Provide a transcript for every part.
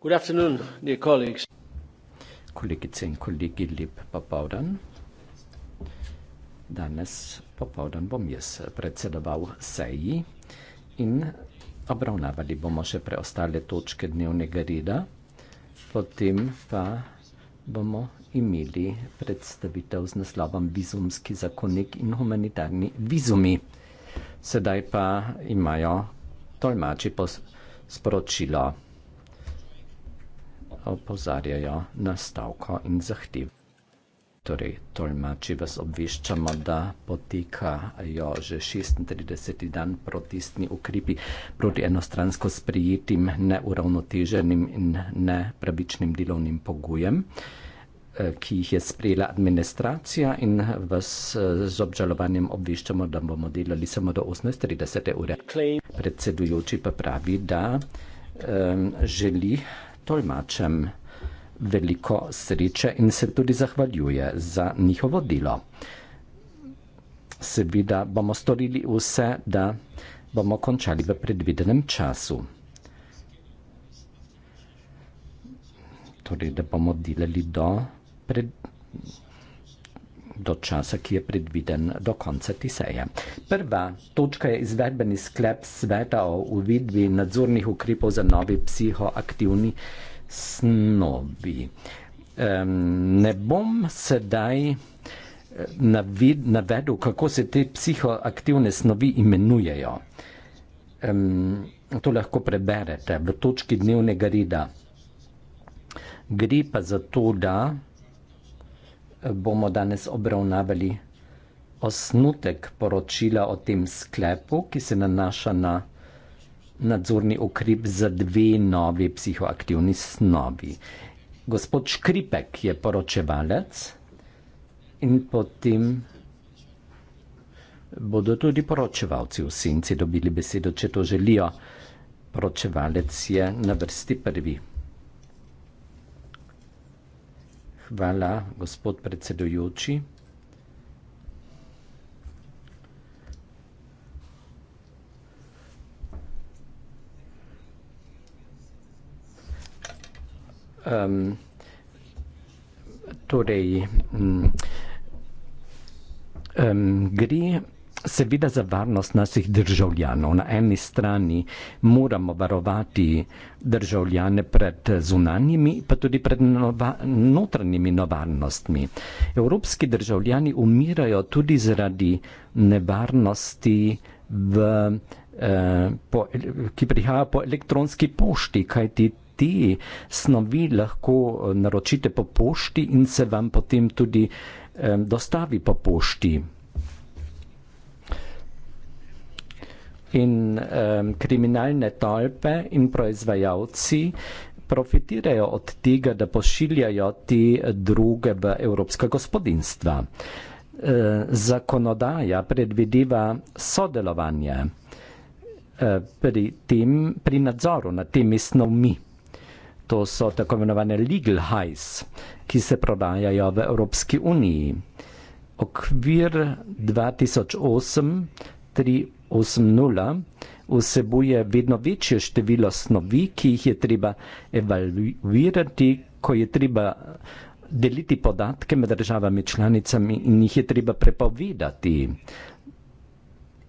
Good afternoon, dear colleagues. Kolegice in kolegi, lep popovdan. Danes popovdan bom jaz predsedoval seji in obravnavali bomo še preostale točke dnevnega reda, potem pa bomo imeli predstavitev z naslovom Vizumski zakonnik in humanitarni vizumi. Sedaj pa imajo tolmači sporočilo opozarjajo na stavko in zahtev. Torej, tolmači vas obveščamo, da potekajo že 36. dan protestni ukrepi proti enostransko sprijetim, neuravnoteženim in nepravičnim delovnim pogojem, eh, ki jih je sprejela administracija in vas eh, z obžalovanjem obveščamo, da bomo delali samo do 18.30 ure. Predsedujoči pa pravi, da um, želi tolmačem veliko sreče in se tudi zahvaljuje za njihovo delo. Seveda bomo storili vse, da bomo končali v predvidenem času. Torej, da bomo delali do predvidenega do časa, ki je predviden do konca te seje. Prva točka je izvedbeni sklep sveta o uvidbi nadzornih ukrepov za novi psihoaktivni snovi. Um, ne bom sedaj eh, navid, navedel, kako se te psihoaktivne snovi imenujejo. Um, to lahko preberete v točki dnevnega reda. Gre pa za to, da bomo danes obravnavali osnutek poročila o tem sklepu, ki se nanaša na nadzorni ukrep za dve novi psihoaktivni snovi. Gospod Škripek je poročevalec in potem bodo tudi poročevalci v senci dobili besedo, če to želijo. Poročevalec je na vrsti prvi. Hvala, gospod predsedujoči. Um, torej, um, um, gre Seveda za varnost naših državljanov. Na eni strani moramo varovati državljane pred zunanjimi, pa tudi pred nova, notranjimi nevarnostmi. Evropski državljani umirajo tudi zaradi nevarnosti, v, eh, po, ki prihaja po elektronski pošti, kajti ti snovi lahko eh, naročite po pošti in se vam potem tudi eh, dostavi po pošti. in um, kriminalne tolpe in proizvajalci profitirajo od tega, da pošiljajo ti druge v evropska gospodinstva. E, zakonodaja predvideva sodelovanje e, pri, tem, pri nadzoru nad temi snovmi. To so tako imenovane legal highs, ki se prodajajo v Evropski uniji. Okvir 2008 8.0 vsebuje vedno večje število snovi, ki jih je treba evaluirati, ko je treba deliti podatke med državami članicami in jih je treba prepovedati.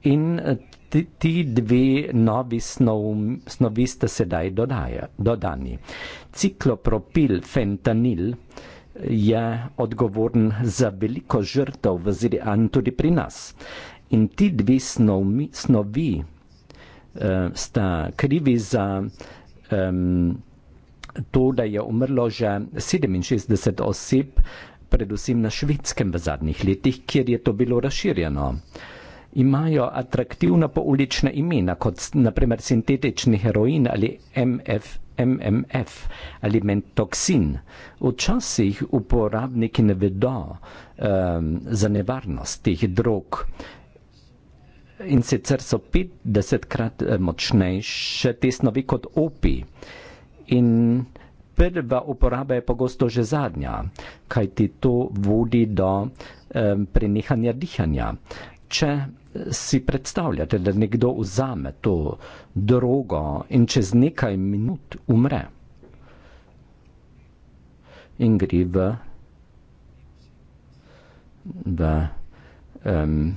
In eh, ti, ti dve novi snov, snovi sta sedaj dodaja, dodani. Ciklopropil fentanil je odgovoren za veliko žrtev v ZDA in tudi pri nas. In ti dve snovi, snovi uh, eh, sta krivi za um, to, da je umrlo že 67 oseb, predvsem na švedskem v zadnjih letih, kjer je to bilo razširjeno. Imajo atraktivna poulična imena, kot naprimer sintetični heroin ali MF, MMF ali mentoksin. Včasih uporabniki ne vedo um, za nevarnost teh drog in sicer so 50krat eh, močnejše te snovi kot upi. In prva uporaba je pogosto že zadnja, kaj ti to vodi do um, prenehanja dihanja. Če eh, si predstavljate, da nekdo vzame to drogo in čez nekaj minut umre in gre v. v um,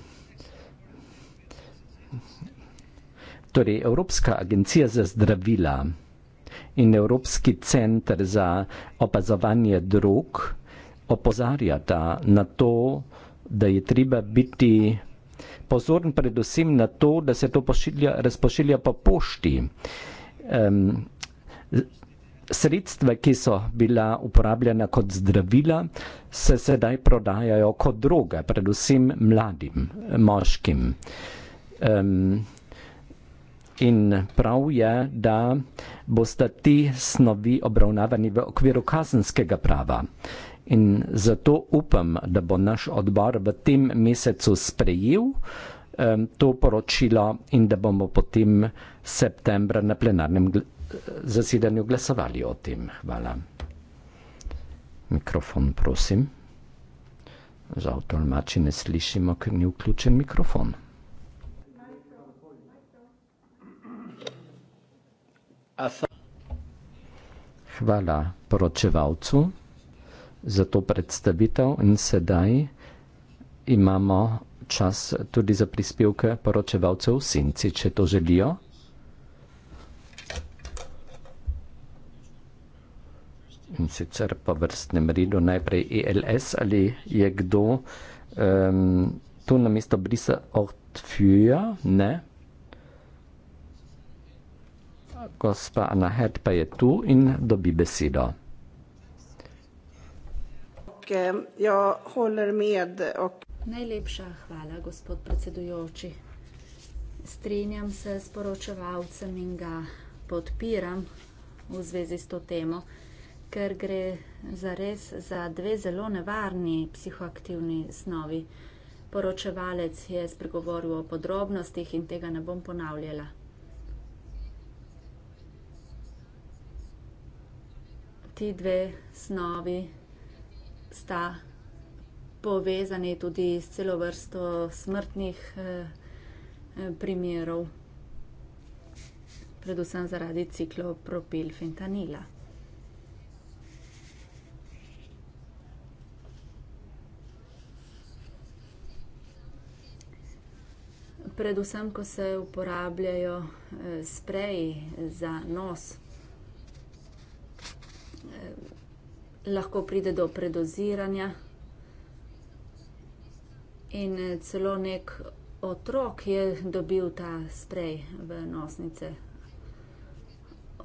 Torej, Evropska agencija za zdravila in Evropski centr za opazovanje drug opozarjata na to, da je treba biti pozorn predvsem na to, da se to pošilja, razpošilja po pošti. Um, sredstva, ki so bila uporabljena kot zdravila, se sedaj prodajajo kot droge, predvsem mladim, moškim. Um, In prav je, da boste ti snovi obravnavani v okviru kazenskega prava. In zato upam, da bo naš odbor v tem mesecu sprejel um, to poročilo in da bomo potem septembra na plenarnem gl zasedanju glasovali o tem. Hvala. Mikrofon, prosim. Za avtomačine slišimo, ker ni vključen mikrofon. Hvala poročevalcu za to predstavitev in sedaj imamo čas tudi za prispevke poročevalcev v Sinci, če to želijo. In sicer po vrstnem redu najprej ELS ali je kdo ehm, tu na mesto Brisa Ortfjuja, ne, gospa Nahed pa je tu in dobi besedo. Najlepša hvala, gospod predsedujoči. Strinjam se s poročevalcem in ga podpiram v zvezi s to temo, ker gre za res za dve zelo nevarni psihoaktivni snovi. Poročevalec je spregovoril o podrobnostih in tega ne bom ponavljala. ti dve snovi sta povezani tudi s celo vrsto smrtnih eh, eh, primerov, predvsem zaradi ciklopropilfentanila. Predvsem, ko se uporabljajo eh, spreji za nos, lahko pride do predoziranja. In eh, celo nek otrok je dobil ta sprej v nosnice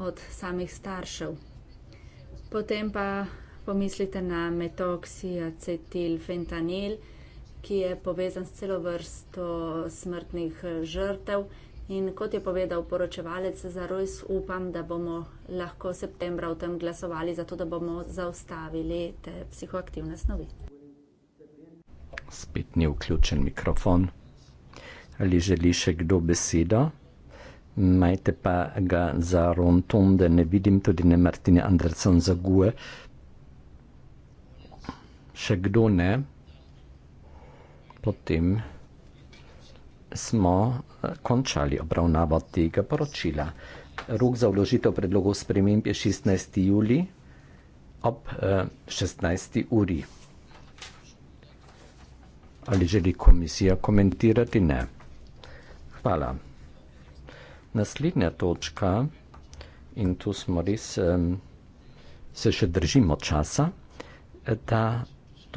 od samih staršev. Potem pa pomislite na metoksiacetil fentanil, ki je povezan s celo vrsto smrtnih eh, žrtev. In kot je povedal poročevalec za Rojs, upam, da bomo lahko septembra v tem glasovali, zato da bomo zaustavili te psihoaktivne snovi. Spet ni vključen mikrofon. Ali želi še kdo besedo? Majte pa ga za Rontom, da ne vidim tudi ne Martine Anderson za Gue. Še kdo ne? Potem smo eh, končali obravnavo tega poročila. Rok za vložitev predlogov sprememb je 16. juli ob 16. Eh, uri. Ali želi komisija komentirati? Ne. Hvala. Naslednja točka, in tu smo res, eh, se še držimo časa, da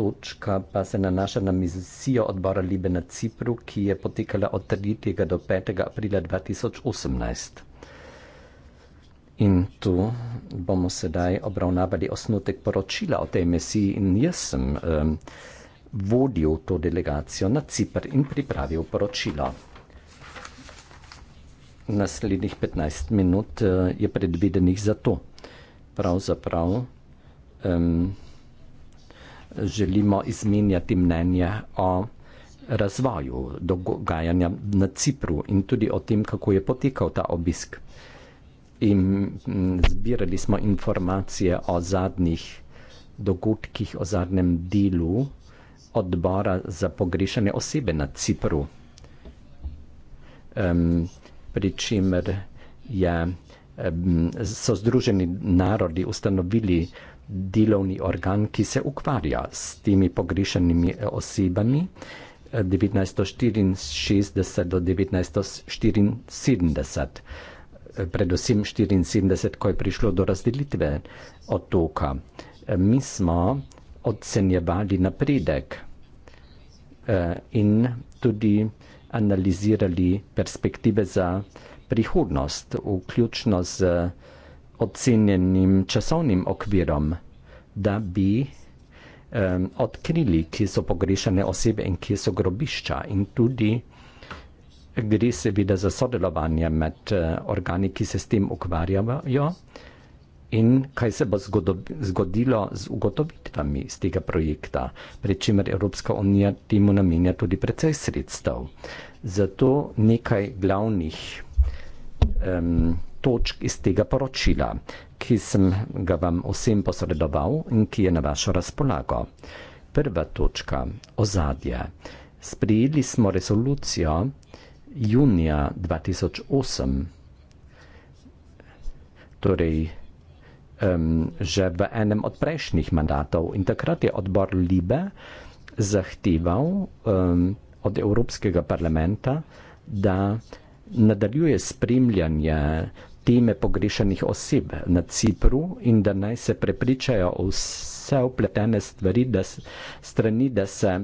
točka pa se nanaša na misijo odbora Libe na Cipru, ki je potekala od 3. do 5. aprila 2018. In tu bomo sedaj obravnavali osnutek poročila o tej misiji in jaz sem um, vodil to delegacijo na Cipr in pripravil poročilo. Naslednjih 15 minut uh, je predvidenih za to. Pravzaprav. Um, želimo izmenjati mnenje o razvoju dogajanja na Cipru in tudi o tem, kako je potekal ta obisk. In mm, zbirali smo informacije o zadnjih dogodkih, o zadnjem delu odbora za pogrešene osebe na Cipru. Um, Pričemer um, so Združeni narodi ustanovili delovni organ, ki se ukvarja s temi pogrešenimi eh, osebami 1964 eh, do 1974, eh, predvsem 1974, ko je prišlo do razdelitve otoka. Mi smo ocenjevali napredek in tudi analizirali perspektive za prihodnost, vključno z ocenjenim časovnim okvirom, da bi um, odkrili, kje so pogrešane osebe in kje so grobišča. In tudi gre seveda za sodelovanje med uh, organi, ki se s tem ukvarjajo in kaj se bo zgodilo z ugotovitvami iz tega projekta, pri čemer Evropska unija temu namenja tudi precej sredstev. Zato nekaj glavnih um, točk iz tega poročila, ki sem ga vam vsem posredoval in ki je na vašo razpolago. Prva točka ozadje. Sprijeli smo resolucijo junija 2008, torej um, že v enem od prejšnjih mandatov in takrat je odbor Libe zahteval um, od Evropskega parlamenta, da nadaljuje spremljanje teme pogrešanih oseb na Cipru in da naj se prepričajo vse upletene stvari, da, strani, da se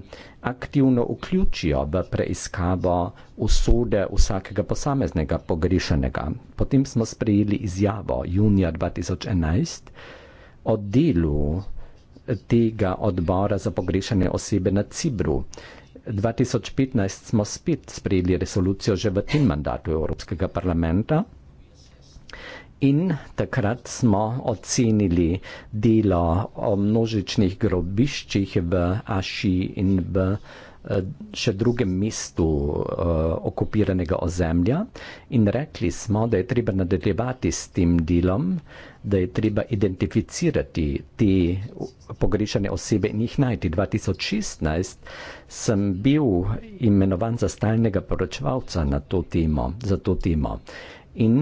aktivno vključijo v preiskavo usode vsakega posameznega pogrešanega. Potem smo sprejeli izjavo junija 2011 o delu tega odbora za pogrešane osebe na Cipru. 2015 smo spet sprejeli resolucijo že v tem mandatu Evropskega parlamenta. In takrat smo ocenili delo o množičnih grobiščih v Aši in v eh, še drugem mestu uh, okupiranega ozemlja in rekli smo, da je treba nadaljevati s tem delom, da je treba identificirati te pogrešane osebe in jih najti. 2016 sem bil imenovan za stalnega poročevalca na to temo, za to temo. In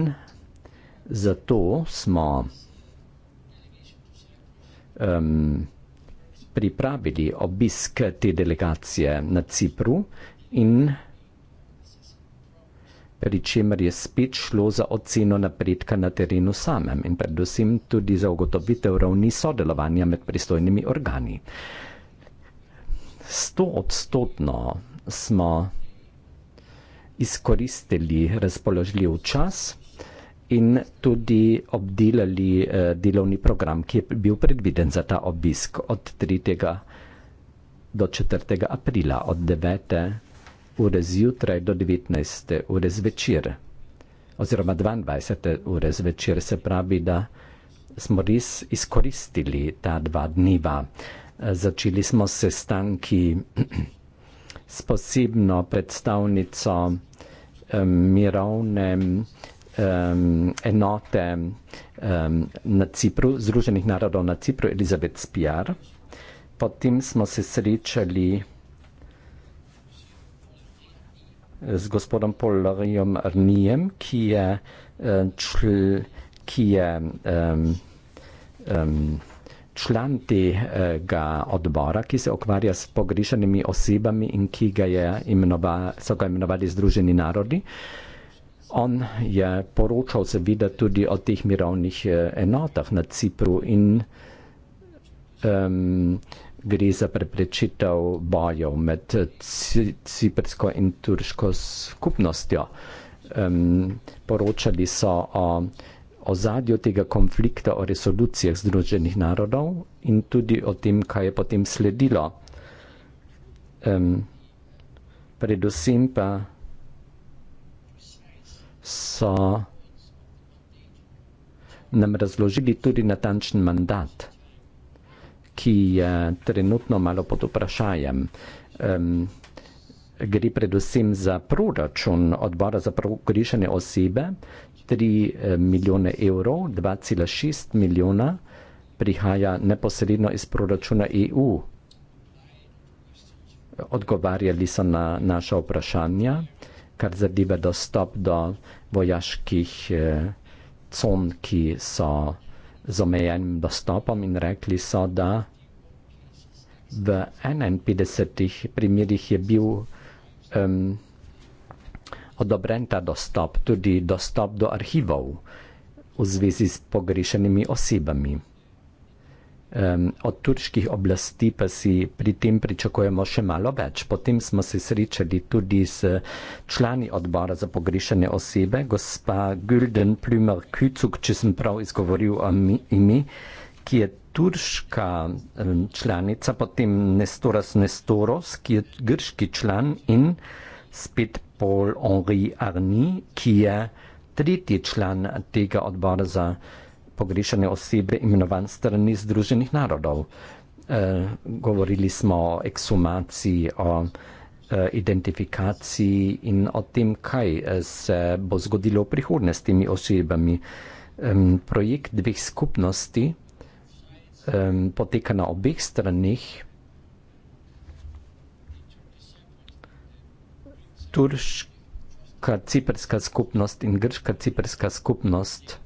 Zato smo um, pripravili obisk te delegacije na Cipru in pri čemer je spet šlo za oceno napredka na terenu samem in predvsem tudi za ugotovitev ravni sodelovanja med pristojnimi organi. Sto odstotno smo izkoristili razpoložljiv čas, in tudi obdelali eh, delovni program, ki je bil predviden za ta obisk od 3. do 4. aprila, od 9. ure zjutraj do 19. ure zvečer, oziroma 22. ure zvečer, se pravi, da smo res izkoristili ta dva dneva. Eh, začeli smo sestanki s posebno predstavnico eh, mirovne eh, um, enote um, na Cipru, Združenih narodov na Cipru, Elizabeth Spiar. Potem smo se srečali z gospodom Polarijom Arnijem, ki je, eh, čl, ki je um, um, član tega odbora, ki se ukvarja s pogrišanimi osebami in ki ga je imenova, so ga imenovali Združeni narodi. Uh, On je poročal, seveda, tudi o teh mirovnih eh, enotah na Cipru in um, gre za preprečitev bojev med ciprsko in turško skupnostjo. Um, poročali so o ozadju tega konflikta, o resolucijah Združenih narodov in tudi o tem, kaj je potem sledilo. Um, predvsem pa so nam razložili tudi natančen mandat, ki je trenutno malo pod vprašajem. Um, gre predvsem za proračun odbora za pogrešene osebe, 3 eh, milijone evrov, 2,6 milijona prihaja neposredno iz proračuna EU. Odgovarjali so na naša vprašanja kar zadeva dostop do vojaških eh, con, ki so z omejenim dostopom in rekli so, da v 51 primerih je bil um, odobren ta dostop, tudi dostop do arhivov v zvezi s pogrešenimi osebami um, od turških oblasti pa si pri tem pričakujemo še malo več. Potem smo se srečali tudi s člani odbora za pogrešene osebe, gospa Gülden Plümer Kücuk, če sem prav izgovoril o imi, ki je turška članica, potem Nestoras Nestoros, ki je grški član in spet Paul Henri Arni, ki je tretji član tega odbora za pogrešene osebe pogrešane osebe imenovan strani Združenih narodov. E, govorili smo o ekshumaciji, o e, identifikaciji in o tem, kaj eh, se bo zgodilo v prihodnje s temi osebami. E, projekt dveh skupnosti e, poteka na obeh stranih. Turška ciperska skupnost in grška ciperska skupnost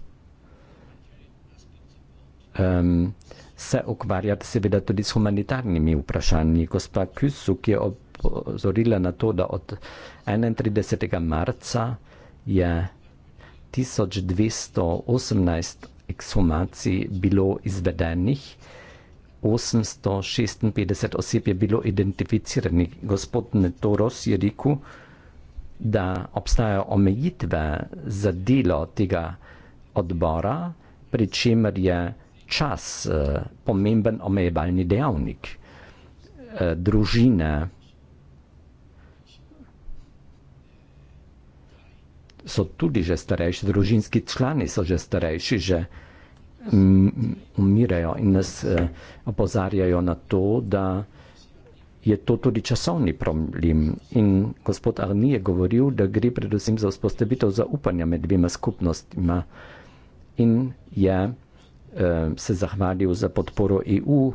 um, se ukvarjati seveda tudi s humanitarnimi vprašanji. Gospa Kysu, ki je opozorila na to, da od 31. marca je 1218 ekshumacij bilo izvedenih, 856 oseb je bilo identificiranih. Gospod Netoros je rekel, da obstajajo omejitve za delo tega odbora, pri čemer je čas eh, pomemben omejevalni dejavnik. Eh, družine so tudi že starejši, družinski člani so že starejši, že umirajo in nas eh, opozarjajo na to, da je to tudi časovni problem. In gospod Arni je govoril, da gre predvsem za vzpostavitev zaupanja med dvema skupnostima in je. Yeah. Ehm, se zahvalil za podporo EU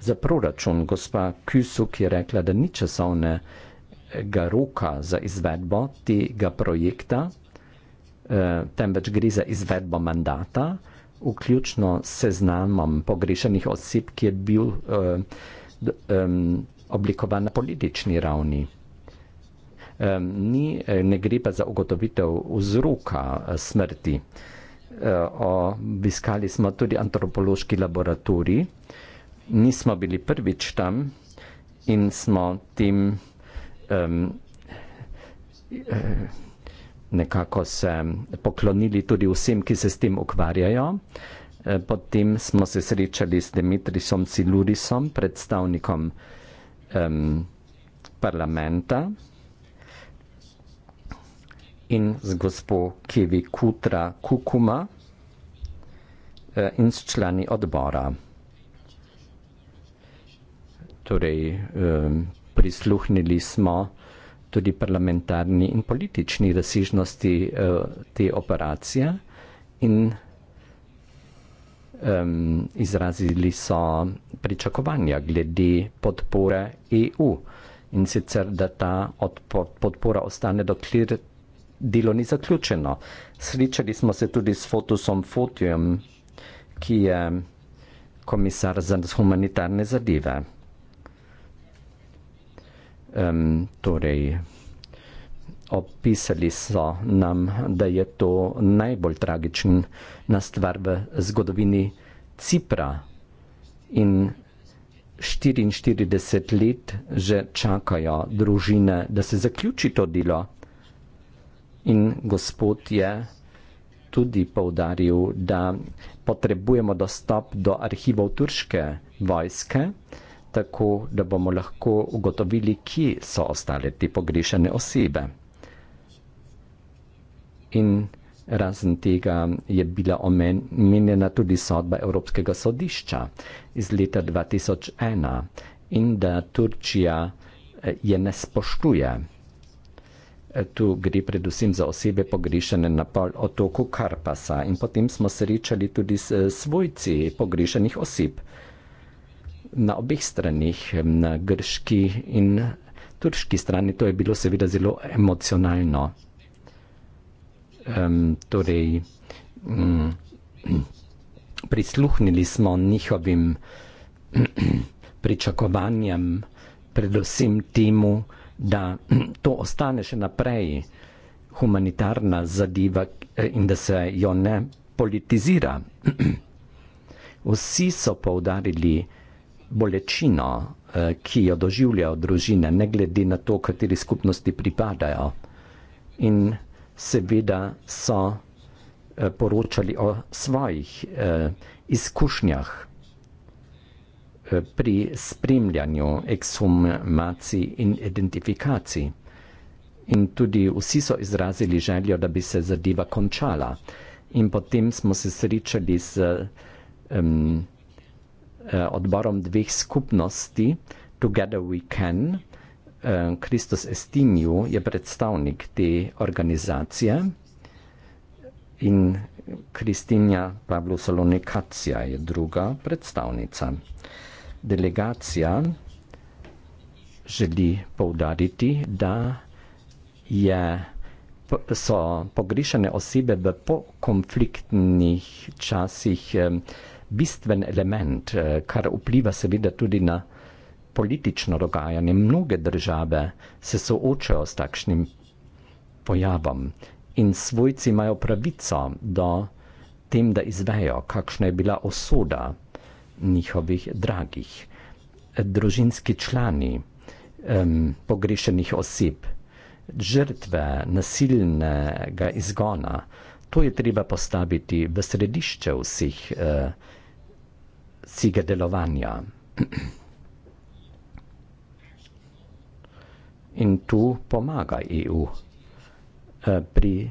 za proračun. Gospa Kusuk je rekla, da ni časovnega roka za izvedbo tega projekta, ehm, temveč gre za izvedbo mandata, vključno seznamom pogrešenih oseb, ki je bil ehm, oblikovan na politični ravni. Ni, eh, ne gre pa za ugotovitev vzroka eh, smrti. Eh, obiskali smo tudi antropološki laboratorij, nismo bili prvič tam in smo tem um, eh, nekako se poklonili tudi vsem, ki se s tem ukvarjajo. Eh, potem smo se srečali s Dimitrisom Silurisom, predstavnikom um, parlamenta in z gospo Kivi Kutra Kukuma eh, in s člani odbora. Torej, eh, prisluhnili smo tudi parlamentarni in politični razsižnosti eh, te operacije in izrazili so pričakovanja glede podpore EU in sicer, da ta podpora ostane dokler delo ni zaključeno. Sličali smo se tudi s Fotosom Fotijem, ki je komisar za humanitarne zadeve. Um, torej, opisali so nam, da je to najbolj tragična stvar v zgodovini Cipra in 44 let že čakajo družine, da se zaključi to delo. In Gospod je tudi povdaril, da potrebujemo dostop do arhivov turške vojske, tako da bomo lahko ugotovili, kje so ostale te pogrešene osebe. In razen tega je bila omenjena tudi sodba Evropskega sodišča iz leta 2001 in da Turčija eh, je ne spoštuje tu gre predvsem za osebe pogrešene na pol otoku Karpasa in potem smo srečali tudi s eh, svojci pogrešenih oseb na obeh stranih, eh, na grški in turški strani. To je bilo seveda zelo emocionalno. Um, torej, um, prisluhnili smo njihovim pričakovanjem, predvsem temu, da to ostane še naprej humanitarna zadeva eh, in da se jo ne politizira. Vsi so poudarili bolečino, eh, ki jo doživljajo družine, ne glede na to, kateri skupnosti pripadajo. In seveda so eh, poročali o svojih izkušnjah pri spremljanju ekshumacij in identifikacij. In tudi vsi so izrazili željo, da bi se zadeva končala. In potem smo se srečali z um, odborom dveh skupnosti, Together We Can. Eh, Kristus Estinju je predstavnik te organizacije in Kristinja Pavlo Solonikacija je druga predstavnica delegacija želi povdariti, da je, so pogrišene osebe v pokonfliktnih časih bistven element, eh, kar vpliva seveda tudi na politično dogajanje. Mnoge države se soočajo s takšnim pojavom in svojci imajo pravico do tem, da izvejo, kakšna je bila osoda njihovih dragih, družinski člani um, pogrešenih oseb, žrtve nasilnega izgona. To je treba postaviti v središče vseh uh, sige delovanja. In tu pomaga EU uh, eh, pri uh,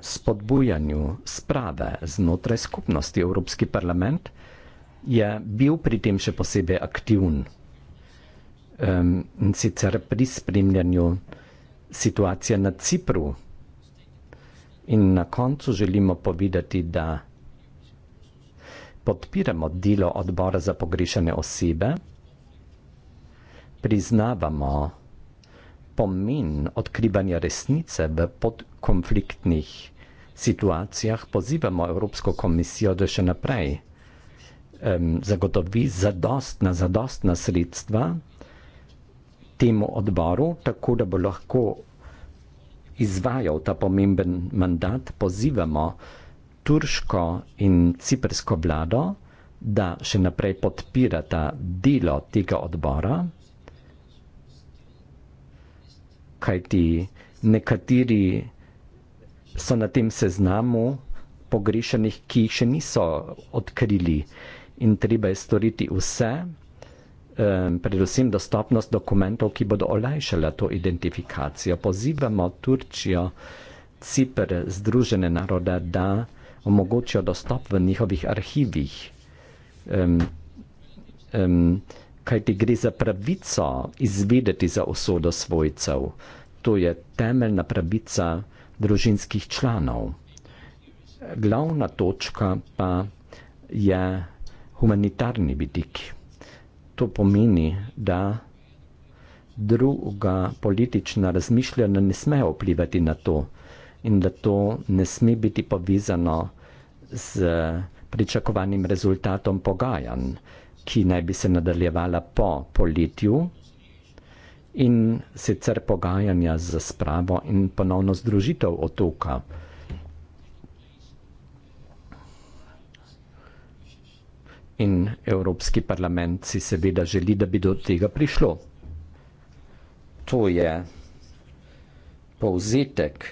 spodbujanju sprave znotraj skupnosti. Evropski parlament uh, je bil pri tem še posebej aktiven um, in sicer pri spremljanju situacije na Cipru. In na koncu želimo povedati, da podpiramo delo odbora za pogrešene osebe, priznavamo pomen odkrivanja resnice v podkonfliktnih situacijah, pozivamo Evropsko komisijo, da še naprej zagotovi zadostna, zadostna sredstva temu odboru, tako da bo lahko izvajal ta pomemben mandat, pozivamo turško in ciprsko vlado, da še naprej podpira ta delo tega odbora, kajti nekateri so na tem seznamu pogrešenih, ki jih še niso odkrili in treba je storiti vse, eh, predvsem dostopnost dokumentov, ki bodo olajšale to identifikacijo. Pozivamo Turčijo, Cipr, Združene narode, da omogočijo dostop v njihovih arhivih, kaj ti gre za pravico izvedeti za osodo svojcev. To je temeljna pravica družinskih članov. Glavna točka pa je, da je, humanitarni vidik. To pomeni, da druga politična razmišljanja ne smejo vplivati na to in da to ne sme biti povezano z pričakovanim rezultatom pogajanj, ki naj bi se nadaljevala po poletju in sicer pogajanja za spravo in ponovno združitev otoka. in Evropski parlament si seveda želi, da bi do tega prišlo. To je povzetek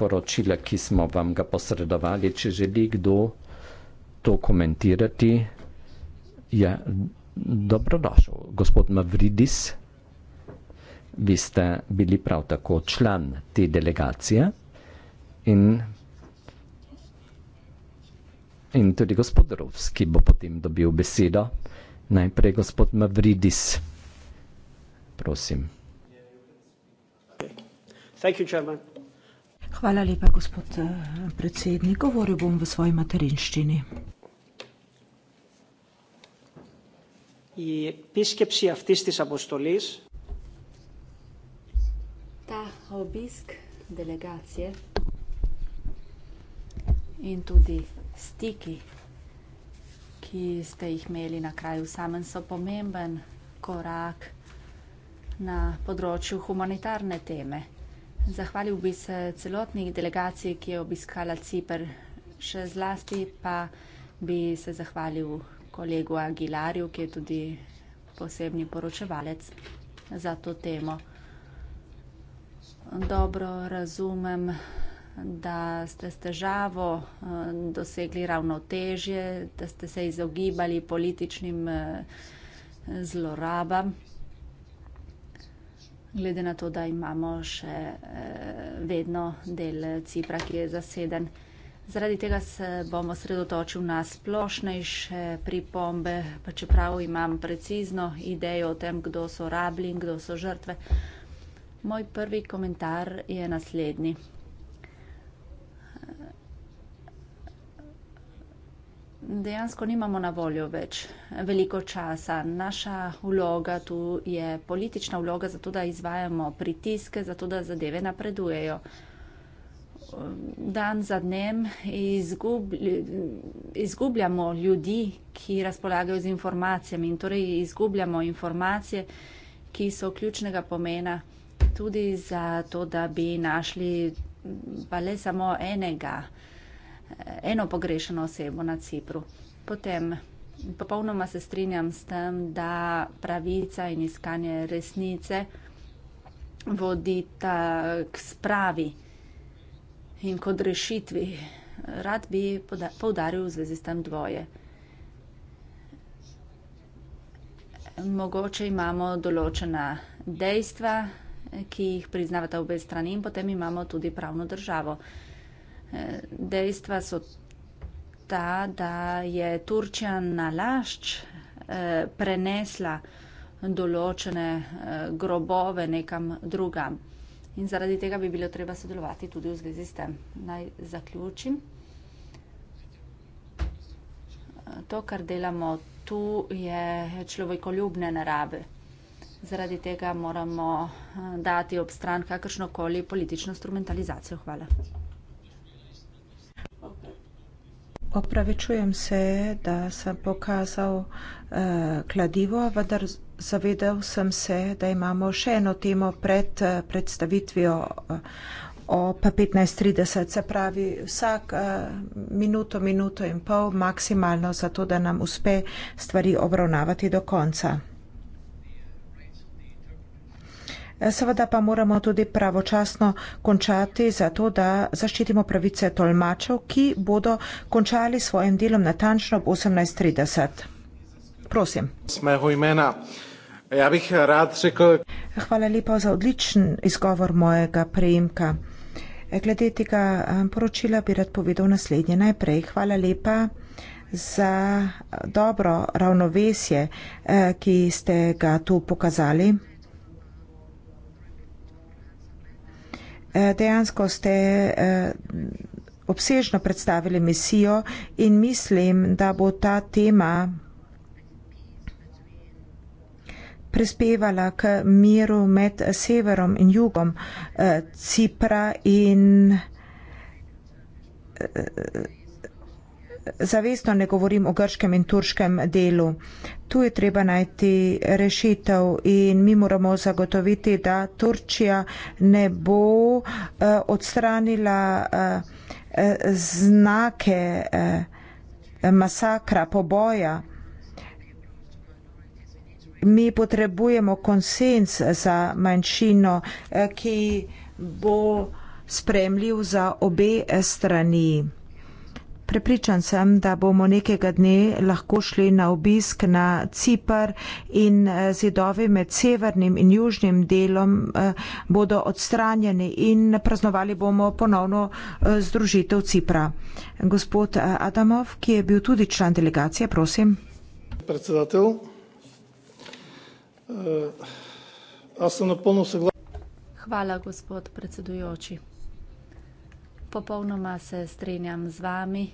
poročila, ki smo vam ga posredovali. Če želi kdo to komentirati, je dobrodošel. Gospod Mavridis, vi ste bili prav tako član te delegacije in in tudi gospod Rovski bo potem dobil besedo. Najprej gospod Mavridis. Prosim. Hvala lepa, gospod eh, predsednik. Govoril bom v svoji materinščini. Ta obisk delegacije in tudi stiki, ki ste jih imeli na kraju samem, so pomemben korak na področju humanitarne teme. Zahvalil bi se celotni delegaciji, ki je obiskala Cipr, še zlasti pa bi se zahvalil kolegu Aguilarju, ki je tudi posebni poročevalec za to temo. Dobro razumem da ste s težavo eh, dosegli ravnotežje, da ste se izogibali političnim eh, zlorabam. Glede na to, da imamo še eh, vedno del Cipra, ki je zaseden. Zaradi tega se bom osredotočil na splošnejše pripombe, pa čeprav imam precizno idejo o tem, kdo so rabljeni, kdo so žrtve. Moj prvi komentar je naslednji. dejansko nimamo na voljo več veliko časa. Naša vloga tu je politična vloga, zato da izvajamo pritiske, zato da zadeve napredujejo. Dan za dnem izgubli, izgubljamo ljudi, ki razpolagajo z informacijami in torej izgubljamo informacije, ki so ključnega pomena tudi za to, da bi našli pa le samo enega eno pogrešano osebo na Cipru. Potem popolnoma se strinjam s tem, da pravica in iskanje resnice vodita k spravi in kot rešitvi. Rad bi povdaril v zvezi s tem dvoje. Mogoče imamo določena dejstva, ki jih priznavata obe strani in potem imamo tudi pravno državo dejstva so ta, da je Turčija na lašč eh, prenesla določene eh, grobove nekam drugam. In zaradi tega bi bilo treba sodelovati tudi v zvezi s tem. Naj zaključim. To, kar delamo tu, je človekoljubne narave. Zaradi tega moramo eh, dati ob stran kakršnokoli politično instrumentalizacijo. Hvala. Opravičujem se, da sem pokazal eh, kladivo, vendar zavedal sem se, da imamo še eno temo pred eh, predstavitvijo eh, o 15.30. Se pravi, vsak eh, minuto, minuto in pol maksimalno, zato da nam uspe stvari obravnavati do konca. Seveda pa moramo tudi pravočasno končati za to, da zaščitimo pravice tolmačev, ki bodo končali svojim delom natančno ob 18.30. Prosim. Smeho imena. Ja bih rad rekel. Hvala lepa za odličen izgovor mojega prejemka. Glede tega eh, poročila bi rad povedal naslednje. Najprej hvala lepa za dobro ravnovesje, eh, ki ste ga tu pokazali. Eh, dejansko ste eh, obsežno predstavili misijo in mislim, da bo ta tema prispevala k miru med severom in jugom eh, Cipra in zavestno ne govorim o grškem in turškem delu. Tu je treba najti rešitev in mi moramo zagotoviti, da Turčija ne bo uh, odstranila uh, znake uh, masakra, poboja. Mi potrebujemo konsens za manjšino, ki bo spremljiv za obe strani. Prepričan sem, da bomo nekega dne lahko šli na obisk na Cipr in eh, zidovi med severnim in južnim delom eh, bodo odstranjeni in praznovali bomo ponovno eh, združitev Cipra. Gospod Adamov, ki je bil tudi član delegacije, prosim. Predsedatelj, uh, jaz sem napolno soglasen. Hvala, gospod predsedujoči. Popolnoma se strinjam z vami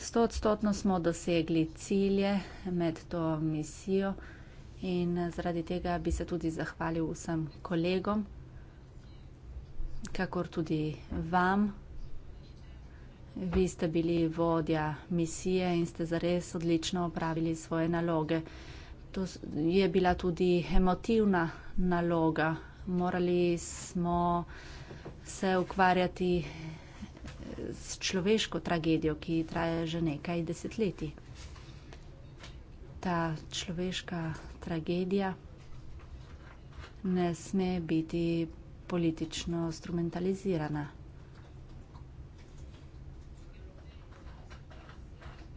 stoodstotno smo dosegli cilje med to misijo in zaradi tega bi se tudi zahvalil vsem kolegom, kakor tudi vam. Vi ste bili vodja misije in ste zares odlično opravili svoje naloge. To je bila tudi emotivna naloga. Morali smo se ukvarjati s človeško tragedijo, ki traja že nekaj desetletij. Ta človeška tragedija ne sme biti politično instrumentalizirana.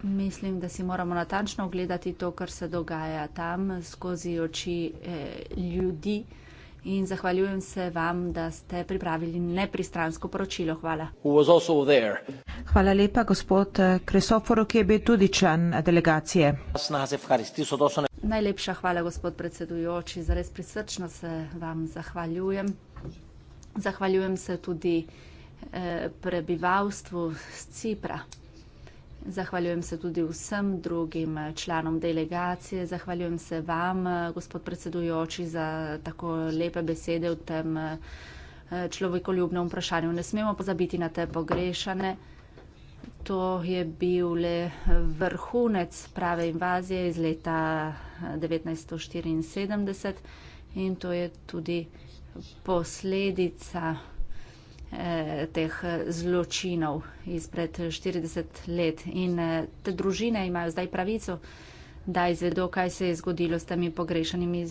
Mislim, da si moramo natančno ogledati to, kar se dogaja tam skozi oči eh, ljudi in zahvaljujem se vam, da ste pripravili nepristransko poročilo. Hvala. Hvala lepa, gospod Kresoforo, ki je bil tudi član delegacije. Najlepša hvala, gospod predsedujoči, za res prisrčno se vam zahvaljujem. Zahvaljujem se tudi eh, prebivalstvu z Cipra. Zahvaljujem se tudi vsem drugim članom delegacije, zahvaljujem se vam, gospod predsedujoči, za tako lepe besede v tem eh, človekoljubnem vprašanju. Ne smemo pozabiti na te pogrešane. To je bil le vrhunec prave invazije iz leta 1974 eh, in to je tudi posledica. Eh, teh eh, zločinov izpred 40 let. In eh, te družine imajo zdaj pravico, da izvedo, kaj se je zgodilo s temi pogrešanimi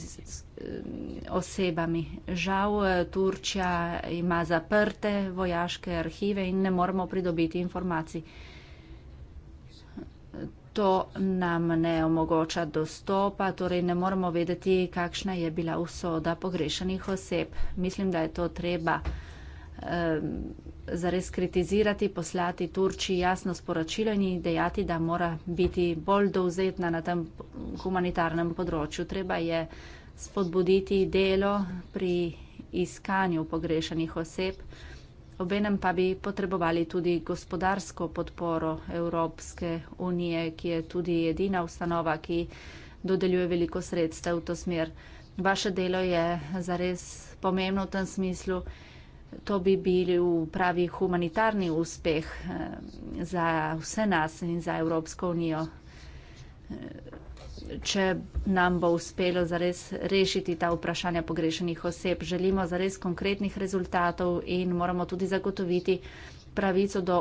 osebami. Žal Turčja ima zaprte vojaške arhive in ne moramo pridobiti informacij. To nam ne omogoča dostopa, torej ne moramo vedeti, kakšna je bila usoda pogrešanih oseb. Mislim, da je to treba zares kritizirati, poslati Turčiji jasno sporočilo in dejati, da mora biti bolj dovzetna na tem humanitarnem področju. Treba je spodbuditi delo pri iskanju pogrešanih oseb, obenem pa bi potrebovali tudi gospodarsko podporo Evropske unije, ki je tudi edina ustanova, ki dodeljuje veliko sredstev v to smer. Vaše delo je zares pomembno v tem smislu. To bi bil pravi humanitarni uspeh eh, za vse nas in za Evropsko unijo, eh, če nam bo uspelo zares rešiti ta vprašanja pogrešenih oseb. Želimo zares konkretnih rezultatov in moramo tudi zagotoviti pravico do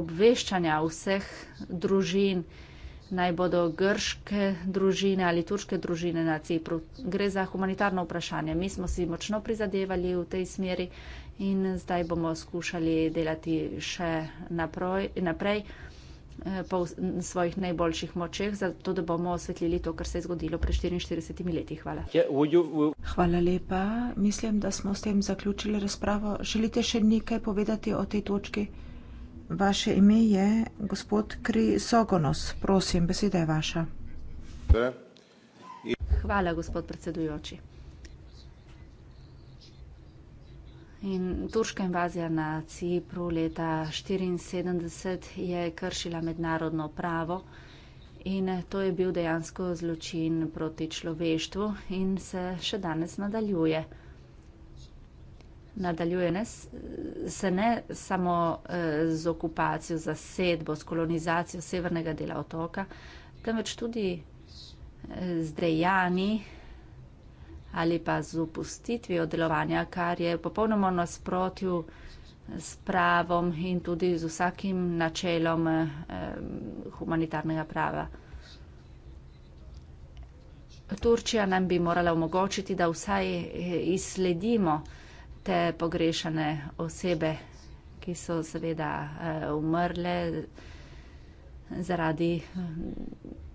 obveščanja vseh družin, naj bodo grške družine ali turške družine na Cipru. Gre za humanitarno vprašanje. Mi smo si močno prizadevali v tej smeri in zdaj bomo skušali delati še naproj, naprej eh, po svojih najboljših močeh, zato da bomo osvetlili to, kar se je zgodilo pred 44 leti. Hvala. Ja, Hvala lepa. Mislim, da smo s tem zaključili razpravo. Želite še nekaj povedati o tej točki? Vaše ime je gospod Krisogonos. Prosim, beseda je vaša. Hvala, gospod predsedujoči. In turška invazija na Cipru leta 1974 je kršila mednarodno pravo in to je bil dejansko zločin proti človeštvu in se še danes nadaljuje. Nadaljuje ne, se ne samo eh, z okupacijo, zasedbo, s kolonizacijo severnega dela otoka, temveč tudi eh, z dejanji, ali pa z opustitvijo delovanja, kar je popolnoma nasprotju s pravom in tudi z vsakim načelom eh, humanitarnega prava. Turčija nam bi morala omogočiti, da vsaj eh, izsledimo te pogrešane osebe, ki so seveda eh, umrle zaradi mm,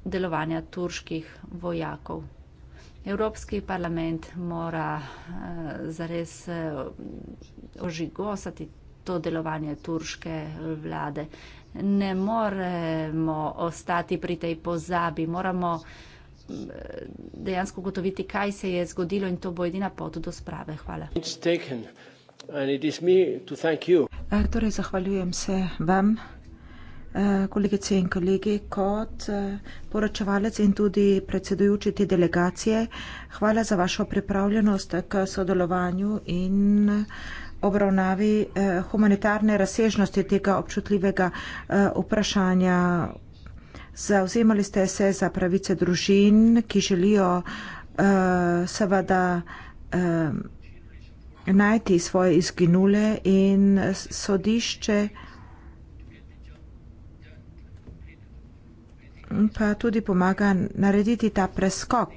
delovanja turških vojakov. Evropski parlament mora eh, zares eh, ožigosati to delovanje turške vlade. Ne moremo ostati pri tej pozabi, moramo eh, dejansko ugotoviti, kaj se je zgodilo in to bo edina pot do sprave. Hvala. Torej, zahvaljujem se vam. Eh, kolegice in kolegi, kot eh, poročevalec in tudi predsedujoči te delegacije. Hvala za vašo pripravljenost k sodelovanju in obravnavi eh, humanitarne razsežnosti tega občutljivega vprašanja. Zauzemali ste se za pravice družin, ki želijo seveda najti svoje izginule in sodišče pa tudi pomaga narediti ta preskok.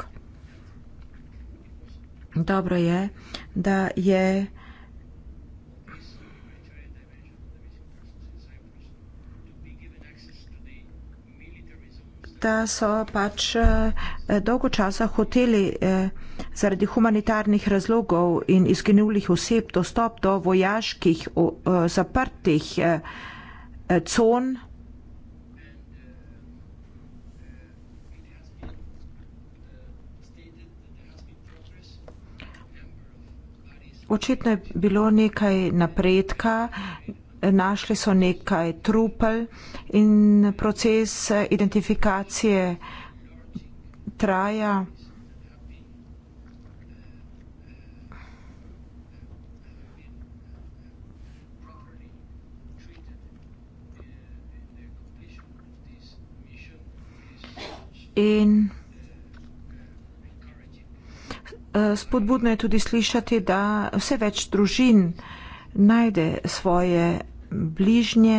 Dobro je, da je da so pač eh, dolgo časa hoteli eh, zaradi humanitarnih razlogov in izginulih oseb dostop do vojaških eh, zaprtih con očitno je bilo nekaj napredka, našli so nekaj trupel in proces identifikacije traja. In Eh, spodbudno je tudi slišati, da vse več družin najde svoje bližnje.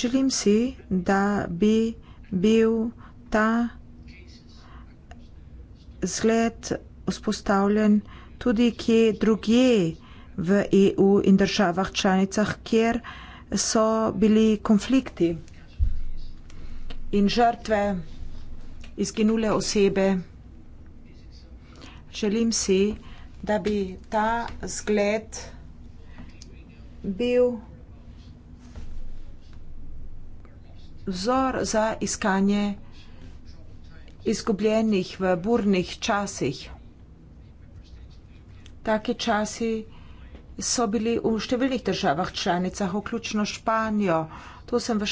Želim si, da bi bil ta zgled vzpostavljen tudi kje druge v EU in državah članicah, kjer so bili konflikti in žrtve izginule osebe. Želim si, da bi ta zgled bil vzor za iskanje izgubljenih v burnih časih. Take časi so bili v številnih državah članicah, vključno Španijo. To sem v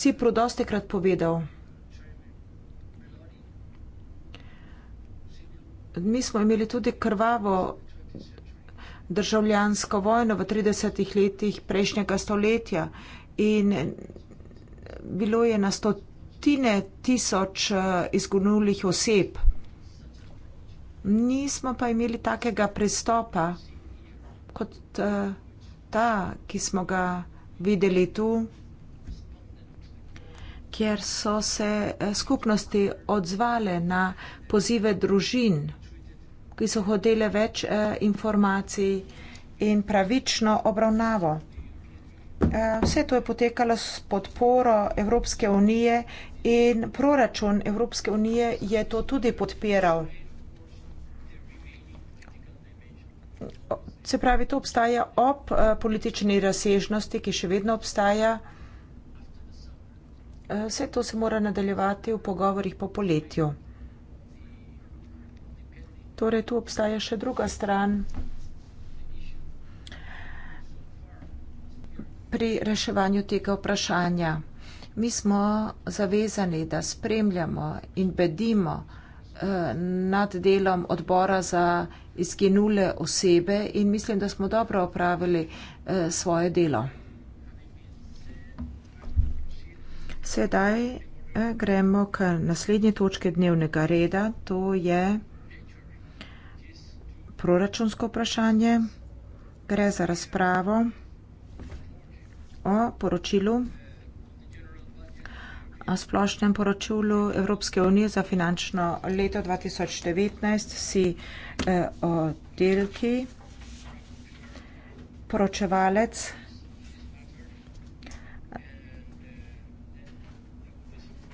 Cipru dostekrat povedal. mi smo imeli tudi krvavo državljansko vojno v 30 letih prejšnjega stoletja in bilo je na stotine tisoč eh, izgonulih oseb. Nismo pa imeli takega pristopa kot eh, ta, ki smo ga videli tu, kjer so se eh, skupnosti odzvale na pozive družin ki so hotele več eh, informacij in pravično obravnavo. Eh, vse to je potekalo s podporo Evropske unije in proračun Evropske unije je to tudi podpiral. Se pravi, to obstaja ob eh, politični razsežnosti, ki še vedno obstaja. Eh, vse to se mora nadaljevati v pogovorih po poletju. Torej, tu obstaja še druga stran. Pri reševanju tega vprašanja. Mi smo zavezani, da spremljamo in bedimo eh, nad delom odbora za izginule osebe in mislim, da smo dobro opravili eh, svoje delo. Sedaj eh, gremo k naslednji točki dnevnega reda, to je proračunsko vprašanje. Gre za razpravo o poročilu splošnem poročilu Evropske unije za finančno leto 2019 si eh, o delki. Poročevalec eh,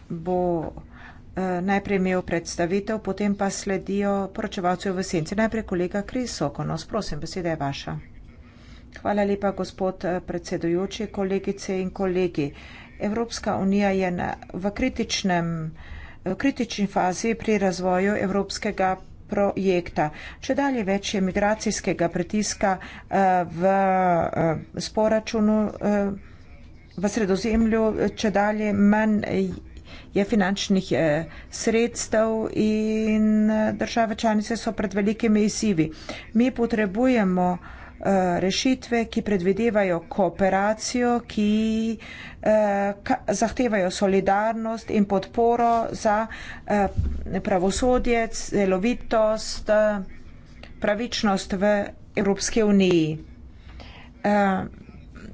bo Eh, najprej imel predstavitev, potem pa sledijo poročevalcev v senci. Najprej kolega Kris Sokonos, prosim, beseda je vaša. Hvala lepa, gospod eh, predsedujoči, kolegice in kolegi. Evropska unija je na, v, eh, v kritični fazi pri razvoju evropskega projekta. Če dalje več je migracijskega pritiska v sporočunu v sredozemlju, če dalje manj je finančnih eh, sredstev in eh, države članice so pred velikimi izzivi. Mi potrebujemo eh, rešitve, ki predvidevajo kooperacijo, ki zahtevajo solidarnost in podporo za pravosodje, celovitost, pravičnost v Evropske uniji.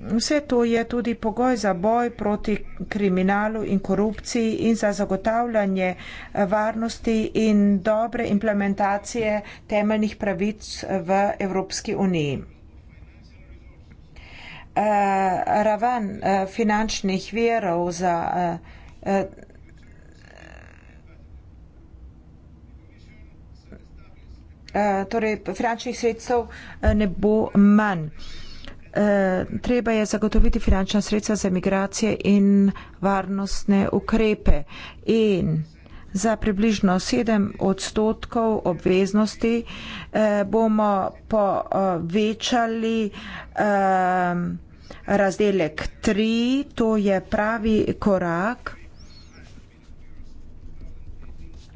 Vse to je tudi pogoj za boj proti kriminalu in korupciji in za zagotavljanje eh, varnosti in dobre implementacije temeljnih pravic eh, v Evropski uniji. Eh, raven finančnih verov za torej finančnih sredstev ne bo manj. Eh, treba je zagotoviti finančna sredstva za migracije in varnostne ukrepe. In Za približno 7 odstotkov obveznosti eh, bomo povečali eh, razdelek 3, to je pravi korak.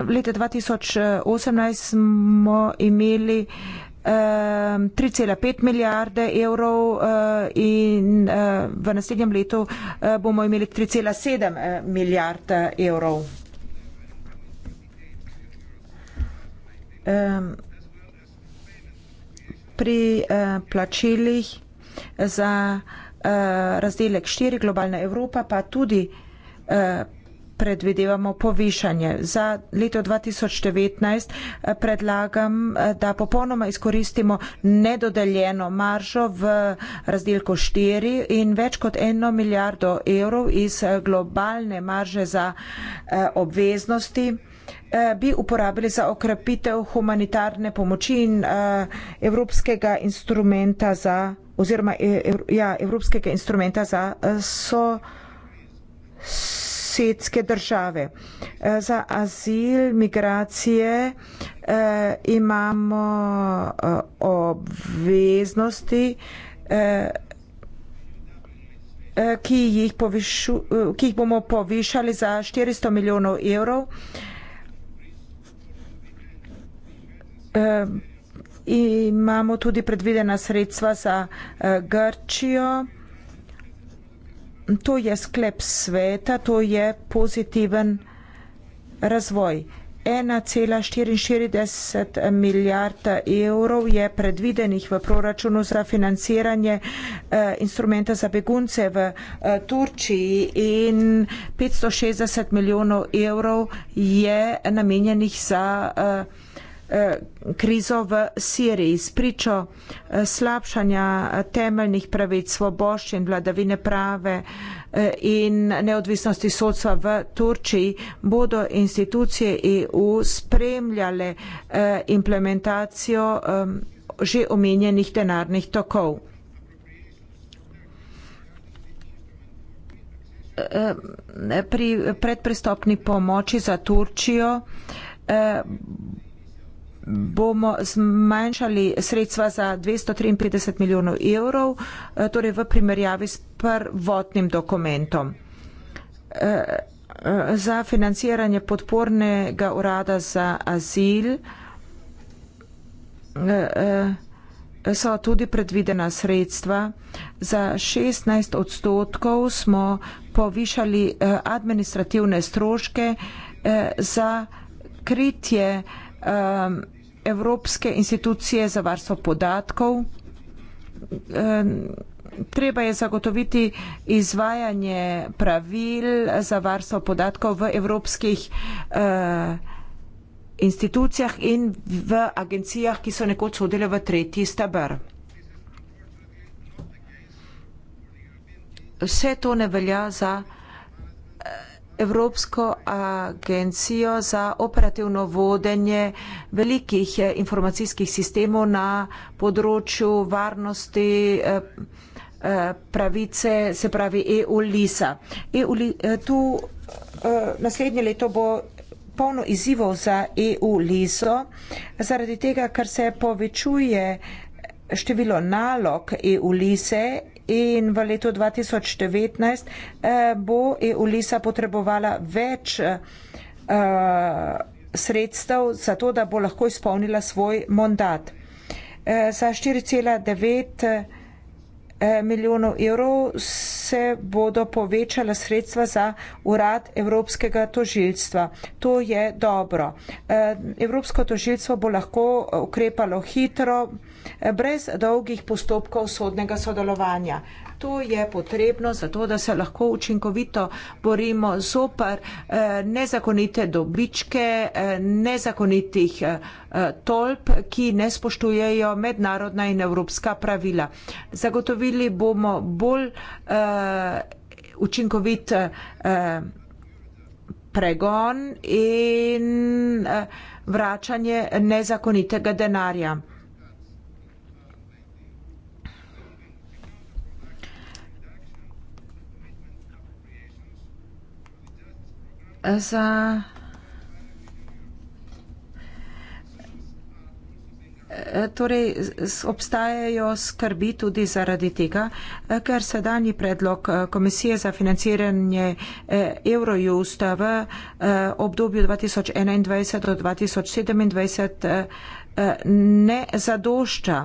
Leta 2018 smo imeli eh, 3,5 ehm, milijarde evrov eh, in eh, v naslednjem letu eh, bomo imeli 3,7 milijarde evrov. Ehm, pri plačilih za razdelek 4 globalna Evropa pa tudi predvidevamo povišanje. Za leto 2019 eh, predlagam, eh, da popolnoma izkoristimo nedodeljeno maržo v razdelku 4 in več kot eno milijardo evrov iz eh, globalne marže za obveznosti bi uporabili za okrepitev humanitarne pomoči in evropskega instrumenta za oziroma e, ja, evropskega instrumenta za so, so sosedske države. Eh, za azil, migracije eh, imamo eh, obveznosti, ki jih, povišu, ki jih bomo povišali za 400 milijonov evrov. Imamo tudi predvidena sredstva za Grčijo to je sklep sveta, to je pozitiven razvoj. 1,44 milijarda evrov je predvidenih v proračunu za financiranje eh, instrumenta za begunce v eh, Turčiji in 560 milijonov evrov je namenjenih za. Eh, Eh, krizo v Siriji, spričo eh, slabšanja eh, temeljnih pravic, svoboščin, vladavine prave in neodvisnosti sodstva v Turčiji, bodo institucije EU spremljale implementacijo že omenjenih denarnih tokov. Pri predpristopni pomoči za Turčijo bomo zmanjšali sredstva za 253 milijonov evrov, eh, torej v primerjavi s prvotnim dokumentom eh, eh, za financiranje podpornega urada za azil so tudi predvidena sredstva. Za 16 odstotkov smo povišali administrativne stroške za kritje um, Evropske institucije za varstvo podatkov. Treba je zagotoviti izvajanje pravil za varstvo podatkov v evropskih eh, institucijah in v agencijah, ki so nekoč sodele v tretji stebr. Vse to ne velja za evropske institucije. Evropsko agencijo za operativno vodenje velikih eh, informacijskih sistemov na področju varnosti eh, eh, pravice, se pravi EU-LISA. EU, tu naslednje leto bo polno izzivov za EU-LISO, zaradi tega, ker se povečuje število nalog EU-LISE in v letu 2019 eh, bo EULISA potrebovala več eh, sredstev za to, da bo lahko izpolnila svoj mandat. Eh, za 4,9 milijona Eh, milijonov evrov se bodo povečala sredstva za urad Evropskega tožilstva. To je dobro. Eh, Evropsko tožilstvo bo lahko ukrepalo hitro, eh, brez dolgih postopkov sodnega sodelovanja. To je potrebno zato, da se lahko učinkovito borimo zoper eh, nezakonite dobičke, eh, nezakonitih eh, tolp, ki ne spoštujejo mednarodna in evropska pravila. Zagotovili bomo bolj učinkovit pregon in vračanje nezakonitega denarja. za. Torej, obstajajo skrbi tudi zaradi tega, ker sedanji predlog eh, Komisije za financiranje eh, Eurojust v eh, obdobju 2021-2027 ne zadošča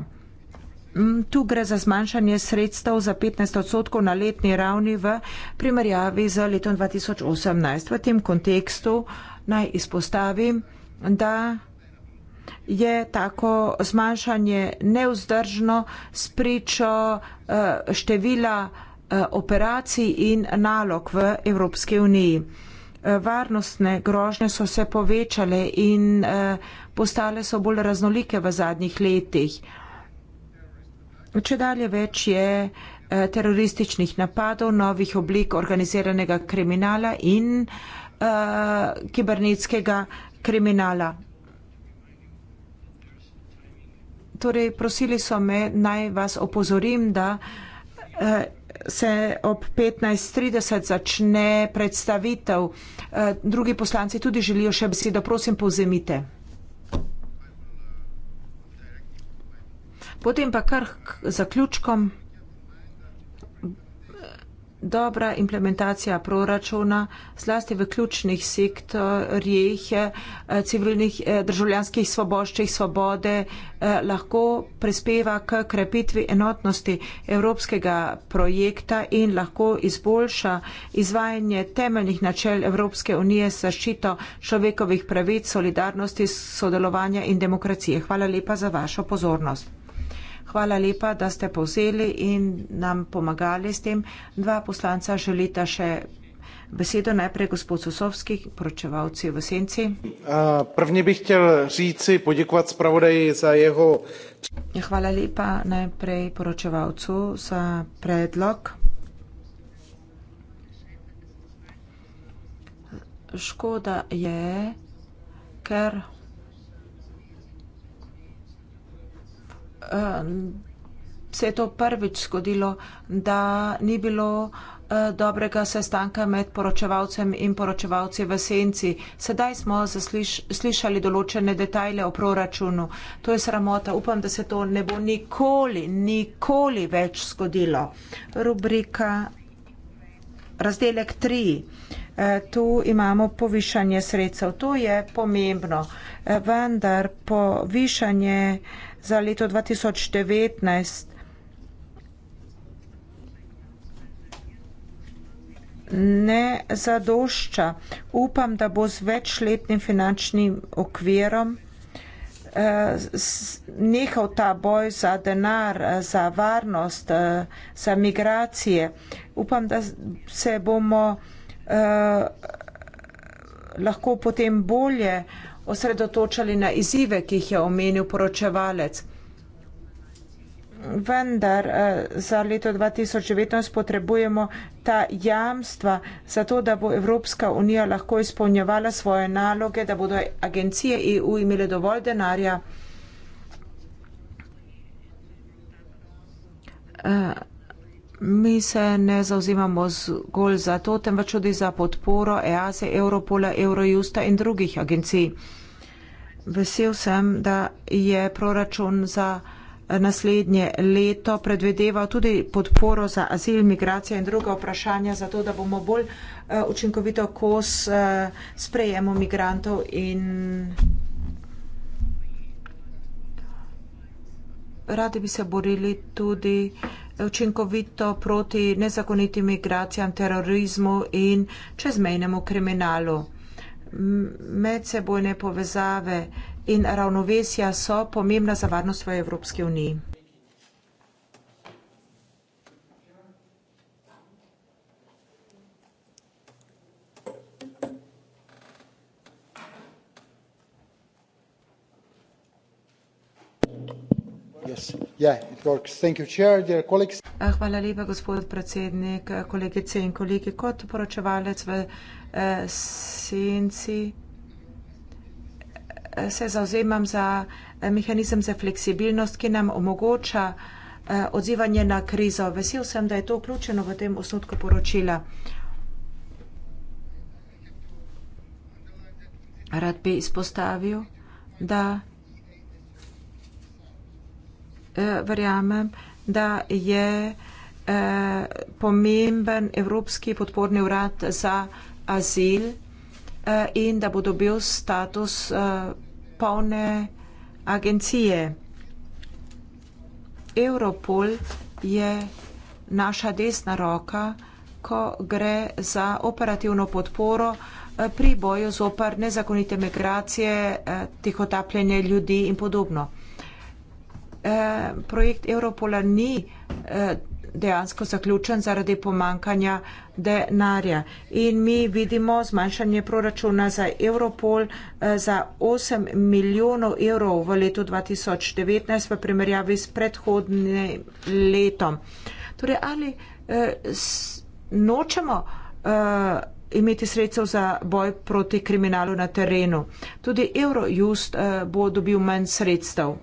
Mm, tu gre za zmanjšanje sredstev za 15 odstotkov na letni ravni v primerjavi z letom 2018. V tem kontekstu naj izpostavim, da je tako zmanjšanje neuzdržno spričo eh, števila eh, operacij in nalog v Evropski uniji. Eh, varnostne grožnje so se povečale in postale so bolj raznolike v zadnjih letih. Če dalje več je eh, terorističnih napadov, novih oblik organiziranega kriminala in uh, kibernetskega kriminala. Torej, prosili so me, naj vas opozorim, da uh, se ob 15.30 začne predstavitev. Uh, drugi poslanci tudi želijo še besedo, prosim, povzemite. Potem pa kar k zaključkom. Dobra implementacija proračuna, zlasti v ključnih sektorjih eh, civilnih eh, državljanskih svoboščih svobode, eh, lahko prispeva k krepitvi enotnosti evropskega projekta in lahko izboljša izvajanje temeljnih načel Evropske unije s zaščito človekovih pravic, solidarnosti, sodelovanja in demokracije. Hvala lepa za vašo pozornost. Hvala lepa, da ste povzeli in nam pomagali s tem. Dva poslanca želita še besedo. Najprej gospod Sosovski, poročevalci v Senci. Prvni bi htjel říci, podjekovati spravodaji za jeho. Hvala lepa najprej poročevalcu za predlog. Škoda je, ker um, se je to prvič zgodilo, da ni bilo eh, dobrega sestanka med poročevalcem in poročevalci v senci. Sedaj smo zasliš, slišali določene detajle o proračunu. To je sramota. Upam, da se to ne bo nikoli, nikoli več zgodilo. Rubrika razdelek 3. E, eh, tu imamo povišanje sredstev. To je pomembno. E, vendar povišanje. E, za leto 2019 ne zadošča. Upam, da bo z večletnim finančnim okvirom eh, nehal ta boj za denar, eh, za varnost, eh, za migracije. Upam, da se bomo lahko potem bolje uh, osredotočali na izzive, ki jih je omenil poročevalec. Vendar eh, za leto 2019 potrebujemo ta jamstva za to, da bo Evropska unija lahko izpolnjevala svoje naloge, da bodo agencije EU imele dovolj denarja, eh, Mi se ne zauzimamo zgolj za to, temveč tudi za podporo EASE, Europola, Eurojusta in drugih agencij. Vesel sem, da je proračun za naslednje leto predvideval tudi podporo za azil, migracije in druga vprašanja, zato da bomo bolj eh, učinkovito kos eh, sprejemu migrantov in. Radi bi se borili tudi eh, učinkovito proti nezakonitim migracijam, terorizmu in čezmejnemu kriminalu medsebojne povezave in ravnovesja so pomembna za varnost v Evropski uniji. Hvala lepa, gospod predsednik, kolegice in kolegi. Kot poročevalec v senci. Eh, se zauzemam za eh, mehanizem za fleksibilnost, ki nam omogoča eh, odzivanje na krizo. Vesel sem, da je to vključeno v tem osnutku poročila. Rad bi izpostavil, da verjamem, da je pomemben Evropski podporni urad za azil eh, in da bo dobil status eh, polne agencije. Europol je naša desna roka, ko gre za operativno podporo eh, pri boju z opar nezakonite migracije, tihotapljenje ljudi in podobno. Projekt Europola ni dejansko zaključen zaradi pomankanja denarja. In mi vidimo zmanjšanje proračuna za Europol eh, za 8 milijonov evrov v letu 2019 v primerjavi s predhodnim letom. Torej, ali eh, nočemo eh, imeti sredstev za boj proti kriminalu na terenu. Tudi Eurojust bo dobil manj sredstev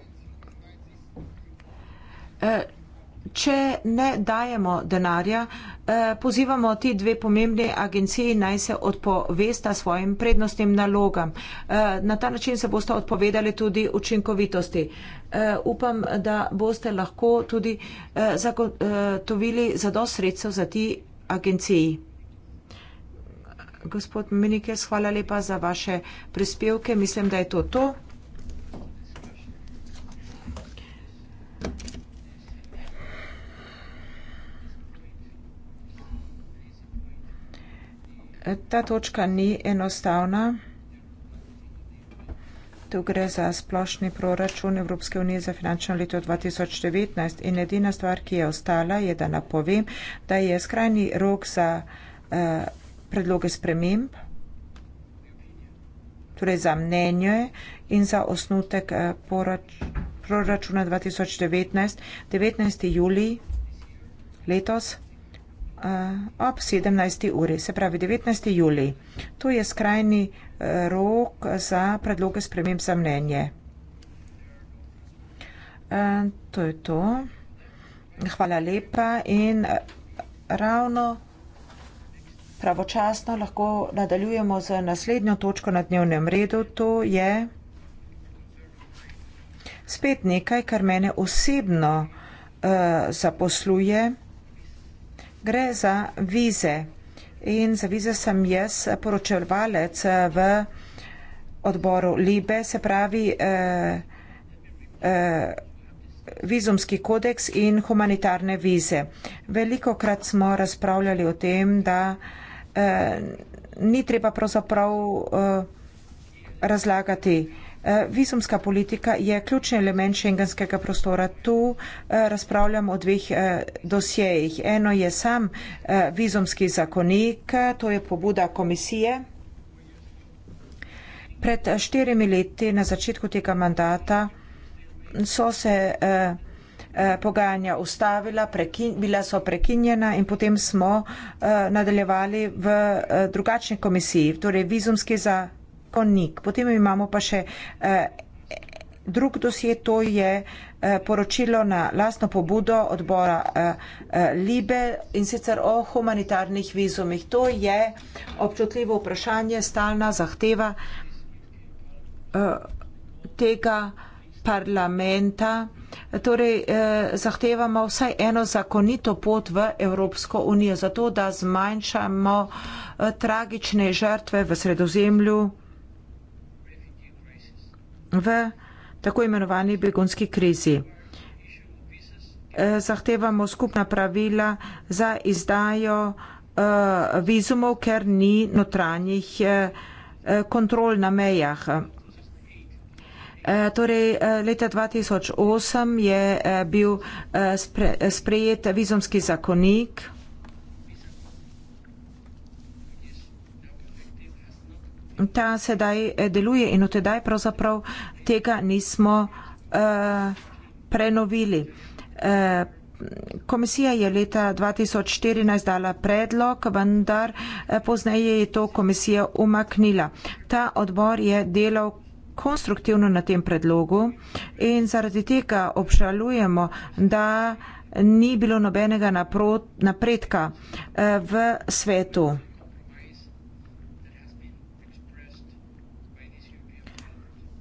če ne dajemo denarja, eh, pozivamo ti dve pomembni agenciji naj se odpovesta svojim prednostnim nalogam. Eh, na ta način se boste odpovedali tudi učinkovitosti. Eh, upam, da boste lahko tudi zagotovili zadost sredstev za ti agenciji. Gospod Minikes, hvala lepa za vaše prispevke. Mislim, da je to to. ta točka ni enostavna. Tu gre za splošni proračun Evropske unije za finančno leto 2019 in edina stvar, ki je ostala, je, da napovem, da je skrajni rok za uh, predloge sprememb, torej za mnenje in za osnutek uh, eh, porač, proračuna 2019, 19. julij letos uh, ob 17. uri, se pravi 19. juli. To je skrajni uh, rok za predloge sprememb za mnenje. Uh, to je to. Hvala lepa in uh, ravno pravočasno lahko nadaljujemo z naslednjo točko na dnevnem redu. To je spet nekaj, kar mene osebno uh, zaposluje gre za vize. In za vize sem jaz poročevalec v odboru Libe, se pravi eh, eh, vizumski kodeks in humanitarne vize. Veliko krat smo razpravljali o tem, da eh, ni treba pravzaprav eh, razlagati eh, Eh, visumska politika je ključni element šengenskega prostora. Tu eh, razpravljam o dveh eh, dosjejih. Eno je sam vizumski zakonik, to je pobuda komisije. Pred štirimi leti na začetku tega mandata so se pogajanja ustavila, prekin, bila so prekinjena in potem smo nadaljevali v drugačni komisiji, torej vizumski zakonik zakonnik. Potem imamo pa še eh, drug dosje, to je eh, poročilo na lastno pobudo odbora eh, eh, Libe in sicer o humanitarnih vizumih. To je občutljivo vprašanje, stalna zahteva eh, tega parlamenta. Torej, eh, zahtevamo vsaj eno zakonito pot v Evropsko unijo, zato da zmanjšamo eh, tragične žrtve v sredozemlju v tako imenovani begunski krizi. Eh, zahtevamo skupna pravila za izdajo eh, vizumov, ker ni notranjih eh, kontrol na mejah. Torej, leta 2008 je bil sprejet vizumski zakonik ta sedaj eh, deluje in od tedaj pravzaprav tega nismo uh, prenovili. Uh, komisija je leta 2014 dala predlog, vendar pozneje je to komisija umaknila. Ta odbor je delal konstruktivno na tem predlogu in zaradi tega obžalujemo, da ni bilo nobenega napredka v svetu.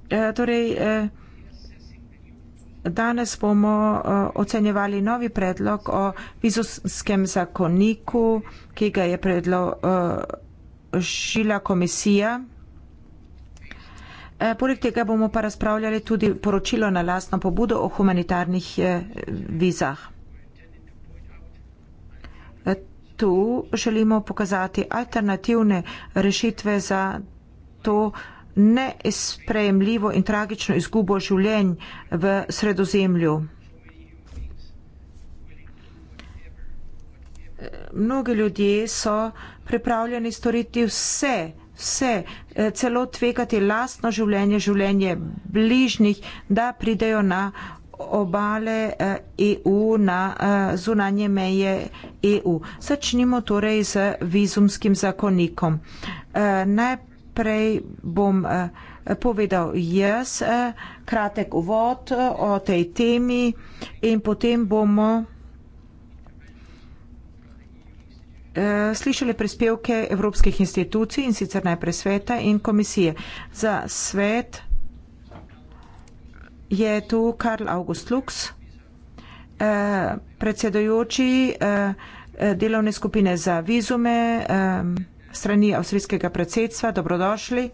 Eh, torej, eh, danes bomo eh, ocenjevali novi predlog o vizumskem zakoniku, ki ga je predložila komisija. Poleg tega bomo pa razpravljali tudi poročilo na lastno pobudo o humanitarnih vizah. Tu želimo pokazati alternativne rešitve za to, neesprejemljivo in tragično izgubo življenj v sredozemlju. Mnogi ljudje so pripravljeni storiti vse, vse, celo tvegati lastno življenje, življenje bližnjih, da pridejo na obale EU, eh, e na eh, zunanje meje EU. Začnimo torej z vizumskim zakonikom. Eh, najprej najprej bom eh, povedal jaz eh, kratek uvod eh, o tej temi in potem bomo slišali prispevke evropskih institucij in sicer najprej sveta in komisije. Za svet je tu Karl August Lux, predsedojoči delovne skupine za vizume, predsedojoči strani avstrijskega predsedstva, dobrodošli.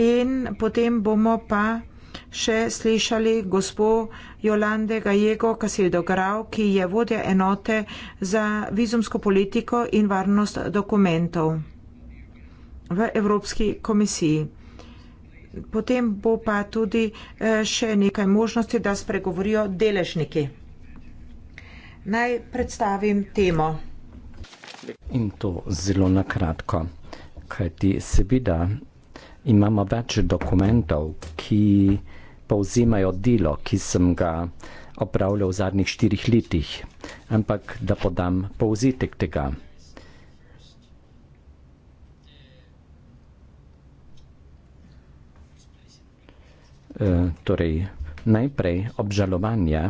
In potem bomo pa še slišali gospo Jolande Gajego Kasildograv, ki je vodja enote za vizumsko politiko in varnost dokumentov v Evropski komisiji. Potem bo pa tudi eh, še nekaj možnosti, da spregovorijo deležniki. Naj predstavim temo. In to zelo na kratko, kajti seveda imamo več dokumentov, ki povzimajo delo, ki sem ga opravljal v zadnjih štirih letih, ampak da podam povzitek tega. Eh, torej, najprej obžalovanje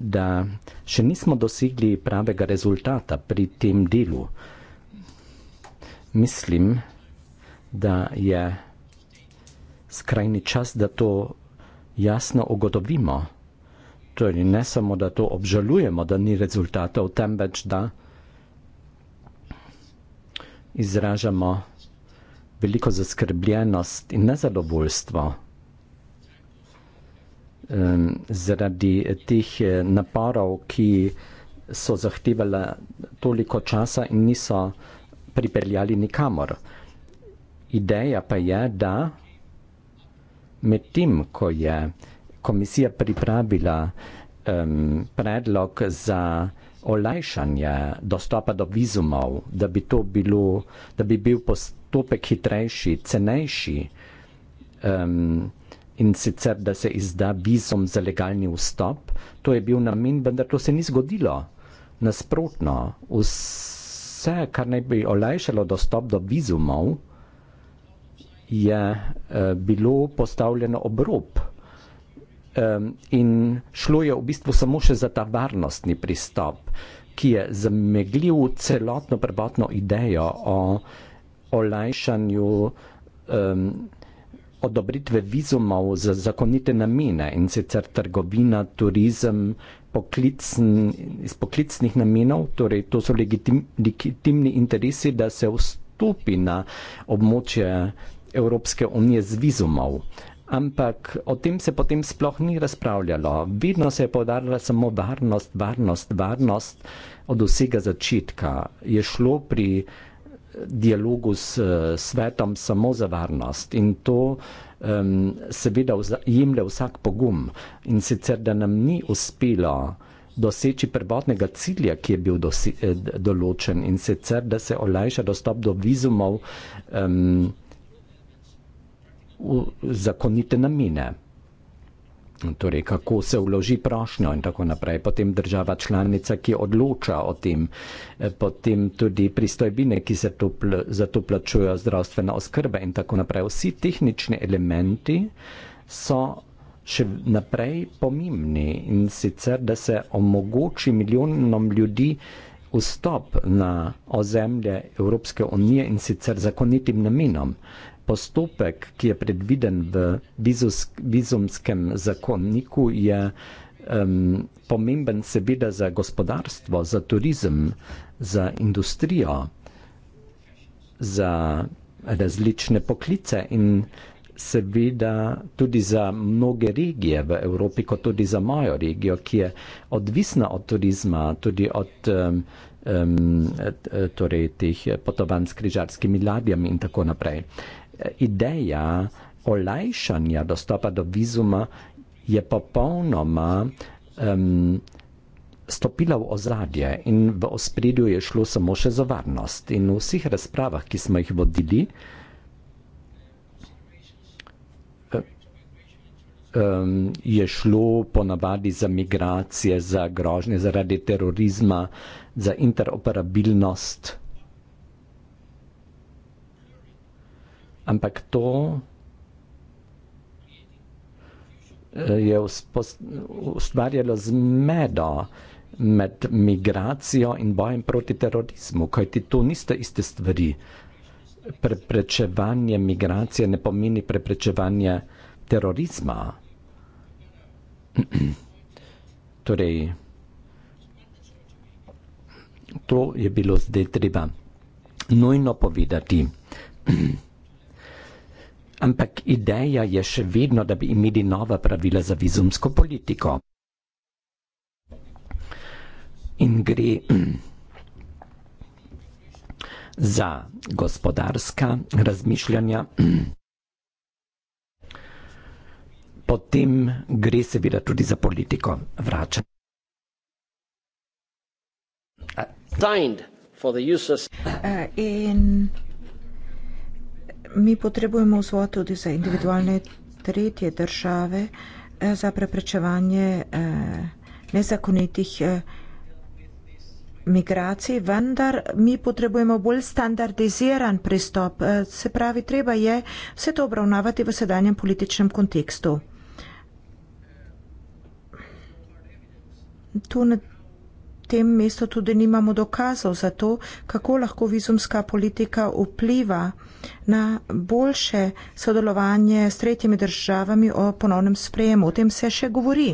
da še nismo dosegli pravega rezultata pri tem delu. Mislim, da je skrajni čas, da to jasno ugotovimo. Torej, ne samo, da to obžalujemo, da ni rezultatov, temveč da izražamo veliko zaskrbljenost in nezadovoljstvo. Ehm, zaradi tih eh, naporov, ki so zahtevali toliko časa in niso pripeljali nikamor. Ideja pa je, da medtem, ko je komisija pripravila um, predlog za olajšanje dostopa do vizumov, da bi, bilo, da bi bil postopek hitrejši, cenejši, um, in sicer da se izda vizum za legalni vstop. To je bil namen, vendar to se ni zgodilo. Nasprotno, vse, kar naj bi olajšalo dostop do vizumov, je eh, bilo postavljeno ob rob. Um, in šlo je v bistvu samo še za ta varnostni pristop, ki je zameglil celotno prvotno idejo o olajšanju um, odobritve vizumov za zakonite namene in sicer trgovina, turizem, poklicn, poklicnih namenov, torej to so legitim, legitimni interesi, da se vstopi na območje Evropske unije z vizumov. Ampak o tem se potem sploh ni razpravljalo. Vedno se je podarila samo varnost, varnost, varnost od vsega začetka. Je šlo pri dialogu s eh, svetom samo za varnost in to um, seveda jemlje vsak pogum in sicer, da nam ni uspelo doseči prvotnega cilja, ki je bil eh, določen in sicer, da se olajša dostop do vizumov um, v zakonite namene torej kako se vloži prošnjo in tako naprej. Potem država članica, ki odloča o tem, e, potem tudi pristojbine, ki se to pl za to plačujejo, zdravstvena oskrba in tako naprej. Vsi tehnični elementi so še naprej pomembni in sicer, da se omogoči milijonom ljudi vstop na ozemlje Evropske unije in sicer zakonitim namenom postopek, ki je predviden v vizus, vizumskem zakonniku, je um, pomemben seveda za gospodarstvo, za turizem, za industrijo, za različne poklice in seveda tudi za mnoge regije v Evropi, kot tudi za mojo regijo, ki je odvisna od turizma, tudi od um, um, torej teh potovanj s križarskimi ladjami in tako naprej ideja olajšanja dostopa do vizuma je popolnoma um, stopila v ozadje in v ospredju je šlo samo še za varnost. In v vseh razpravah, ki smo jih vodili, um, je šlo ponavadi za migracije, za grožnje zaradi terorizma, za interoperabilnost. ampak to eh, je ustvarjalo zmedo med migracijo in bojem proti terorizmu, kajti to niste iste stvari. Preprečevanje migracije ne pomeni preprečevanje terorizma. torej, to je bilo zdaj treba nujno povedati. ampak ideja je še vedno, da bi imeli nova pravila za vizumsko politiko. In gre za gospodarska razmišljanja. Potem gre seveda tudi za politiko. Vračam. Uh, eh, in mi potrebujemo vzvod tudi za individualne tretje države eh, za preprečevanje eh, nezakonitih eh, migracij, vendar mi potrebujemo bolj standardiziran pristop. Se pravi, treba je vse to obravnavati v sedanjem političnem kontekstu. Tu ne tem mestu tudi nimamo dokazov za to, kako lahko vizumska politika vpliva na boljše sodelovanje s tretjimi državami o ponovnem sprejemu. O tem se še govori.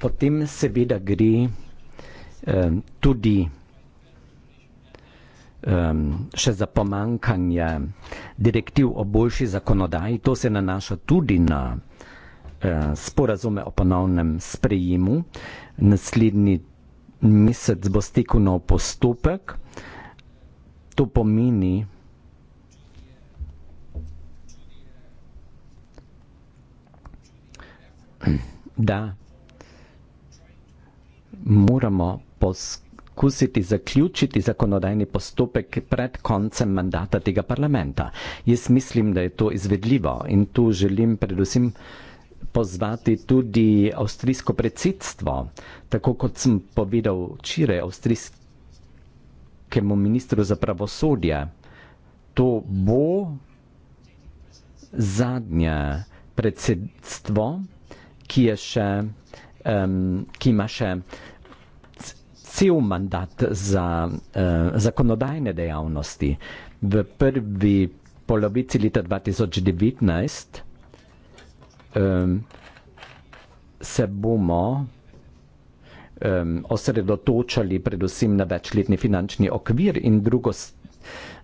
Potem seveda gre um, tudi um, še za pomankanje direktiv o boljši zakonodaji. To se nanaša tudi na Eh, sporazume o ponovnem sprejemu. Naslednji mesec bo stekel nov postopek. To pomeni, da moramo poskusiti zaključiti zakonodajni postopek pred koncem mandata tega parlamenta. Jaz mislim, da je to izvedljivo in tu želim predvsem pozvati tudi avstrijsko predsedstvo, tako kot sem povedal včeraj avstrijskemu ministru za pravosodje. To bo zadnje predsedstvo, ki, je še, um, ki ima še cel mandat za uh, zakonodajne dejavnosti. V prvi polovici leta 2019 um, se bomo um, osredotočali predvsem na večletni finančni okvir in drugo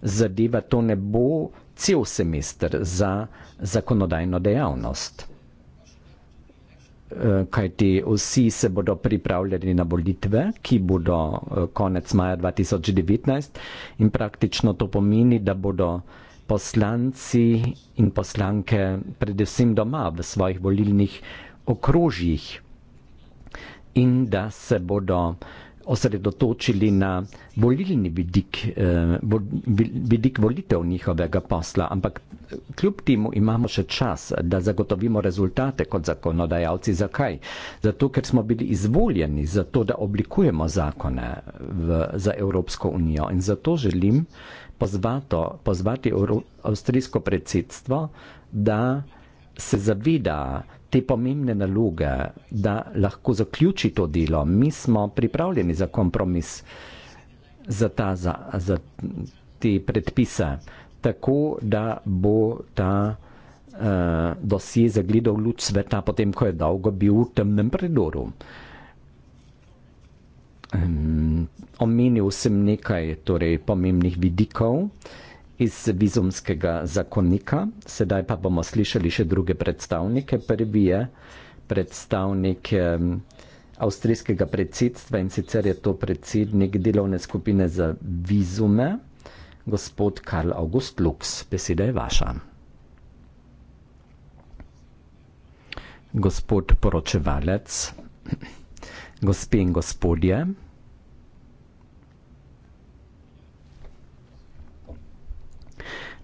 zadeva, to ne bo cel semester za zakonodajno dejavnost. Ehm, kajti vsi se bodo pripravljali na volitve, ki bodo eh, konec maja 2019 in praktično to pomeni, da bodo poslanci in poslanke, predvsem doma v svojih volilnih okrožjih, in da se bodo osredotočili na volilni vidik, eh, vidik volitev njihovega posla. Ampak eh, kljub temu imamo še čas, da zagotovimo rezultate kot zakonodajalci. Zakaj? Zato, ker smo bili izvoljeni za to, da oblikujemo zakone v, za Evropsko unijo in zato želim, pozvato, pozvati avstrijsko predsedstvo, da se zaveda te pomembne naloge, da lahko zaključi to delo. Mi smo pripravljeni za kompromis za, ta, za, za te predpise, tako da bo ta uh, dosje zagledal luč sveta, potem ko je dolgo bil v temnem predoru. Uh, omenil sem nekaj torej, pomembnih vidikov iz vizumskega zakonika, sedaj pa bomo slišali še druge predstavnike. Prvi je predstavnik avstrijskega predsedstva in sicer je to predsednik delovne skupine za vizume, gospod Karl August Lux. Beseda je vaša. Gospod poročevalec, gospe in gospodje,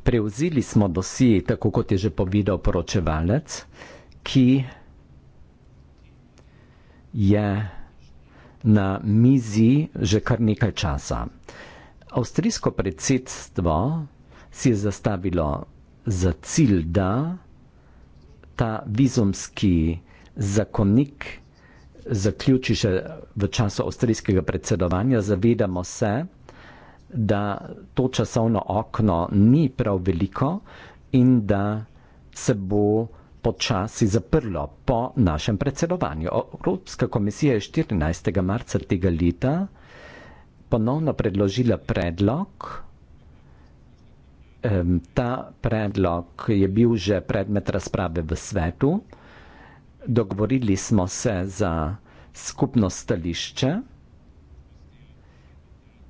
Prevzeli smo dosije, tako kot je že povedal poročevalec, ki je na mizi že kar nekaj časa. Avstrijsko predsedstvo si je zastavilo za cilj, da ta vizumski zakonik zaključi še v času avstrijskega predsedovanja. Zavedamo se, da to časovno okno ni prav veliko in da se bo počasi zaprlo po našem predsedovanju. Evropska komisija je 14. marca tega leta ponovno predložila predlog. Ta predlog je bil že predmet razprave v svetu. Dogovorili smo se za skupno stališče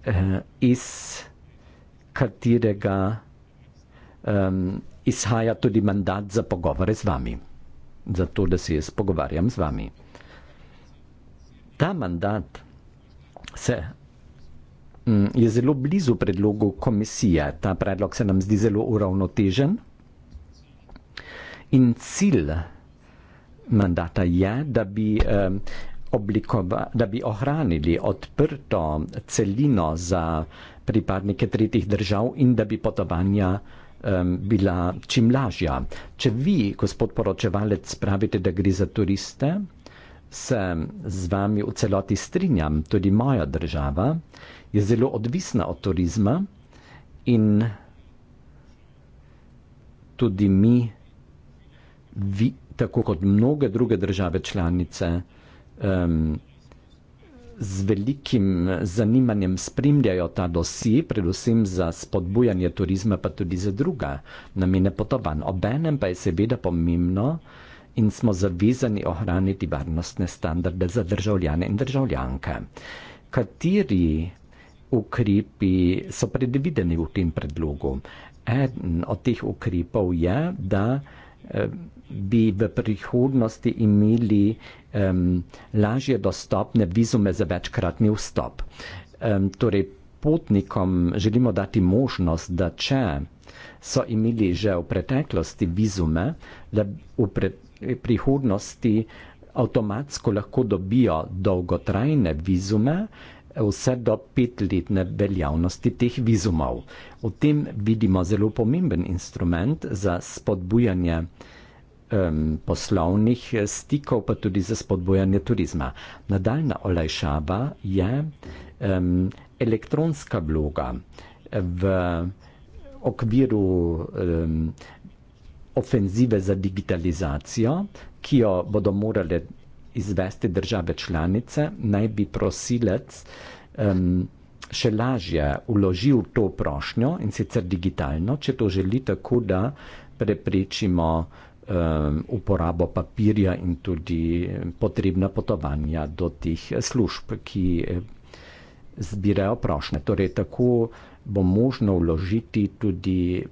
uh, iz katerega um, izhaja tudi mandat za pogovore z vami, za to, da se jaz pogovarjam z vami. Ta mandat se, um, je zelo blizu predlogu komisije. Ta predlog se nam zdi zelo uravnotežen in cilj mandata je, da bi. Um, oblikova, da bi ohranili odprto celino za pripadnike tretjih držav in da bi potovanja um, bila čim lažja. Če vi, gospod poročevalec, pravite, da gre za turiste, se z vami v celoti strinjam, tudi moja država je zelo odvisna od turizma in tudi mi, vi, tako kot mnoge druge države članice, um, z velikim zanimanjem spremljajo ta dosi, predvsem za spodbujanje turizma, pa tudi za druga namene potovanj. Obenem pa je seveda pomembno in smo zavezani ohraniti varnostne standarde za državljane in državljanke. Kateri ukrepi so predvideni v tem predlogu? Eden od teh ukrepov je, da eh, bi v prihodnosti imeli um, lažje dostopne vizume za večkratni vstop. Um, torej, potnikom želimo dati možnost, da če so imeli že v preteklosti vizume, da v pre prihodnosti avtomatsko lahko dobijo dolgotrajne vizume vse do petletne veljavnosti teh vizumov. V tem vidimo zelo pomemben instrument za spodbujanje uh, poslovnih stikov, pa tudi za spodbojanje turizma. Nadaljna olajšava je um, elektronska vloga v okviru um, ofenzive za digitalizacijo, ki jo bodo morale izvesti države članice, naj bi prosilec um, še lažje uložil to prošnjo in sicer digitalno, če to želi tako, da preprečimo Um, uporabo papirja in tudi potrebna potovanja do teh služb, ki eh, zbirajo prošnje. Torej, tako bo možno vložiti tudi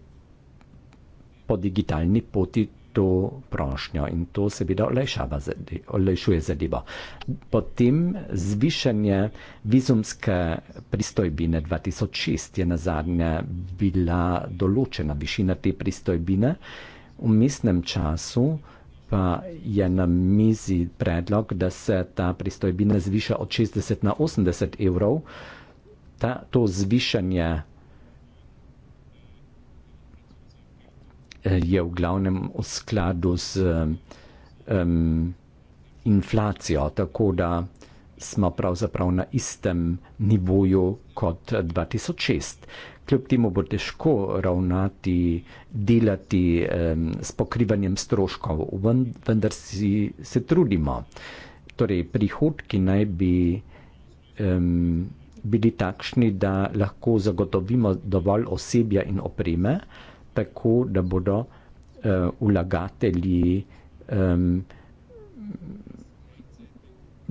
po digitalni poti to prošnjo in to seveda olajšava, olajšuje zadevo. Potem zvišanje vizumske pristojbine 2006 je na zadnje bila določena višina te pristojbine vmesnem času pa je na mizi predlog, da se ta pristojbina zviša od 60 na 80 evrov. Ta, to zvišanje eh, je v glavnem v skladu z um, inflacijo, tako da smo pravzaprav na istem nivoju kot 2006 kljub temu bo težko ravnati, delati um, s pokrivanjem stroškov, vendar si se trudimo. Torej, prihodki naj bi um, bili takšni, da lahko zagotovimo dovolj osebja in opreme, tako da bodo uh, vlagatelji um,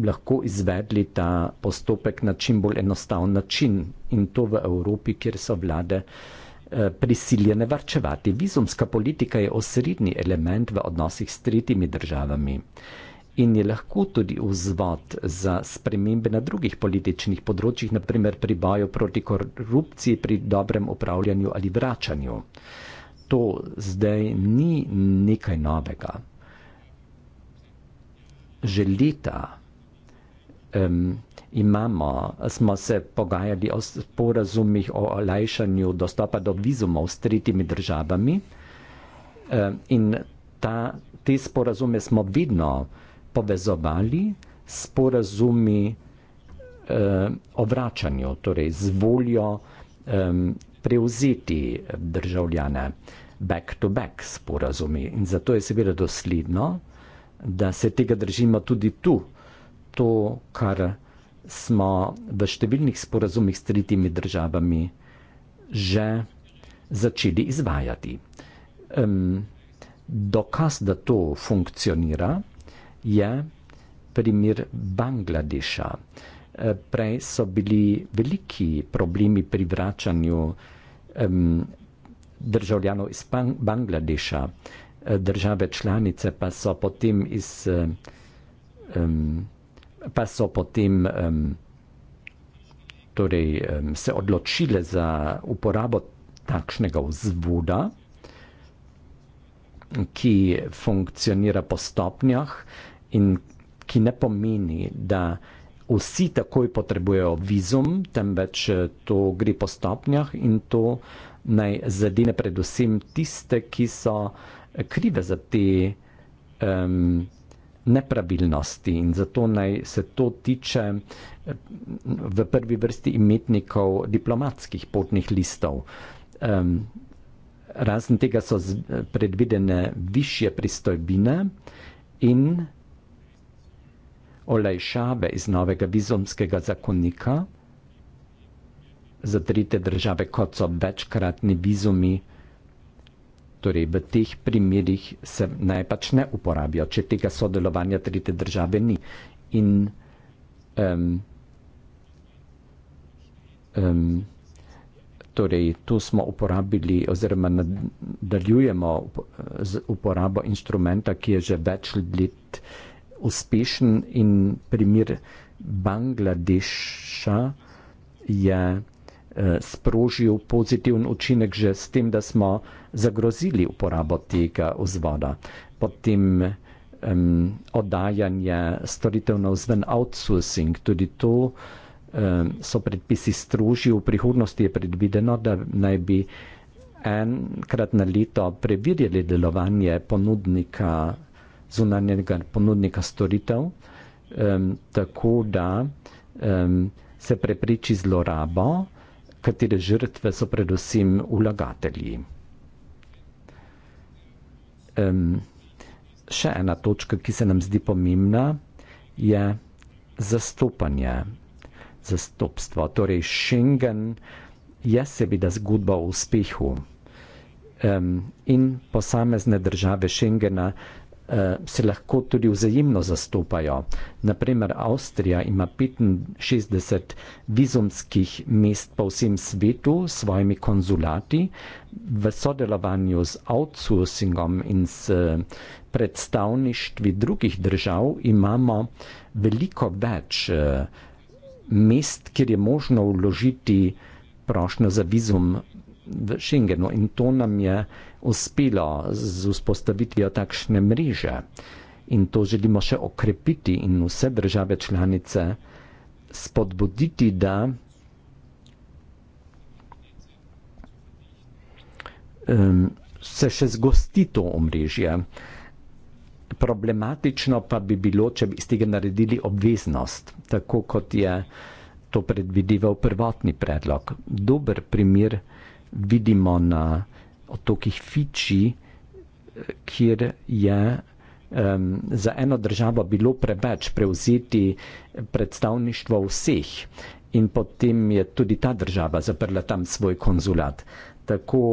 lahko izvedli ta postopek na čim bolj enostaven način in to v Evropi, kjer so vlade eh, prisiljene varčevati. Vizumska politika je osrednji element v odnosih s tretjimi državami in je lahko tudi vzvod za spremembe na drugih političnih področjih, naprimer pri boju proti korupciji, pri dobrem upravljanju ali vračanju. To zdaj ni nekaj novega. Že leta um, imamo, smo se pogajali o sporazumih o olajšanju dostopa do vizumov s tretjimi državami um, in ta, te sporazume smo vidno povezovali s sporazumi um, o vračanju, torej z voljo um, preuzeti državljane back-to-back -back sporazumi. In zato je seveda dosledno, da se tega držimo tudi tu to, kar smo v številnih sporazumih s tretjimi državami že začeli izvajati. Um, dokaz, da to funkcionira, je primer Bangladeša. E, prej so bili veliki problemi pri vračanju um, državljanov iz Bang Bangladeša. E, države članice pa so potem iz um, pa so potem um, torej, um, se odločile za uporabo takšnega vzvoda, ki funkcionira po stopnjah in ki ne pomeni, da vsi takoj potrebujejo vizum, temveč eh, to gre po stopnjah in to naj zadine predvsem tiste, ki so krive za te. Um, nepravilnosti in zato naj se to tiče eh, v prvi vrsti imetnikov diplomatskih potnih listov. Um, razen tega so z, predvidene višje pristojbine in olajšave iz novega vizumskega zakonika za trite države, kot so večkratni vizumi Torej, v teh primerjih se naj pač ne uporabijo, če tega sodelovanja tretje države ni. In um, um, torej, tu smo uporabili oziroma nadaljujemo z uporabo instrumenta, ki je že več let uspešen in primer Bangladeša je uh, sprožil pozitiven učinek že s tem, da smo zagrozili uporabo tega vzvoda. Potem um, oddajanje storitev na vzven outsourcing, tudi to um, so predpisi stroži, v prihodnosti je predvideno, da naj bi enkrat na leto preverjali delovanje ponudnika, zunanjega ponudnika storitev, um, tako da um, se prepriči zlorabo, katere žrtve so predvsem vlagatelji um, še ena točka, ki se nam zdi pomembna, je zastopanje, zastopstvo. Torej, Schengen je seveda zgodba o uspehu um, in posamezne države Schengena. Eh, se lahko tudi vzajemno zastopajo. Naprimer, Avstrija ima 65 vizumskih mest po vsem svetu s svojimi konzulati v sodelovanju z outsourcingom in s eh, predstavništvi drugih držav imamo veliko več uh, mest, kjer je možno vložiti prošnjo za vizum v Schengenu in to nam je uh, uspelo z vzpostavitvijo takšne mreže in to želimo še okrepiti in vse države članice spodbuditi, da um, se še zgosti to omrežje. Problematično pa bi bilo, če bi iz tega naredili obveznost, tako kot je to predvideval prvotni predlog. Dober primer vidimo na od tokih Fiči, kjer je um, za eno državo bilo preveč prevzeti predstavništvo vseh in potem je tudi ta država zaprla tam svoj konzulat. Tako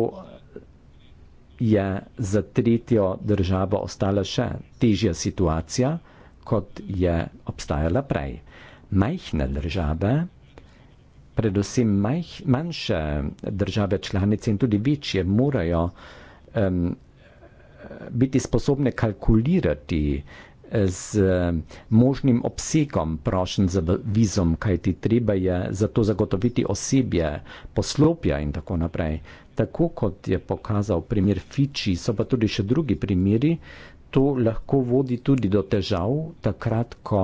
je za tretjo državo ostala še težja situacija, kot je obstajala prej. Majhne države, predvsem majh, manjše države članice in tudi večje morajo um, biti sposobne kalkulirati eh, z možnim obsegom prošen za vizum, kajti treba je za to zagotoviti osebje, poslopja in tako naprej. Tako kot je pokazal primer Fiči, so pa tudi še drugi primeri, to lahko vodi tudi do težav, takrat, ko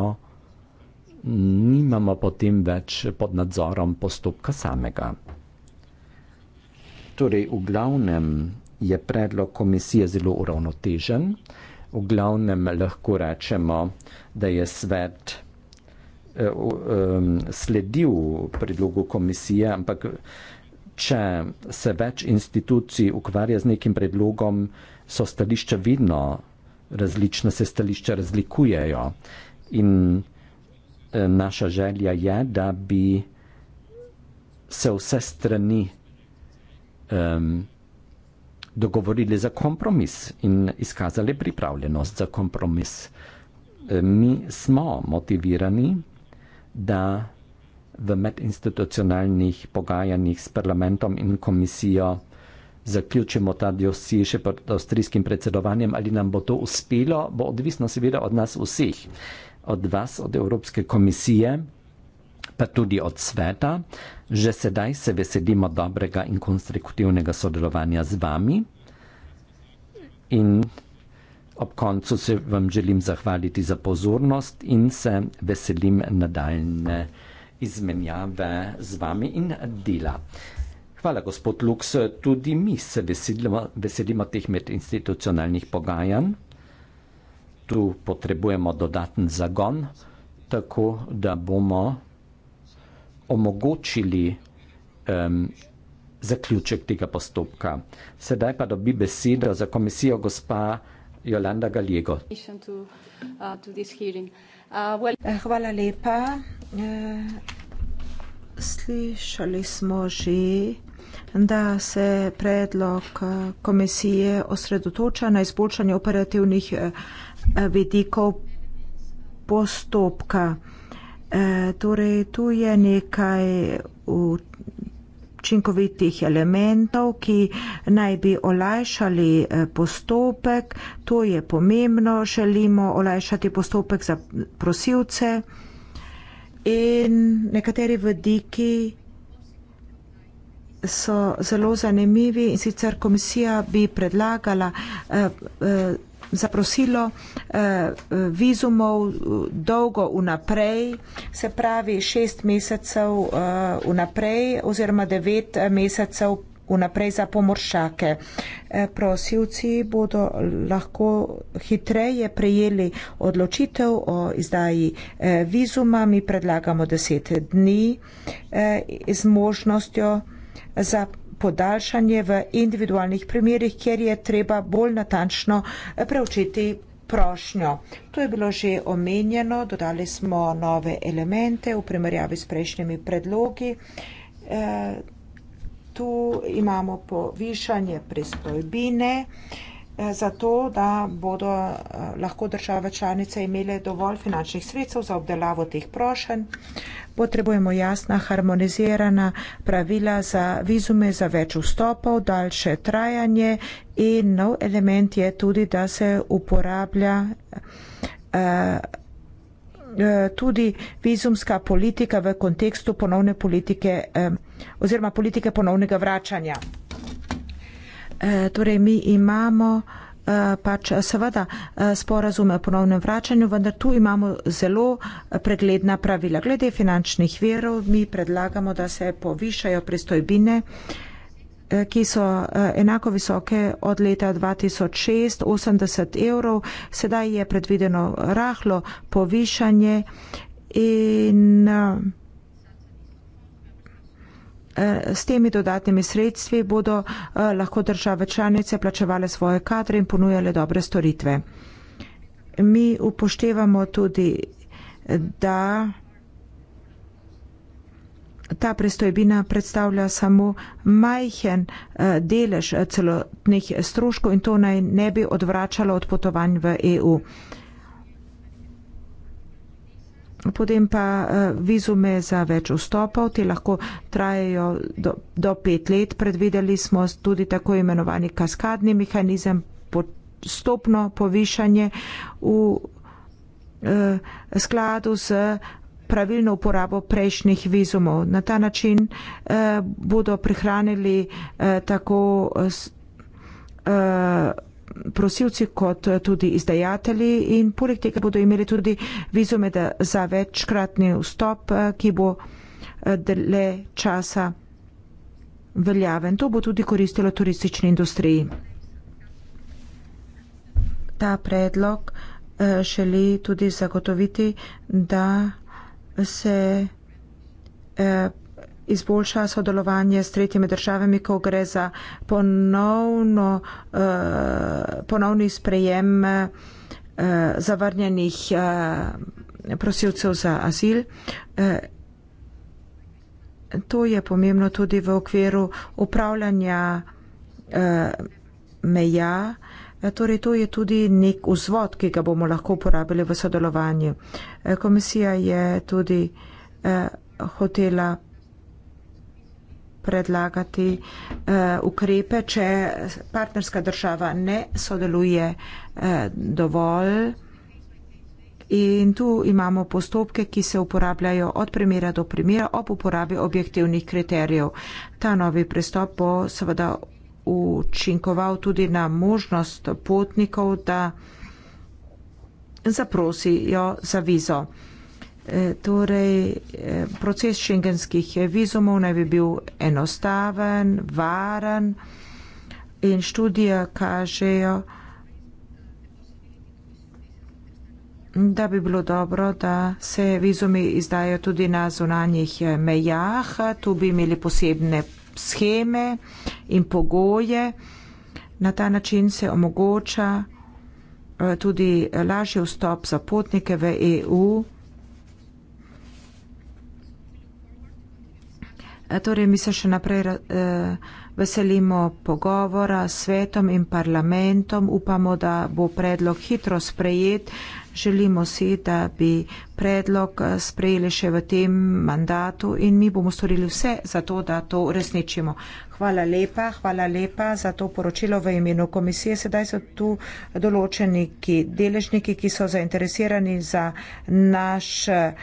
nimamo potem več pod nadzorom postopka samega. Torej, v glavnem je predlog komisije zelo uravnotežen. V glavnem lahko rečemo, da je svet eh, sledil predlogu komisije, ampak če se več institucij ukvarja z nekim predlogom, so stališča vidno različna, se stališča razlikujejo. In naša želja je, da bi se vse strani um, dogovorili za kompromis in izkazali pripravljenost za kompromis. Mi smo motivirani, da v medinstitucionalnih pogajanjih s parlamentom in komisijo zaključimo ta dosi še pred avstrijskim predsedovanjem, ali nam bo to uspelo, bo odvisno seveda od nas vseh od vas, od Evropske komisije, pa tudi od sveta, že sedaj se veselimo dobrega in konstruktivnega sodelovanja z vami. In ob koncu se vam želim zahvaliti za pozornost in se veselim nadaljne izmenjave z vami in dela. Hvala, gospod Lux, tudi mi se veselimo, veselimo teh medinstitucionalnih pogajanj tu potrebujemo dodaten zagon, tako da bomo omogočili um, zaključek tega postopka. Sedaj pa dobi besedo za komisijo gospa Jolanda Galjego. Hvala lepa. Eh, slišali smo že, da se predlog eh, komisije osredotoča na izboljšanje operativnih eh, vidikov postopka. E, torej, tu je nekaj učinkovitih elementov, ki naj bi olajšali e, postopek. To je pomembno, želimo olajšati postopek za prosilce. In nekateri vidiki so zelo zanimivi in sicer komisija bi predlagala. E, e, zaprosilo eh, vizumov eh, dolgo vnaprej, se pravi šest mesecev eh, vnaprej oziroma devet eh, mesecev vnaprej za pomoršake. Eh, prosilci bodo lahko hitreje prejeli odločitev o izdaji vizuma. Mi predlagamo deset dni z možnostjo za podaljšanje v individualnih primerjih, kjer je treba bolj natančno eh, preučiti prošnjo. To je bilo že omenjeno, dodali smo nove elemente v primerjavi s prejšnjimi predlogi. E, tu imamo povišanje prispojbine. E, Eh, zato, da bodo eh, lahko države članice imele dovolj finančnih sredstev za obdelavo teh prošenj. Potrebujemo jasna, harmonizirana pravila za vizume za več vstopov, daljše trajanje in nov element je tudi, da se uporablja eh, tudi vizumska politika v kontekstu ponovne politike oziroma politike ponovnega vračanja. E, torej mi imamo e, pač seveda e, sporazume o ponovnem vračanju, vendar tu imamo zelo pregledna pravila. Glede finančnih verov mi predlagamo, da se povišajo pristojbine ki so enako visoke od leta 2006, 80 evrov. Sedaj je predvideno rahlo povišanje in Eh, s temi dodatnimi sredstvi bodo eh, lahko države članice plačevale svoje kadre in ponujale dobre storitve. Mi upoštevamo tudi, da ta prestojbina predstavlja samo majhen eh, delež celotnih stroškov in to naj ne bi odvračalo od potovanj v EU potem pa eh, vizume za več vstopov, ti lahko trajajo do, do pet let. Predvideli smo tudi tako imenovani kaskadni mehanizem, postopno povišanje v eh, skladu z pravilno uporabo prejšnjih vizumov. Na ta način eh, bodo prihranili eh, tako. Eh, prosilci kot tudi izdajatelji in poleg tega bodo imeli tudi vizume za večkratni vstop, eh, ki bo eh, dele časa veljaven. To bo tudi koristilo turistični industriji. Ta predlog eh, želi tudi zagotoviti, da se izboljša sodelovanje s tretjimi državami, ko gre za ponovno, uh, ponovni sprejem uh, zavrnjenih uh, prosilcev za azil. Uh, to je pomembno tudi v okviru upravljanja uh, meja. Torej, to je tudi nek vzvod, ki ga bomo lahko uporabili v sodelovanju. Komisija je tudi eh, hotela predlagati eh, ukrepe, če partnerska država ne sodeluje eh, dovolj. In tu imamo postopke, ki se uporabljajo od primera do primera ob uporabi objektivnih kriterijev. Ta novi pristop bo seveda učinkoval tudi na možnost potnikov, da zaprosijo za vizo. E, torej, e, proces šengenskih vizumov naj bi bil enostaven, varen in študija kažejo, da bi bilo dobro, da se vizumi izdajo tudi na zunanjih e, mejah. Tu bi imeli posebne scheme in pogoje. Na ta način se omogoča tudi lažji vstop za potnike v EU. Eh, torej, mi se še naprej eh, veselimo pogovora s svetom in parlamentom. Upamo, da bo predlog hitro sprejet, Želimo si, da bi predlog eh, sprejeli še v tem mandatu in mi bomo storili vse za to, da to uresničimo. Hvala lepa, hvala lepa za to poročilo v imenu komisije. Sedaj so tu določeni ki, deležniki, ki so zainteresirani za naš eh,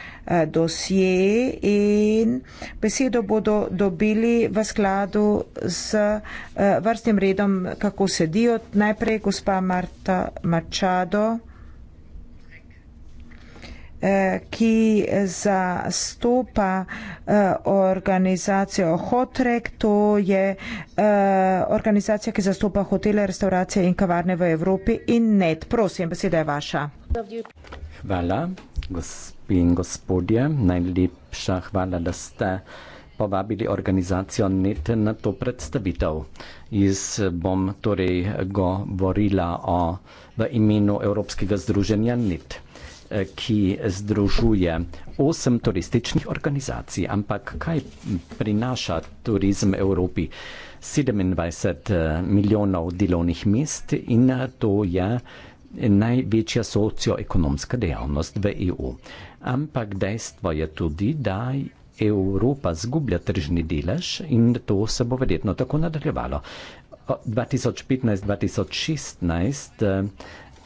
dosje in besedo bodo dobili v skladu z eh, vrstnim redom, kako sedijo. Najprej gospa Marta Mačado ki zastopa eh, organizacijo Hotrek. To je eh, organizacija, ki zastopa hotele, restauracije in kavarne v Evropi in net. Prosim, beseda je vaša. Hvala, gospi in gospodje. Najlepša hvala, da ste povabili organizacijo NET na to predstavitev. Jaz bom torej govorila o, v imenu Evropskega združenja NET. Eh, ki združuje osem turističnih organizacij. Ampak kaj prinaša turizem Evropi? 27 eh, milijonov delovnih mest in eh, to je največja socioekonomska dejavnost v EU. Ampak dejstvo je tudi, da Evropa zgublja tržni delež in to se bo verjetno tako nadaljevalo. 2015-2016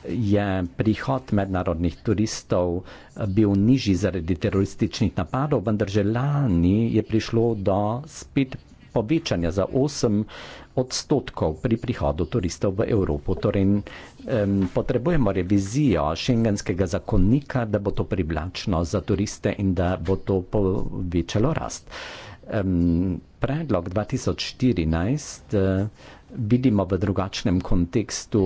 je prihod mednarodnih turistov eh, bil nižji zaradi terorističnih napadov, vendar že lani je prišlo do spet povečanja za 8 odstotkov pri prihodu turistov v Evropo. Torej, um, potrebujemo revizijo šengenskega zakonika, da bo to privlačno za turiste in da bo to povečalo rast. Um, predlog 2014. Uh, eh, vidimo v drugačnem kontekstu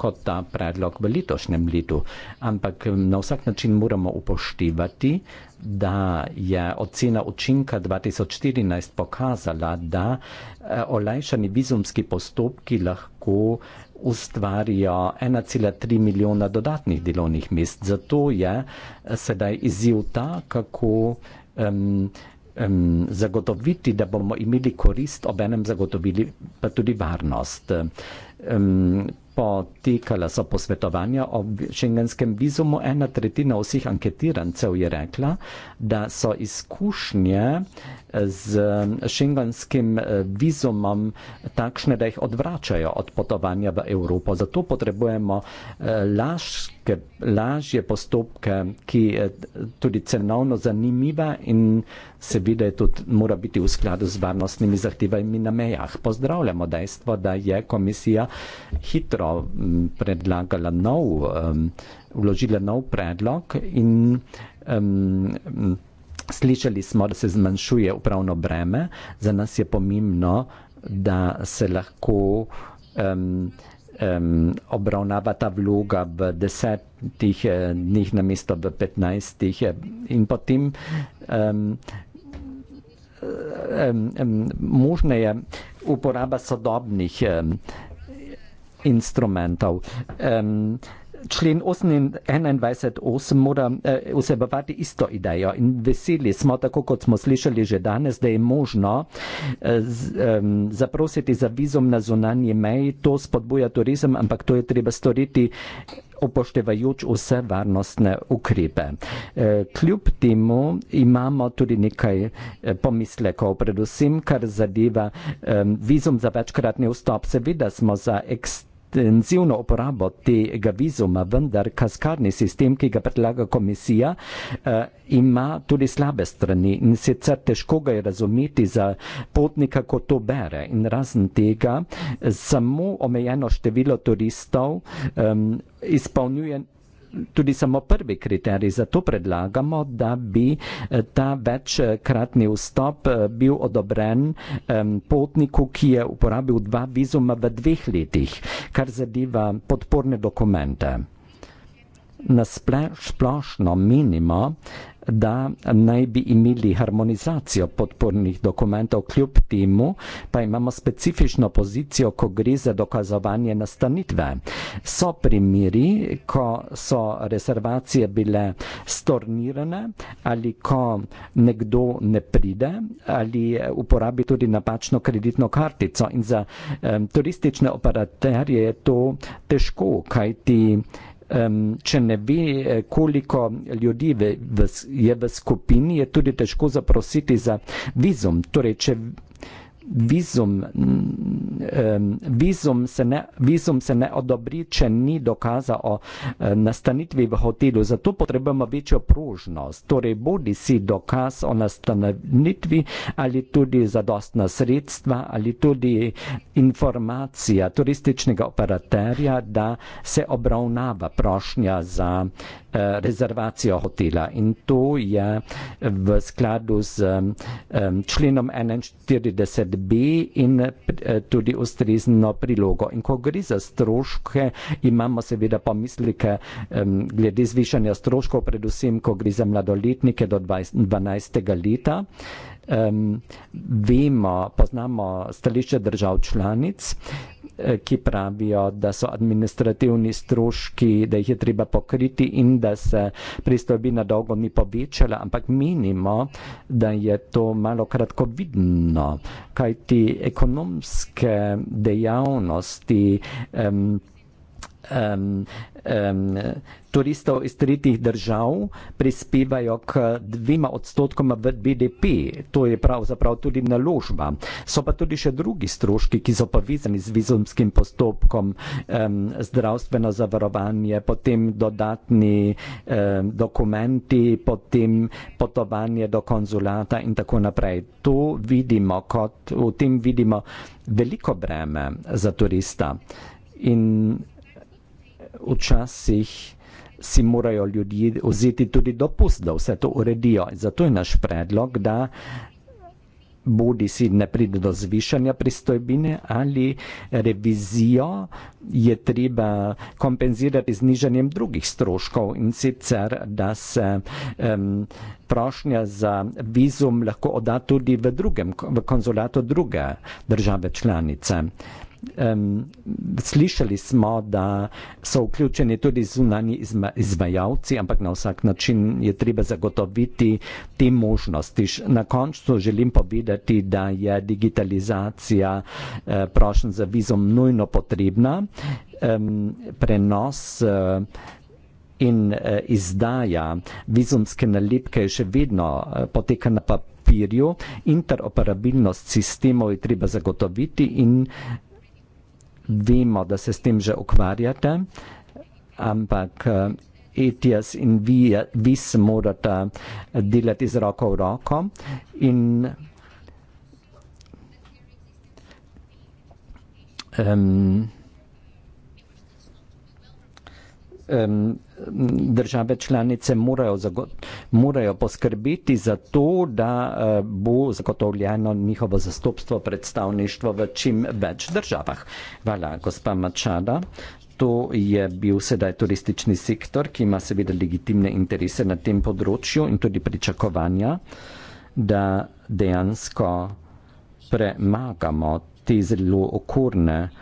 kot ta predlog v letošnjem letu. Ampak na vsak način moramo upoštevati, da je ocena učinka 2014 pokazala, da eh, olajšani vizumski postopki lahko ustvarijo 1,3 milijona dodatnih delovnih mest. Zato je eh, sedaj izziv ta, kako um, um, zagotoviti, da bomo imeli korist, obenem zagotovili pa tudi varnost. Um, Potekala so posvetovanja o šengenskem vizumu. Ena tretjina vseh anketirancev je rekla, da so izkušnje uh, z šengenskim e, vizumom takšne, da jih odvračajo od potovanja v Evropo. Zato potrebujemo e, lažke, lažje postopke, ki e, je tudi cenovno zanimiva in seveda mora biti v skladu z varnostnimi zahtevami na mejah. Pozdravljamo dejstvo, da je komisija hitro predlagala nov, um, vložila nov predlog in um, Slišali smo, da se zmanjšuje upravno breme, za nas je pomembno, da se lahko um, um, obravnava ta vloga v desetih eh, dneh na mesto v petnajstih eh, in potem um, um, um, možna je uporaba sodobnih um, instrumentov. Um, člen 81 8 mora eh, vsebovati isto idejo in veseli smo, tako kot smo slišali že danes, da je možno eh, z, eh, zaprositi za vizum na zunanji meji, to spodbuja turizem, ampak to je treba storiti upoštevajoč vse varnostne ukrepe. Eh, kljub temu imamo tudi nekaj eh, pomislekov, predvsem kar zadeva vizum za večkratni vstop. Seveda smo za ekstremizem intenzivno uporabo tega vizuma, vendar kaskarni sistem, ki ga predlaga komisija, uh, ima tudi slabe strani in sicer težko ga je razumeti za potnika, ko to bere. In razen tega, samo omejeno število turistov um, izpolnjuje tudi samo prvi kriterij. Zato predlagamo, da bi eh, ta večkratni vstop eh, bil odobren potniku, ki je uporabil dva vizuma v dveh letih, kar zadeva podporne dokumente. Nasplošno menimo, da naj bi imeli harmonizacijo podpornih dokumentov, kljub temu pa imamo specifično pozicijo, ko gre za dokazovanje nastanitve. So primiri, ko so rezervacije bile stornirane ali ko nekdo ne pride ali uporabi tudi napačno kreditno kartico in za um, turistične operaterje je to težko, kajti um, če ne ve, eh, koliko ljudi v, v, je v skupini, je tudi težko zaprositi za vizum. Torej, če vizum, vizum, se ne, vizum se ne odobri, če ni dokaza o nastanitvi v hotelu. Zato potrebujemo večjo pružnost. Torej, bodi si dokaz o nastanitvi ali tudi zadostna sredstva ali tudi informacija turističnega operaterja, da se obravnava prošnja za eh, rezervacijo hotela in to je v skladu z členom 41. USB in eh, eh, tudi ustrezno prilogo. In ko gre za stroške, imamo seveda pomislike um, glede zvišanja stroškov, predvsem, ko gre za mladoletnike do 12. leta. Um, vemo, poznamo stališče držav članic, uh, Eh, ki pravijo, da so administrativni stroški, da jih je treba pokriti in da se pristojbina dolgo ni povečala, ampak menimo, da je to malo kratkovidno, kaj ti ekonomske dejavnosti. Um, um, um, turistov iz tretjih držav prispevajo k dvima odstotkoma v BDP. To je pravzaprav tudi naložba. So pa tudi še drugi stroški, ki so povezani z vizumskim postopkom, um, zdravstveno zavarovanje, potem dodatni um, dokumenti, potem potovanje do konzulata in tako naprej. To vidimo kot, v tem vidimo veliko breme za turista. In včasih si morajo ljudje vzeti tudi dopust, da vse to uredijo. Zato je naš predlog, da bodi si ne pride do zvišanja pristojbine ali revizijo je treba kompenzirati z nižanjem drugih stroškov in sicer, da se um, prošnja za vizum lahko oda tudi v, drugem, v konzulato druge države članice. Um, slišali smo, da so vključeni tudi zunani izma, izvajalci, ampak na vsak način je treba zagotoviti te možnosti. Na koncu želim povedati, da je digitalizacija uh, eh, prošen za vizum nujno potrebna. Um, prenos uh, In eh, izdaja vizumske nalepke še vedno eh, poteka na papirju, interoperabilnost sistemov je treba zagotoviti in vemo, da se s tem že ukvarjate, ampak eh, ETS in vi, vi se morate eh, delati z roko v roko. In, um, um, države članice morajo, morajo poskrbiti za to, da eh, bo zagotovljeno njihovo zastopstvo, predstavništvo v čim več državah. Hvala, gospa Mačada. To je bil sedaj turistični sektor, ki ima seveda legitimne interese na tem področju in tudi pričakovanja, da dejansko premagamo te zelo okorne uh,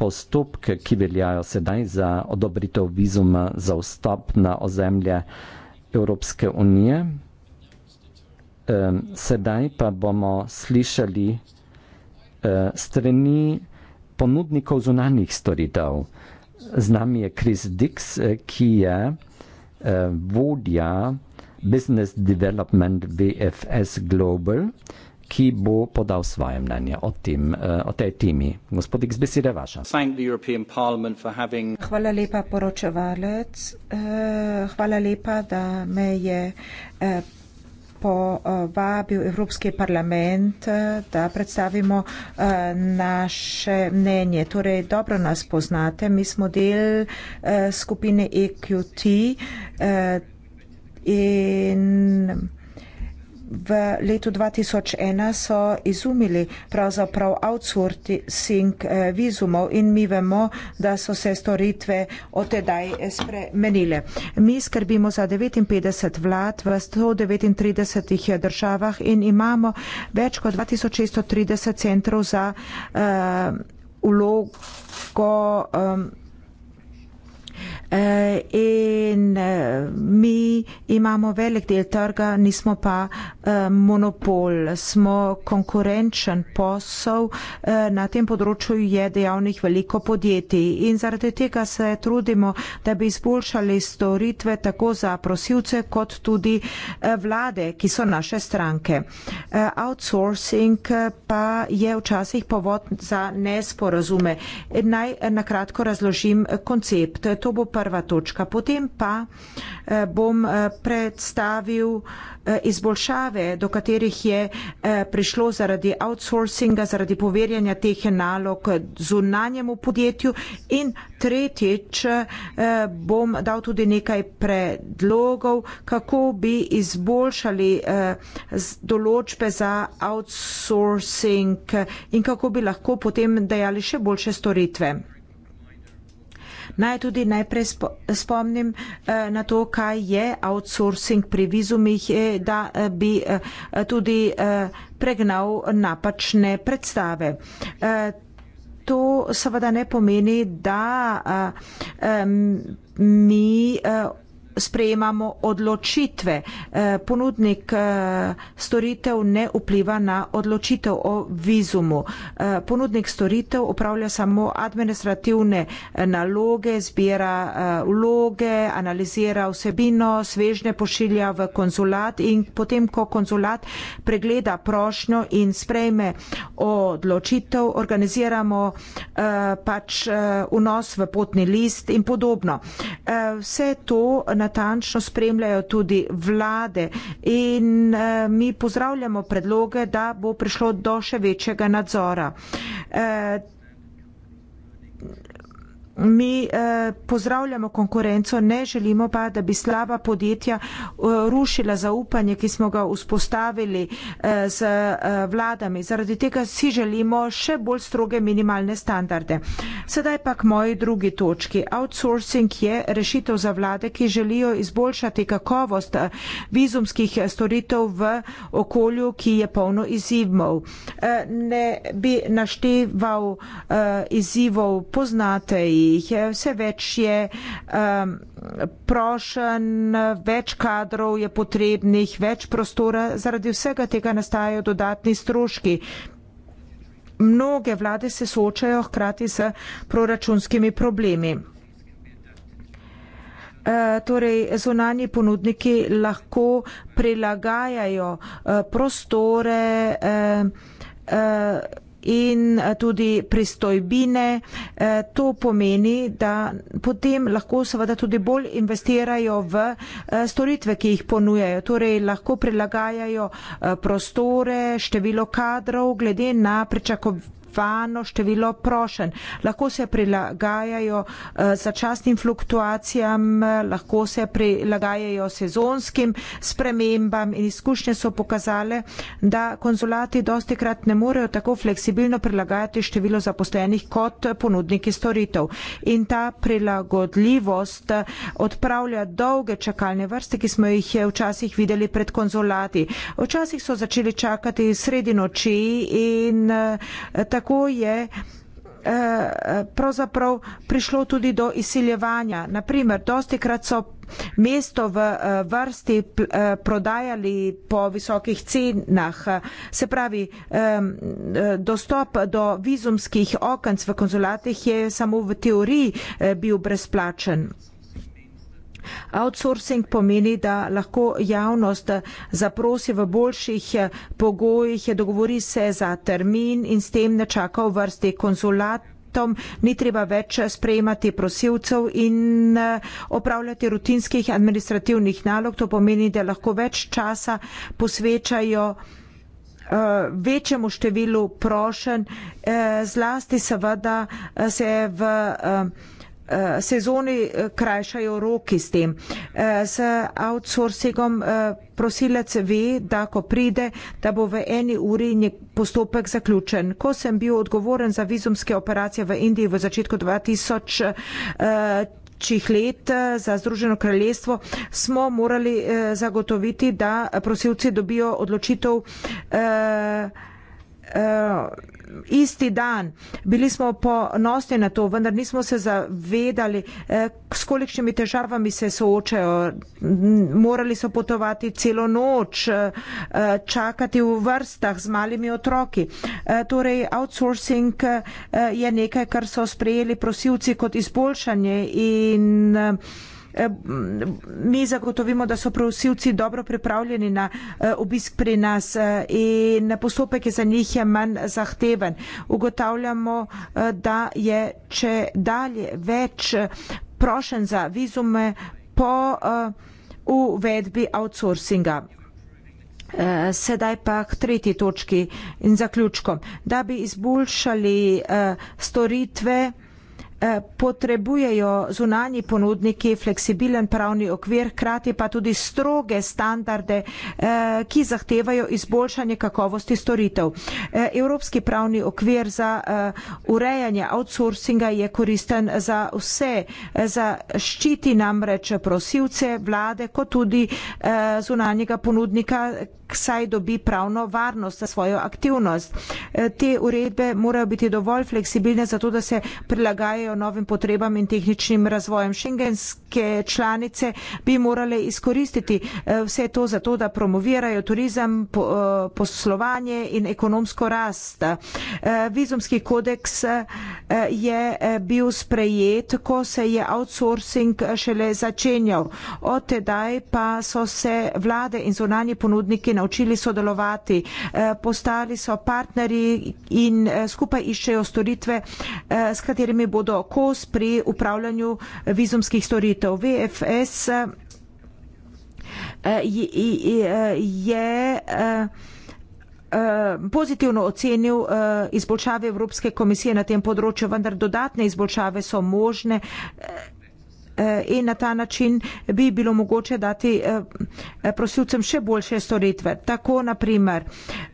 postopke, ki veljajo sedaj za odobritev vizuma za vstop na ozemlje Evropske unije. Sedaj pa bomo slišali eh, strani ponudnikov zunanjih storitev. Z nami je Chris Dix, eh, ki je eh, vodja Business Development VFS Global, ki bo podal svoje mnenje o, tem, eh, o tej temi. Gospod X, beseda vaša. Hvala lepa, poročevalec. Eh, hvala lepa, da me je eh, povabil Evropski parlament, da predstavimo naše mnenje. Torej, dobro nas poznate. Mi smo del skupine EQT in v letu 2001 so izumili pravzaprav outsourcing eh, vizumov in mi vemo, da so se storitve od tedaj spremenile. Mi skrbimo za 59 vlad v 139 državah in imamo več kot 2630 centrov za uh, vlogo. Um, Eh, in eh, mi imamo velik del trga, nismo pa eh, monopol, smo konkurenčen posel, na tem področju je dejavnih veliko podjetij in zaradi tega se trudimo, da bi izboljšali storitve tako za prosilce kot tudi vlade, ki so naše stranke. Outsourcing pa je včasih povod za nesporazume. Naj nakratko razložim koncept. To bo pa prva točka. Potem pa eh, bom eh, predstavil eh, izboljšave, do katerih je prišlo zaradi outsourcinga, zaradi poverjanja teh nalog zunanjemu podjetju. In tretjič bom dal tudi nekaj predlogov, kako bi izboljšali določbe za outsourcing in kako bi lahko potem dajali še boljše storitve. Naj tudi najprej spomnim eh, na to, kaj je outsourcing pri vizumih, eh, da eh, bi tudi pregnal napačne predstave. To seveda ne pomeni, da mi sprejemamo odločitve. Eh, ponudnik eh, storitev ne vpliva na odločitev o vizumu. Eh, ponudnik storitev upravlja samo administrativne naloge, zbira vloge, analizira vsebino, svežne pošilja v konzulat in potem, ko konzulat pregleda prošnjo in sprejme odločitev, organiziramo pač vnos v potni list in podobno. Vse to na natančno spremljajo tudi vlade in eh, mi pozdravljamo predloge, da bo prišlo do še večjega nadzora. Eh, Mi eh, pozdravljamo konkurenco, ne želimo pa, da bi slaba podjetja eh, rušila zaupanje, ki smo ga vzpostavili eh, z eh, vladami. Zaradi tega si želimo še bolj stroge minimalne standarde. Sedaj pa k moji drugi točki. Outsourcing je rešitev za vlade, ki želijo izboljšati kakovost eh, vizumskih storitev v okolju, ki je polno izzivov. Eh, ne bi našteval eh, izzivov, poznate jih medijih, vse več je um, prošen, več kadrov je potrebnih, več prostora, zaradi vsega tega nastajajo dodatni stroški. Mnoge vlade se soočajo hkrati s proračunskimi problemi. Uh, torej, zunanji ponudniki lahko prilagajajo uh, prostore, uh, in eh, tudi pristojbine. Eh, to pomeni, da potem lahko seveda tudi bolj investirajo v eh, storitve, ki jih ponujajo. Torej lahko prilagajajo prostore, število kadrov glede na pričakovanje varno število prošen. Lahko se prilagajajo eh, začasnim fluktuacijam, lahko se prilagajajo sezonskim spremembam in izkušnje so pokazale, da konzulati dosti krat ne morejo tako fleksibilno prilagajati število zaposlenih kot ponudniki storitev. In ta prilagodljivost eh, odpravlja dolge čakalne vrste, ki smo jih eh, včasih videli pred konzulati. Včasih so začeli čakati sredi noči in tako tako je eh, pravzaprav prišlo tudi do izsiljevanja. Naprimer, dosti krat so mesto v eh, vrsti eh, prodajali po visokih cenah. Se pravi, dostop do vizumskih okenc v konzulatih je samo v teoriji bil brezplačen. Outsourcing pomeni, da lahko javnost zaprosi v boljših eh, pogojih, dogovori se za termin in s tem ne čaka v vrsti konzulat. Ni treba več sprejemati prosilcev in eh, opravljati rutinskih administrativnih nalog. To pomeni, da lahko več časa posvečajo eh, večjemu številu prošen, zlasti seveda se v Eh, sezoni eh, krajšajo roki s tem. Z eh, outsourcingom prosilec ve, da ko pride, da bo v eni uri postopek zaključen. Ko sem bil odgovoren za vizumske operacije v Indiji v začetku 2000, čih let za Združeno kraljestvo smo morali zagotoviti, da prosilci dobijo odločitev uh, isti dan. Bili smo ponosni na to, vendar nismo se zavedali, uh, s kolikšnimi težavami se soočajo. Morali so potovati celo noč, uh, čakati v vrstah z malimi otroki. Uh, torej, outsourcing uh, je nekaj, kar so sprejeli prosilci kot izboljšanje in uh, Eh, mi zagotovimo, da so prosilci dobro pripravljeni na eh, obisk pri nas eh, in postopek je za njih je manj zahteven. Ugotavljamo, da je če dalje več prošen za vizume po uvedbi outsourcinga. Sedaj pa k tretji točki in zaključkom. Da bi izboljšali storitve, Eh, potrebujejo zunani ponudniki fleksibilen pravni okvir, krati pa tudi stroge standarde, eh, ki zahtevajo izboljšanje kakovosti storitev. Eh, evropski pravni okvir za urejanje outsourcinga je koristen za vse, za ščiti namreč prosilce, vlade, kot tudi zunanjega ponudnika, saj dobi pravno varnost za svojo aktivnost. Te uredbe morajo biti dovolj fleksibilne, zato da se prilagajajo prilagajajo novim potrebam in tehničnim razvojem. Šengenske članice bi morale izkoristiti eh, vse to za to, da promovirajo turizem, eh, poslovanje in ekonomsko rast. Eh, vizumski kodeks je bil sprejet, ko se je outsourcing šele začenjal. Od tedaj pa so se vlade in zunanji ponudniki naučili sodelovati. Postali so partnerji in skupaj iščejo storitve, s katerimi bodo KOS pri upravljanju vizumskih storitev. VFS eh, je eh, eh, pozitivno ocenil izboljšave Evropske komisije na tem področju, vendar dodatne izboljšave so možne in na ta način bi bilo mogoče dati prosilcem še boljše storitve. Tako, naprimer,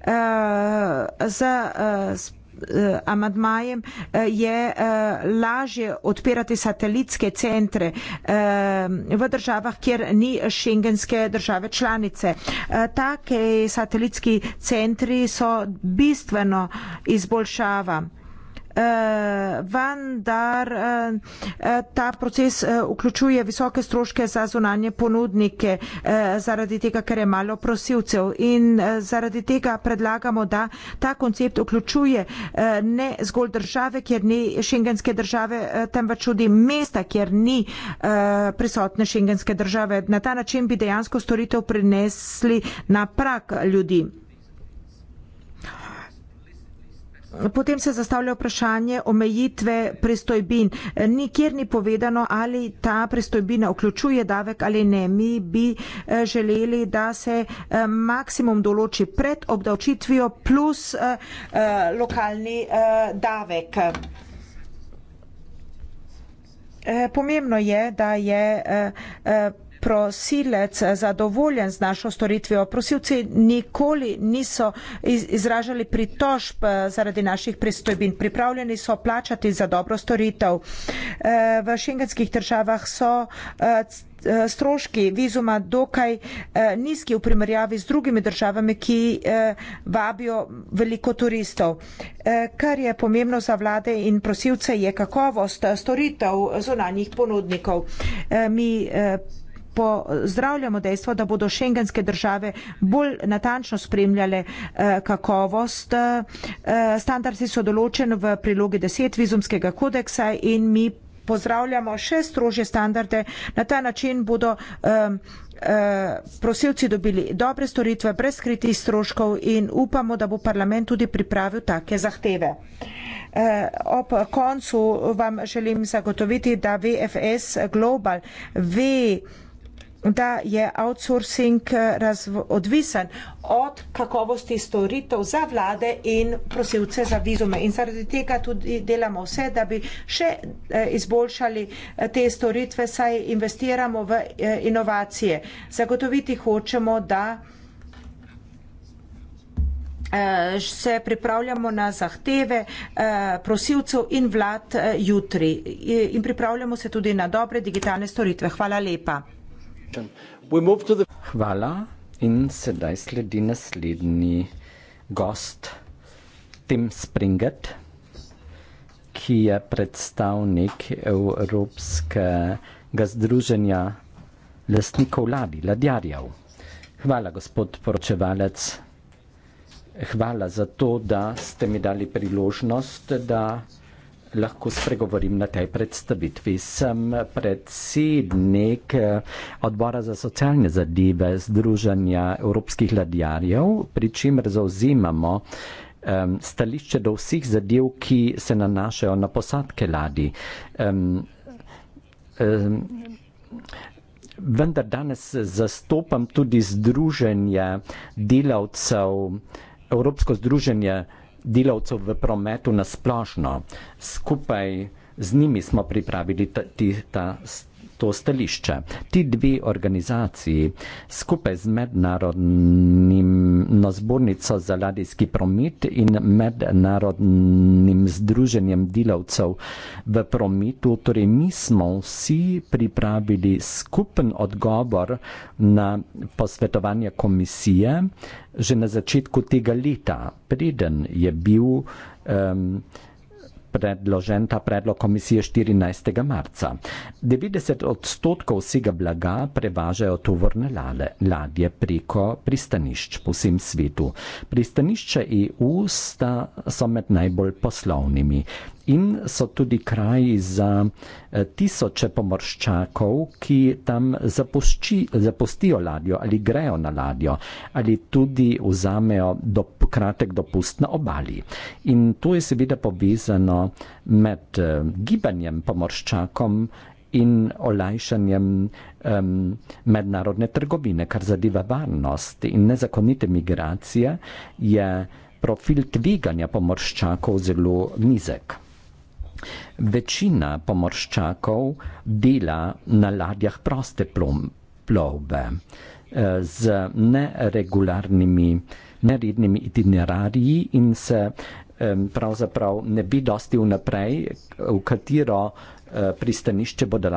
za spremljanje Eh, amadmajem eh, je eh, lažje odpirati satelitske centre v državah, kjer ni šengenske države članice. Take satelitski centri so bistveno izboljšava vendar eh, eh, ta proces eh, vključuje visoke stroške za zunanje ponudnike, zaradi tega, ker je malo prosilcev in zaradi tega predlagamo, da ta koncept vključuje ne zgolj države, kjer ni šengenske države, temveč tudi mesta, kjer ni prisotne šengenske države. Na ta način bi dejansko storitev prinesli na prak ljudi. Potem se zastavlja vprašanje omejitve pristojbin. Nikjer ni povedano, ali ta pristojbina vključuje davek ali ne. Mi bi eh, želeli, da se eh, maksimum določi pred obdavčitvijo plus eh, lokalni davek. Pomembno je, da je prosilec eh, zadovoljen z našo storitvijo. Prosilci nikoli niso izražali pritožb eh, zaradi naših pristojbin. Pripravljeni so plačati za dobro storitev. Eh, v šengenskih državah so stroški vizuma dokaj nizki v primerjavi z drugimi državami, ki vabijo veliko turistov. Kar je pomembno za vlade in prosilce je kakovost storitev zunanjih ponudnikov. Mi pozdravljamo dejstvo, da bodo šengenske države bolj natančno spremljale eh, kakovost. Eh, eh, standardi so določeni v prilogi 10 vizumskega kodeksa in mi pozdravljamo še strožje standarde. Na ta način bodo prosilci dobili dobre storitve brez kritih stroškov in upamo, da bo parlament tudi pripravil take zahteve. Ob koncu vam želim zagotoviti, da VFS Global ve, da je outsourcing eh, odvisen od kakovosti storitev za vlade in prosilce za vizume. In zaradi tega tudi delamo vse, da bi še eh, izboljšali eh, te storitve, saj investiramo v inovacije. Zagotoviti hočemo, da se pripravljamo na zahteve prosilcev in vlad jutri in pripravljamo se tudi na dobre digitalne storitve. Hvala lepa. Hvala. In sedaj sledi naslednji gost, Tim Springet, ki je predstavnik Evropskega združenja lastnikov ladij, ladjarjev. Hvala, gospod poročevalec. Hvala za to, da ste mi dali priložnost, da lahko spregovorim na tej predstavitvi. Sem predsednik eh, odbora za socialne zadeve Združenja evropskih ladjarjev, pri čimer zauzimamo um, stališče do vseh zadev, ki se nanašajo na posadke ladi. Um, um, vendar danes zastopam tudi združenje delavcev, Evropsko združenje delavcev v prometu na splošno. Skupaj z njimi smo pripravili ta, ta to stališče. Ti dve organizaciji skupaj z Mednarodno zbornico za ladijski promet in Mednarodnim združenjem delavcev v prometu, torej mi smo vsi pripravili skupen odgovor na posvetovanje komisije že na začetku tega leta, preden je bil um, predložen ta predlog komisije 14. marca. 90 odstotkov vsega blaga prevažajo tovorne lale, ladje preko pristanišč po vsem svetu. Pristanišče EU sta, so med najbolj poslovnimi in so tudi kraji za eh, tisoče pomorščakov, ki tam zapušči, zapustijo ladjo ali grejo na ladjo ali tudi vzamejo do, kratek dopust na obali. In to je seveda povezano med eh, gibanjem pomorščakom in olajšanjem um, mednarodne trgovine, kar zadeva varnost in nezakonite migracije, je profil tveganja pomorščakov zelo nizek. Večina pomorščakov dela na ladjah proste plovbe eh, z neregularnimi, nerednimi itinerariji in se pravzaprav ne bi dosti vnaprej, v katero eh, pristanišče bodo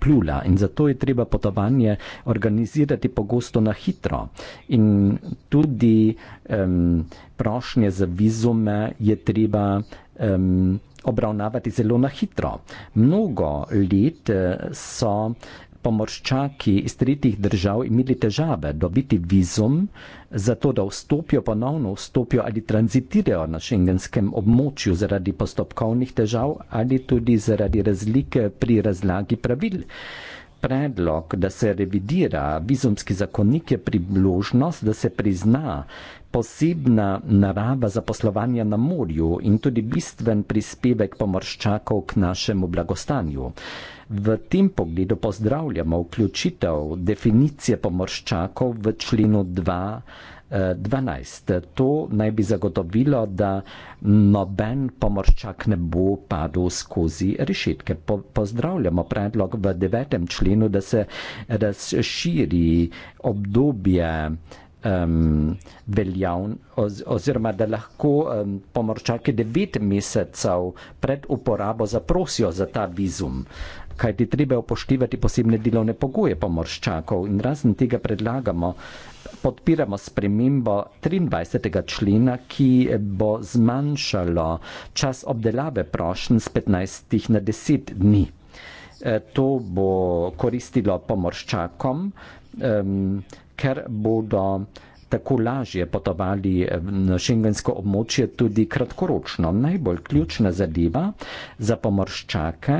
plula in zato je treba potovanje organizirati pogosto na hitro in tudi um, prošnje za vizume je treba um, obravnavati zelo na hitro. Mnogo let eh, so pomorščaki iz tretjih držav imeli težave dobiti vizum, zato da vstopijo, ponovno vstopijo ali tranzitirajo na šengenskem območju zaradi postopkovnih težav ali tudi zaradi razlike pri razlagi pravil. Predlog, da se revidira vizumski zakonik, je priložnost, da se prizna, posebna narava zaposlovanja na morju in tudi bistven prispevek pomorščakov k našemu blagostanju. V tem pogledu pozdravljamo vključitev definicije pomorščakov v členu 2.12. Eh, to naj bi zagotovilo, da noben pomorščak ne bo padel skozi rešitke. Po, pozdravljamo predlog v 9. členu, da se razširi obdobje um, veljavn, oz, oziroma da lahko um, pomorčaki devet mesecev pred uporabo zaprosijo za ta vizum. Kaj ti treba upoštevati posebne delovne pogoje pomorščakov in razen tega predlagamo, podpiramo spremembo 23. člena, ki bo zmanjšalo čas obdelave prošen z 15 na 10 dni. E, to bo koristilo pomorščakom. Um, ker bodo tako lažje potovali na šengensko območje tudi kratkoročno. Najbolj ključna zadeva za pomorščake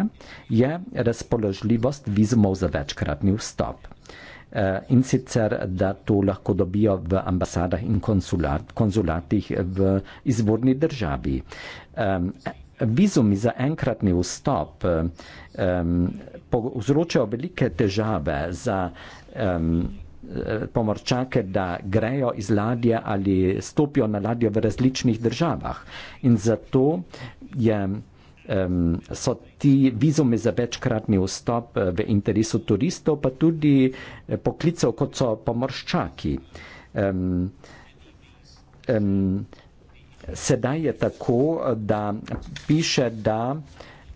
je razpoložljivost vizumov za večkratni vstop. E, in sicer, da to lahko dobijo v ambasadah in konsulat, konzulatih v izvorni državi. Um, vizumi za enkratni vstop um, povzročajo velike težave za um, Eh, pomorčake, da grejo iz ladje ali stopijo na ladjo v različnih državah. In zato je, um, so ti vizumi za večkratni vstop eh, v interesu turistov, pa tudi eh, poklicev, kot so pomorščaki. Um, um, sedaj je tako, da piše, da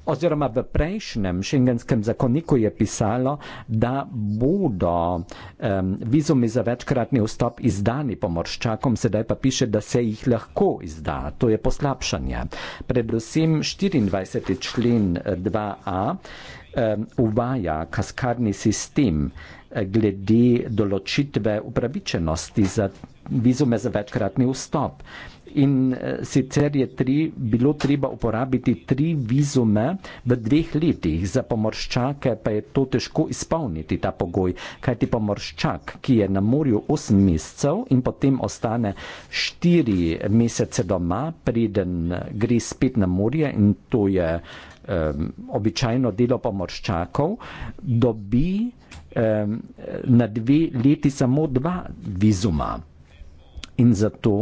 oziroma v prejšnjem šengenskem zakoniku je pisalo, da bodo um, vizumi za večkratni vstop izdani pomorščakom, sedaj pa piše, da se jih lahko izda. To je poslabšanje. Predvsem 24. člen 2a eh, um, uvaja kaskarni sistem eh, glede določitve upravičenosti za vizume za večkratni vstop. In eh, sicer je tri, bilo treba uporabiti tri vizume v dveh letih, za pomorščake pa je to težko izpolniti, ta pogoj, kajti pomorščak, ki je na morju 8 mesecev in potem ostane 4 mesece doma, preden eh, gre spet na morje in to je um, običajno delo pomorščakov, dobi um, na dve leti samo dva vizuma. In zato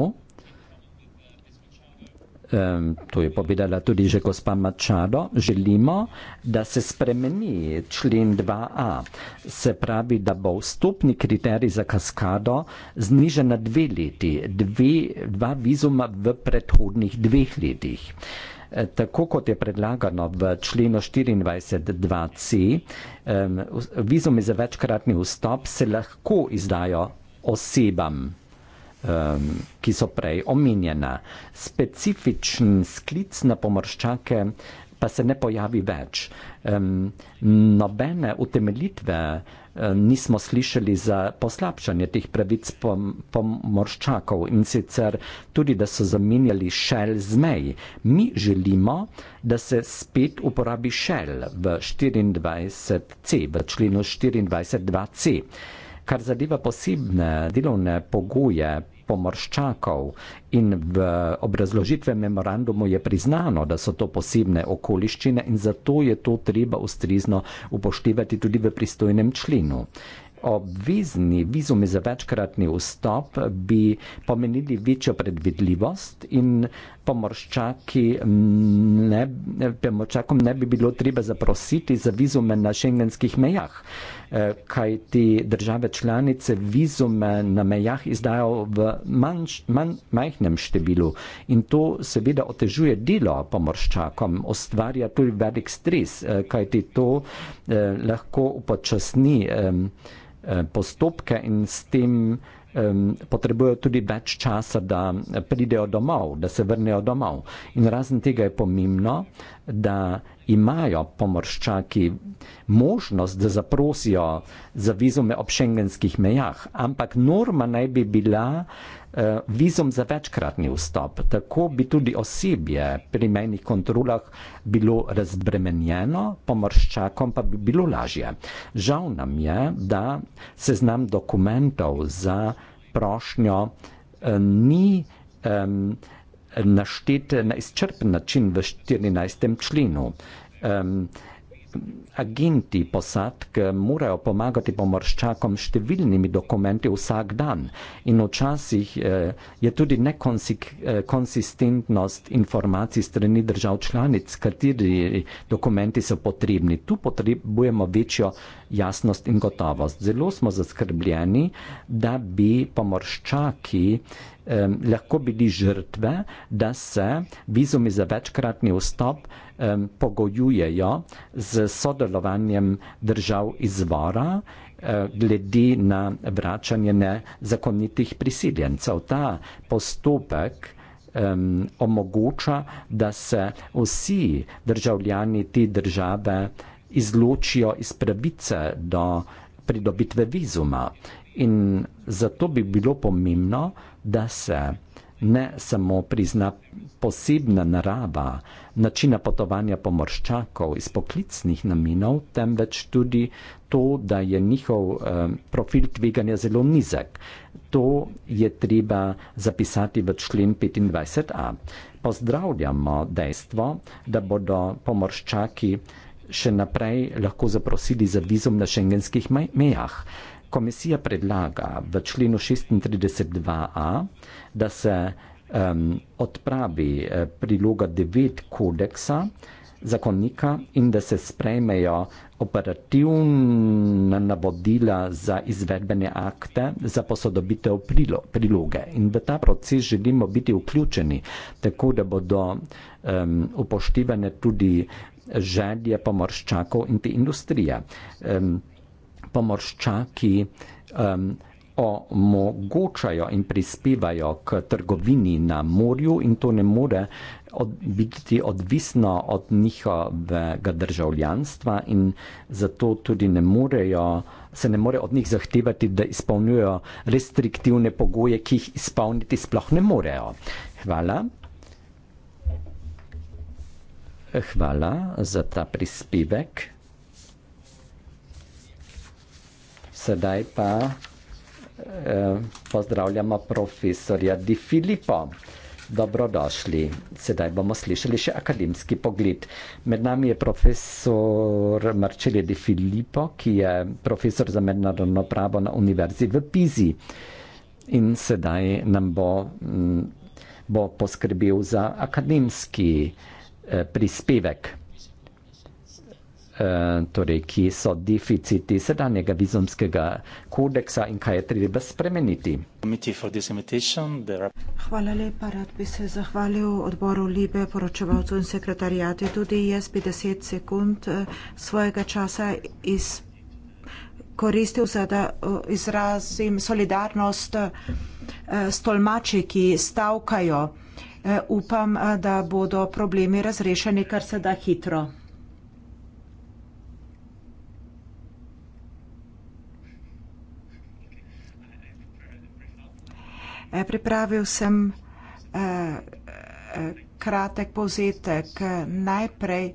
tu je povedala tudi že gospa Mačado, želimo, da se spremeni člen 2a. Se pravi, da bo vstopni kriterij za kaskado znižen na dve leti, dve, dva vizuma v predhodnih dveh letih. E, tako kot je predlagano v členu 24.2c, vizumi za večkratni vstop se lahko izdajo osebam um, ki so prej omenjena. Specifičen sklic na pomorščake pa se ne pojavi več. Um, nobene utemeljitve um, nismo slišali za poslabšanje teh pravic pom pomorščakov in sicer tudi, da so zamenjali šel zmej. Mi želimo, da se spet uporabi šel v 24c, v členu 24.2c kar zadeva posebne delovne pogoje pomorščakov in v obrazložitve memorandumu je priznano, da so to posebne okoliščine in zato je to treba ustrezno upoštevati tudi v pristojnem členu. Obvezni vizumi za večkratni vstop bi pomenili večjo predvidljivost in pomorščaki ne, pomorščakom ne bi bilo treba zaprositi za vizume na šengenskih mejah, eh, kaj ti države članice vizume na mejah izdajo v manjš, manj, majhnem številu in to seveda otežuje delo pomorščakom, ustvarja tudi velik stres, eh, kaj ti to eh, lahko upočasni postopke in s tem um, potrebujejo tudi več časa, da pridejo domov, da se vrnejo domov. In razen tega je pomembno, da imajo pomorščaki možnost, da zaprosijo za vizume ob šengenskih mejah, ampak norma naj bi bila uh, vizum za večkratni vstop. Tako bi tudi osebje pri mejnih kontrolah bilo razbremenjeno, pomorščakom pa bi bilo lažje. Žal nam je, da seznam dokumentov za prošnjo uh, ni. Um, Naštete na izčrpen način v 14. členu. Uh, um, agenti posadke morajo pomagati pomorščakom s številnimi dokumenti vsak dan in včasih eh, je tudi nekonsistentnost nekonsik, eh, informacij strani držav članic, kateri dokumenti so potrebni. Tu potrebujemo večjo jasnost in gotovost. Zelo smo zaskrbljeni, da bi pomorščaki um, lahko bili žrtve, da se vizumi za večkratni vstop um, pogojujejo z sodelovanjem držav izvora eh, glede na vračanje nezakonitih prisiljencev. Ta postopek um, omogoča, da se vsi državljani te države izločijo iz pravice do pridobitve vizuma. In zato bi bilo pomembno, da se ne samo prizna posebna narava načina potovanja pomorščakov iz poklicnih namenov, temveč tudi to, da je njihov eh, profil tveganja zelo nizek. To je treba zapisati v člen 25a. Pozdravljamo dejstvo, da bodo pomorščaki še naprej lahko zaprosili za vizum na šengenskih mejah. Maj Komisija predlaga v členu 36.2a, da se um, odpravi eh, priloga 9 kodeksa zakonnika in da se sprejmejo operativna navodila za izvedbene akte za posodobitev prilo, priloge. In v ta proces želimo biti vključeni, tako da bodo um, upoštevane tudi želje pomorščakov in te industrije. Um, pomorščaki um, omogočajo in prispevajo k trgovini na morju in to ne more od, biti odvisno od njihovega državljanstva in zato tudi ne morejo, se ne more od njih zahtevati, da izpolnjujo restriktivne pogoje, ki jih izpolniti sploh ne morejo. Hvala. Hvala za ta prispevek. Sedaj pa eh, pozdravljamo profesorja Di Filipo. Dobrodošli. Sedaj bomo slišali še akademski pogled. Med nami je profesor Marčelje Di Filipo, ki je profesor za mednarodno pravo na Univerzi v Pizi. In sedaj nam bo, mm, bo poskrbel za akademski eh, prispevek. Eh, torej, ki so deficiti sedanjega vizumskega kodeksa in kaj je treba spremeniti. Hvala lepa, rad bi se zahvalil odboru Libe, poročevalcu in sekretarijatu. Tudi jaz bi 10 sekund eh, svojega časa iz, koristil za da eh, izrazim solidarnost s tolmači, ki stavkajo. Upam, da bodo problemi razrešeni kar se da hitro. Eh, pripravil sem eh, eh, kratek povzetek. Najprej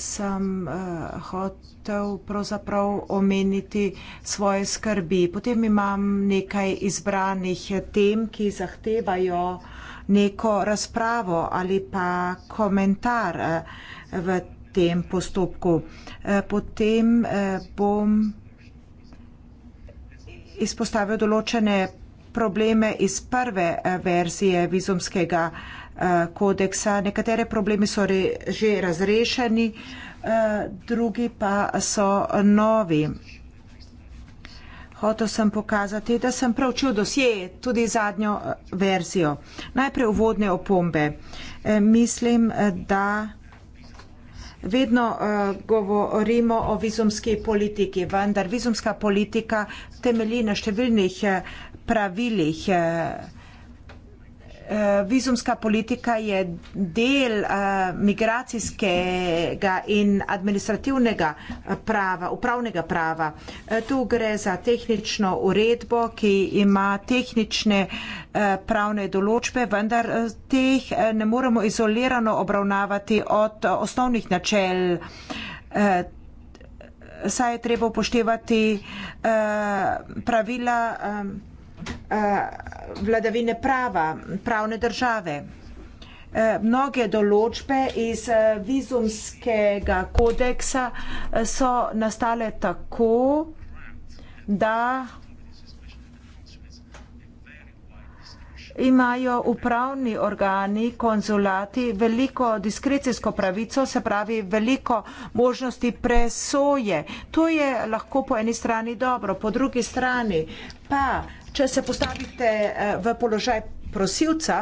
sem hotel pravzaprav omeniti svoje skrbi. Potem imam nekaj izbranih tem, ki zahtevajo neko razpravo ali pa komentar v tem postopku. Potem bom izpostavil določene probleme iz prve eh, verzije vizumskega eh, kodeksa. Nekatere problemi so re, že razrešeni, eh, drugi pa so novi. Hotel sem pokazati, da sem pravčil dosje, tudi zadnjo verzijo. Najprej uvodne opombe. Mislim, da vedno govorimo o vizumski politiki, vendar vizumska politika temelji na številnih pravilih. Eh, eh, vizumska politika je del eh, migracijskega in administrativnega prava, upravnega prava. Tu gre za tehnično uredbo, ki ima tehnične pravne določbe, vendar teh ne moremo izolirano obravnavati od osnovnih načel. Saj je treba upoštevati pravila Eh, vladavine prava, pravne države. Eh, mnoge določbe iz eh, vizumskega kodeksa so nastale tako, da imajo upravni organi, konzulati veliko diskrecijsko pravico, se pravi veliko možnosti presoje. To je lahko po eni strani dobro, po drugi strani pa Če se postavite eh, v položaj prosilca,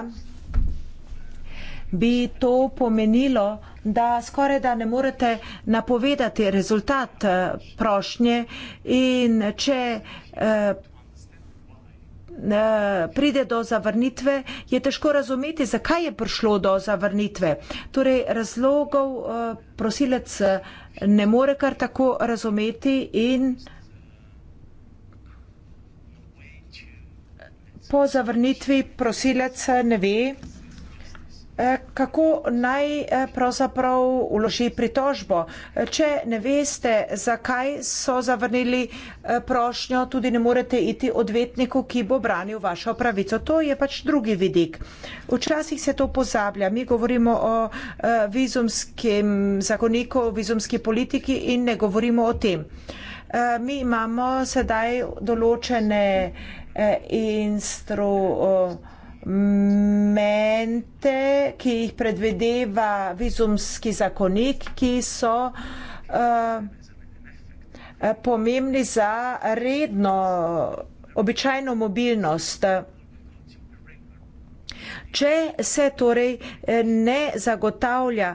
bi to pomenilo, da skoraj da ne morete napovedati rezultat eh, prošnje in če eh, pride do zavrnitve, je težko razumeti, zakaj je prišlo do zavrnitve. Torej, razlogov prosilec ne more kar tako razumeti in prosilec. po zavrnitvi prosilec ne ve, eh, kako naj eh, pravzaprav uloži pritožbo. Če ne veste, zakaj so zavrnili eh, prošnjo, tudi ne morete iti odvetniku, ki bo branil vašo pravico. To je pač drugi vidik. Včasih se to pozablja. Mi govorimo o vizumskem zakoniku, o vizumski politiki in ne govorimo o tem. Mi imamo sedaj določene instrumente, ki jih predvedeva vizumski zakonik, ki so eh, pomembni za redno, običajno mobilnost. Če se torej eh, ne zagotavlja eh,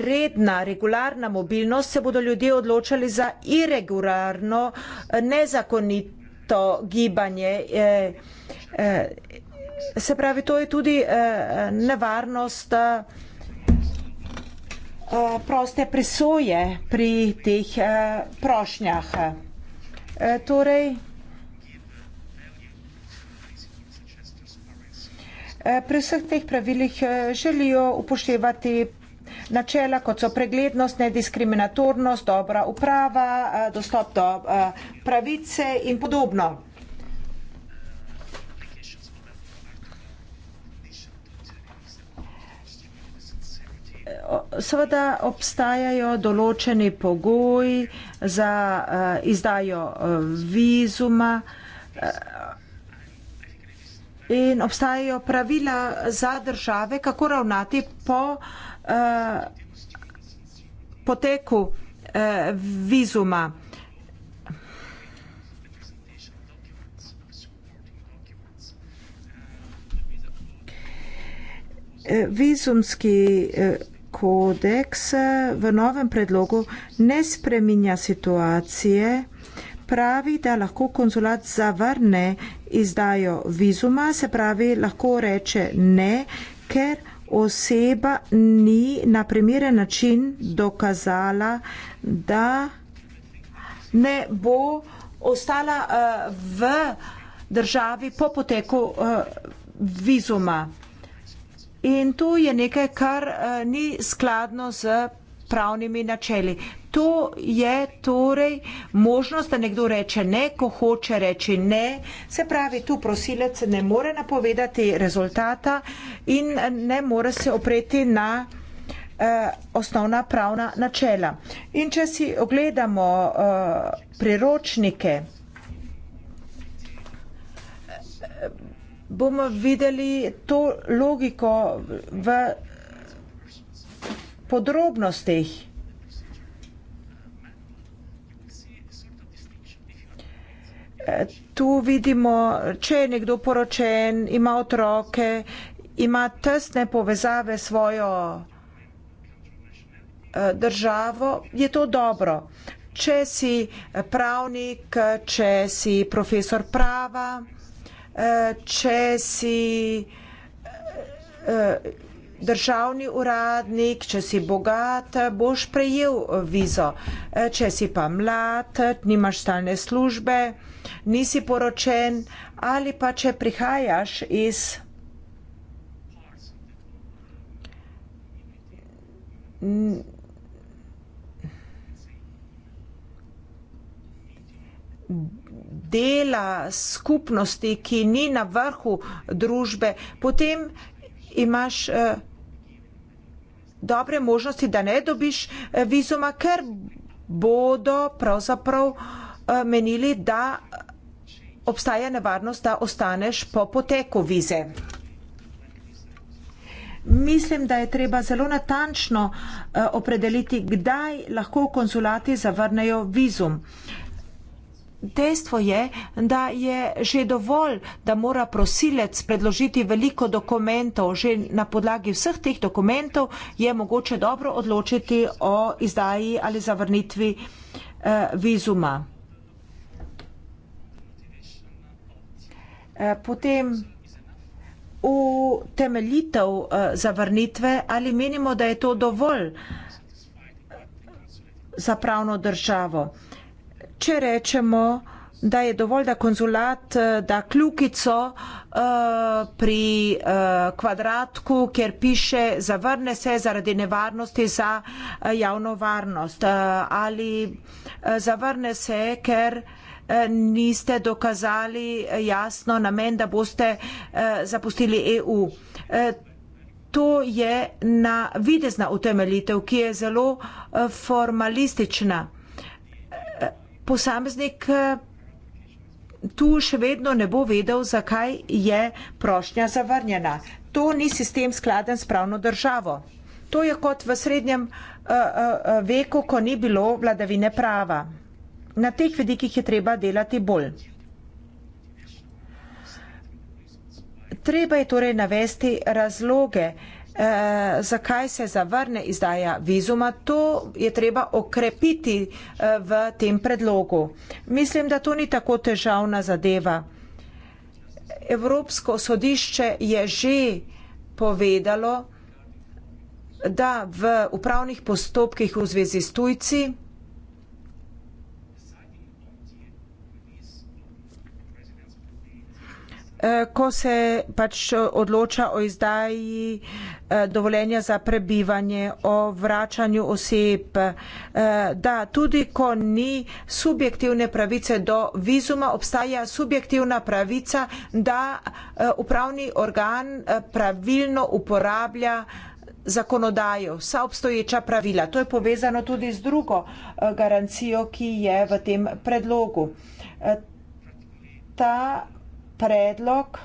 redna, regularna mobilnost, se bodo ljudje odločali za irregularno, nezakonito to gibanje. Eh, se pravi, to je tudi eh, nevarnost eh, proste presoje pri teh prošnjah. Torej, pri vseh teh pravilih želijo upoštevati načela, kot so preglednost, nediskriminatornost, dobra uprava, eh, dostop do eh, pravice in podobno. Eh, seveda obstajajo določeni pogoji za uh, izdajo uh, vizuma uh, in obstajajo pravila za države, kako ravnati po uh, Eh, poteku eh, vizuma. Eh, vizumski kodeks v novem predlogu ne spreminja situacije, pravi, da lahko konzulat zavrne izdajo vizuma, se pravi, lahko reče ne, ker oseba ni na primeren način dokazala, da ne bo ostala eh, v državi po poteku eh, vizuma. In to je nekaj, kar eh, ni skladno z pravnimi načeli to je torej možnost, da nekdo reče ne, ko hoče reči ne. Se pravi, tu prosilec ne more napovedati rezultata in ne more se opreti na eh, osnovna pravna načela. In če si ogledamo eh, priročnike, bomo videli to logiko v podrobnostih. tu vidimo, če je nekdo poročen, ima otroke, ima tesne povezave s svojo eh, državo, je to dobro. Če si eh, pravnik, če si profesor prava, eh, če si državni uradnik, če si bogat, boš prejel vizo. Če si pa mlad, nimaš stalne službe, nisi poročen ali pa če prihajaš iz dela skupnosti, ki ni na vrhu družbe, potem imaš eh, dobre možnosti, da ne dobiš eh, vizuma, ker bodo pravzaprav uh, menili, da obstaja nevarnost, da ostaneš po poteku vize. Mislim, da je treba zelo natančno eh, opredeliti, kdaj lahko konzulati zavrnejo vizum. Dejstvo je, da je že dovolj, da mora prosilec predložiti veliko dokumentov. Že na podlagi vseh teh dokumentov je mogoče dobro odločiti o izdaji ali zavrnitvi eh, vizuma. Eh, potem utemeljitev eh, zavrnitve ali menimo, da je to dovolj eh, za pravno državo. Če rečemo, da je dovolj, da konzulat da kljukico uh, pri uh, kvadratku, kjer piše zavrne se zaradi nevarnosti za uh, javno varnost uh, ali uh, zavrne se, ker uh, niste dokazali jasno namen, da boste eh, zapustili EU. Eh, to je na videzna utemeljitev, ki je zelo eh, formalistična. Posameznik tu še vedno ne bo vedel, zakaj je prošnja zavrnjena. To ni sistem skladen s pravno državo. To je kot v srednjem uh, uh, veku, ko ni bilo vladavine prava na teh vidikih je treba delati bolj. Treba je torej navesti razloge, eh, zakaj se zavrne izdaja vizuma. To je treba okrepiti eh, v tem predlogu. Mislim, da to ni tako težavna zadeva. Evropsko sodišče je že povedalo, da v upravnih postopkih v zvezi s tujci Eh, ko se pač odloča o izdaji eh, dovoljenja za prebivanje, o vračanju oseb, eh, da tudi ko ni subjektivne pravice do vizuma, obstaja subjektivna pravica, da upravni organ pravilno uporablja zakonodajo, vsa obstoječa pravila. To je povezano tudi z drugo garancijo, ki je v tem predlogu. Ta predlog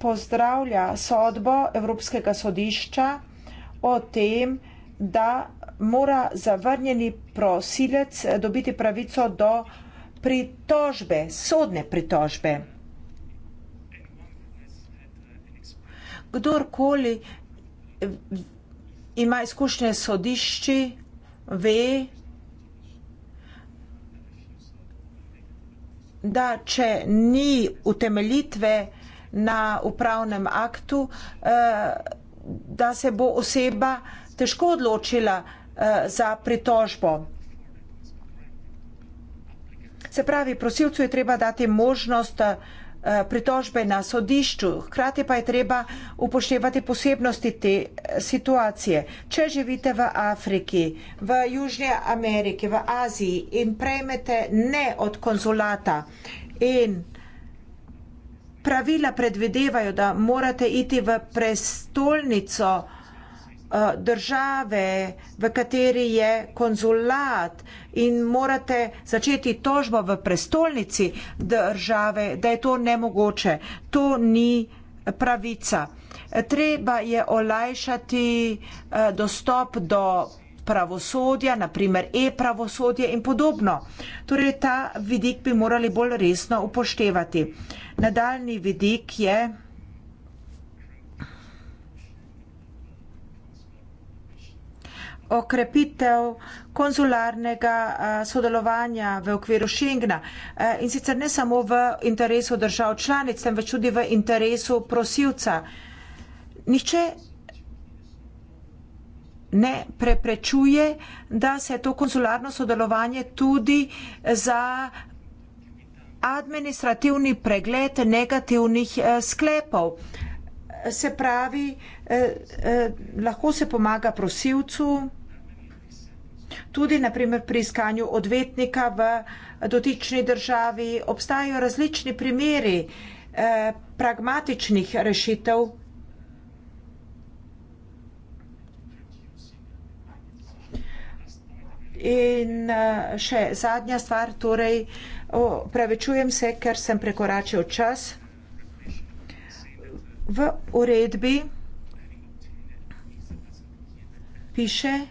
pozdravlja sodbo Evropskega sodišča o tem, da mora zavrnjeni prosilec dobiti pravico do pritožbe, sodne pritožbe. Kdorkoli ima izkušnje sodišči, ve, da če ni utemeljitve na upravnem aktu, eh, da se bo oseba težko odločila eh, za pritožbo. Se pravi, prosilcu je treba dati možnost, da eh, Eh, pritožbe na sodišču. Hkrati pa je treba upoštevati posebnosti te eh, situacije. Če živite v Afriki, v Južnji Ameriki, v Aziji in prejmete ne od konzulata in pravila predvidevajo, da morate iti v prestolnico, Eh, države, v kateri je konzulat in morate začeti tožbo v prestolnici države, da je to nemogoče. To ni pravica. Treba je olajšati eh, dostop do pravosodja, naprimer e-pravosodje in podobno. Torej ta vidik bi morali bolj resno upoštevati. Nadaljni vidik je okrepitev konzularnega sodelovanja v okviru Šengna in sicer ne samo v interesu držav članic, temveč tudi v interesu prosilca. Nihče ne preprečuje, da se to konzularno sodelovanje tudi za administrativni pregled negativnih e, sklepov se pravi, eh, eh, lahko se pomaga prosilcu, tudi naprimer pri iskanju odvetnika v dotični državi. Obstajajo različni primeri eh, pragmatičnih rešitev. In še zadnja stvar, torej, opravičujem se, ker sem prekoračil čas. V uredbi piše,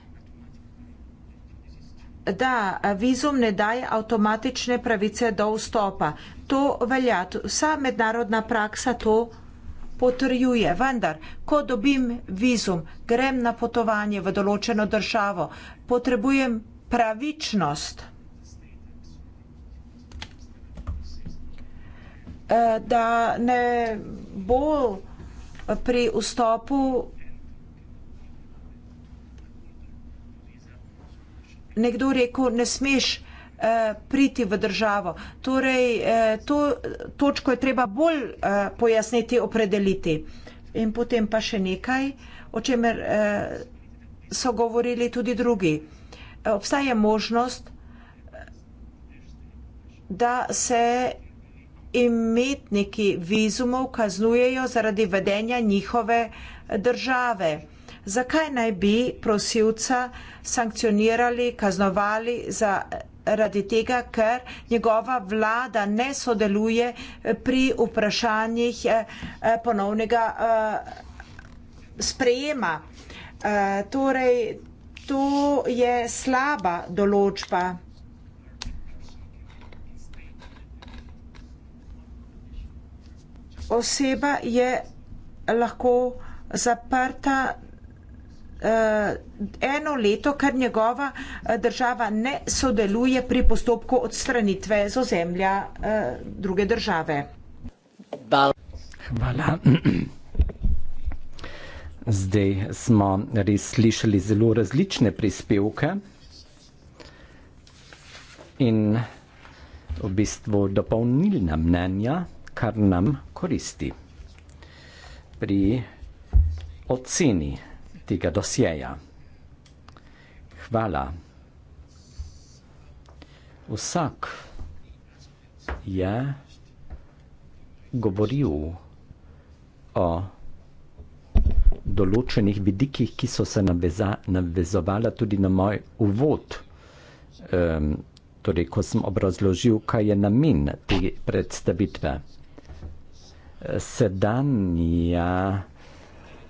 da vizum ne daje avtomatične pravice do vstopa. To velja, vsa mednarodna praksa to potrjuje, vendar, ko dobim vizum, grem na potovanje v določeno državo, potrebujem pravičnost. Eh, da ne bo pri vstopu nekdo rekel, ne smeš eh, priti v državo. Torej, eh, to točko je treba bolj pojasniti, opredeliti. In potem pa še nekaj, o čemer so govorili tudi drugi. Obstaja možnost, da se imetniki vizumov kaznujejo zaradi vedenja njihove države. Zakaj naj bi prosilca sankcionirali, kaznovali zaradi tega, ker njegova vlada ne sodeluje pri vprašanjih eh, eh, ponovnega eh, sprejema? Torej, to je slaba določba. oseba je lahko zaprta eh, eno leto, ker njegova eh, država ne sodeluje pri postopku odstranitve z ozemlja eh, druge države. Hvala. Zdaj smo res slišali zelo različne prispevke in v bistvu dopolnilna mnenja, kar nam koristi pri oceni tega dosjeja. Hvala. Vsak je govoril o določenih vidikih, ki so se navezovala tudi na moj uvod, um, torej ko sem obrazložil, kaj je namen te predstavitve sedanja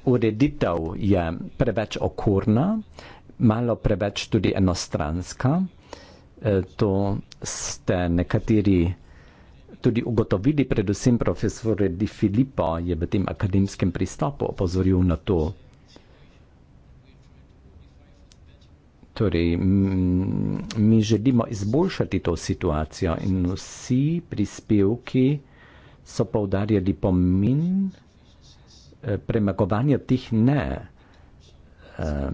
ureditev je preveč okurna, malo preveč tudi enostranska. E, to ste nekateri tudi ugotovili, predvsem profesor Di Filippo je v tem akademskem pristopu opozoril na to. Torej, mi želimo izboljšati to situacijo in vsi prispevki, ki so poudarjali pomin eh, premagovanja teh ne, eh,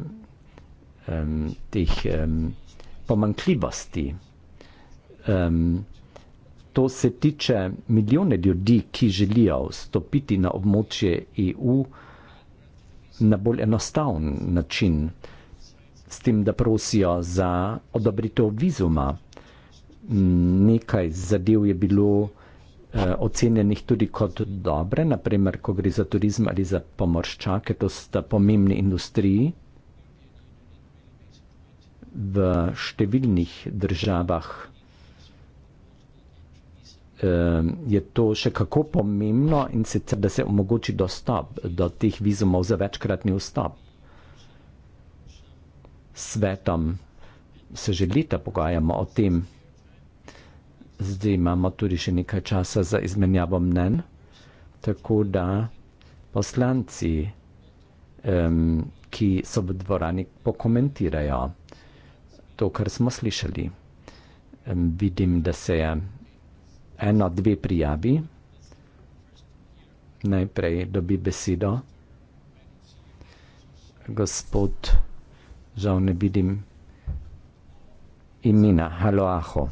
teh pomankljivosti. To se tiče milijone ljudi, ki želijo vstopiti na območje EU na bolj enostavn način, s tem, da prosijo za odobritev vizuma. Nekaj zadev je bilo Eh, ocenjeni tudi kot dobre, naprimer, ko gre za turizem ali za pomorščake, to sta pomembni industriji. V številnih državah eh, je to še kako pomembno in sicer, da se omogoči dostop do teh vizumov za večkratni vstop. Svetom se že leta pogajamo o tem, zdaj imamo tudi še nekaj časa za izmenjavo mnen, tako da poslanci, um, ki so v dvorani, pokomentirajo to, kar smo slišali. Um, vidim, da se je eno, dve prijavi. Najprej dobi besedo. Gospod, žal ne vidim imena, halo aho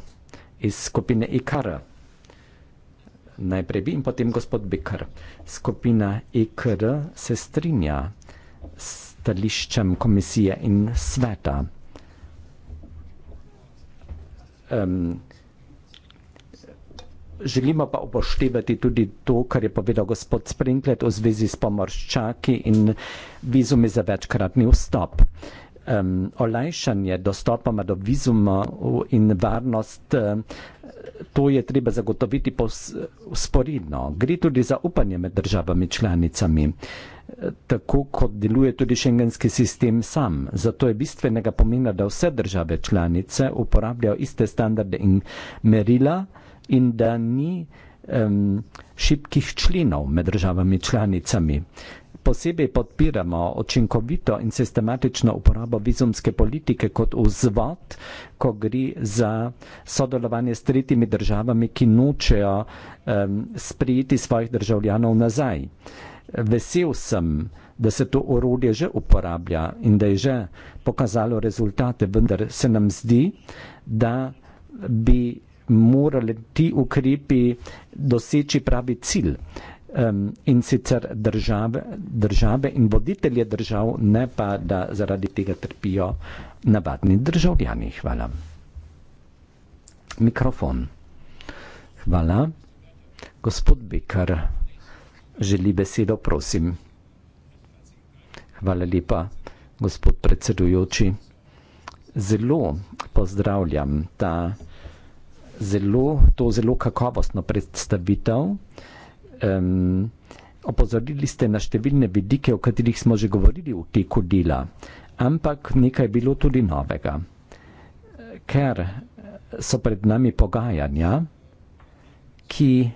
iz skupine IKR. Najprej bi in potem gospod Bikr. Skupina IKR se strinja s stališčem komisije in sveta. Um, želimo pa upoštevati tudi to, kar je povedal gospod Sprinklet v zvezi s pomorščaki in vizumi za večkratni vstop um, olajšanje dostopoma do vizuma in varnost, to je treba zagotoviti sporidno. Gre tudi za upanje med državami članicami tako kot deluje tudi šengenski sistem sam. Zato je bistvenega pomena, da vse države članice uporabljajo iste standarde in merila in da ni um, šibkih členov med državami članicami. Uh, posebej podpiramo očinkovito in sistematično uporabo vizumske politike kot vzvod, ko gre za sodelovanje s tretjimi državami, ki nočejo um, sprejeti svojih državljanov nazaj. Vesel sem, da se to orodje že uporablja in da je že pokazalo rezultate, vendar se nam zdi, da bi morali ti ukrepi doseči pravi cilj um, in sicer države, države in voditelje držav, ne pa da zaradi tega trpijo navadni državljani. Hvala. Mikrofon. Hvala. Gospod Bikar, želi besedo, prosim. Hvala lepa, gospod predsedujoči. Zelo pozdravljam ta zelo, to zelo kakovostno predstavitev um, opozorili ste na številne vidike, o katerih smo že govorili v teku dela, ampak nekaj je bilo tudi novega. Ker eh, so pred nami pogajanja, ki eh,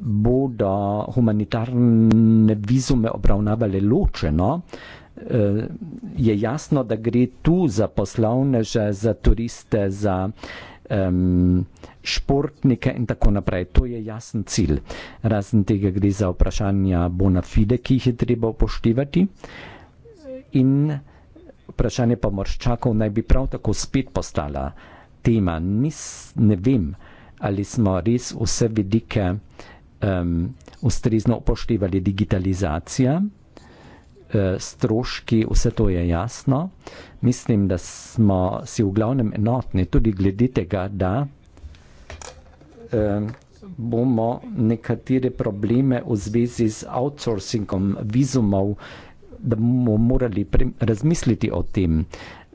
bodo humanitarne vizume obravnavali ločeno, eh, je jasno, da gre tu za poslovneže, za turiste, za. Eh, športnike in tako naprej. To je jasen cilj. Razen tega gre za vprašanja bona fide, ki jih je treba upoštevati. In vprašanje pomorščakov naj bi prav tako spet postala tema. Nis, ne vem, ali smo res vse vidike um, ustrezno upoštevali. Digitalizacija, e, stroški, vse to je jasno. Mislim, da smo si v glavnem enotni tudi glede tega, da eh, bomo nekatere probleme v zvezi z outsourcingom vizumov, da bomo morali razmisliti o tem.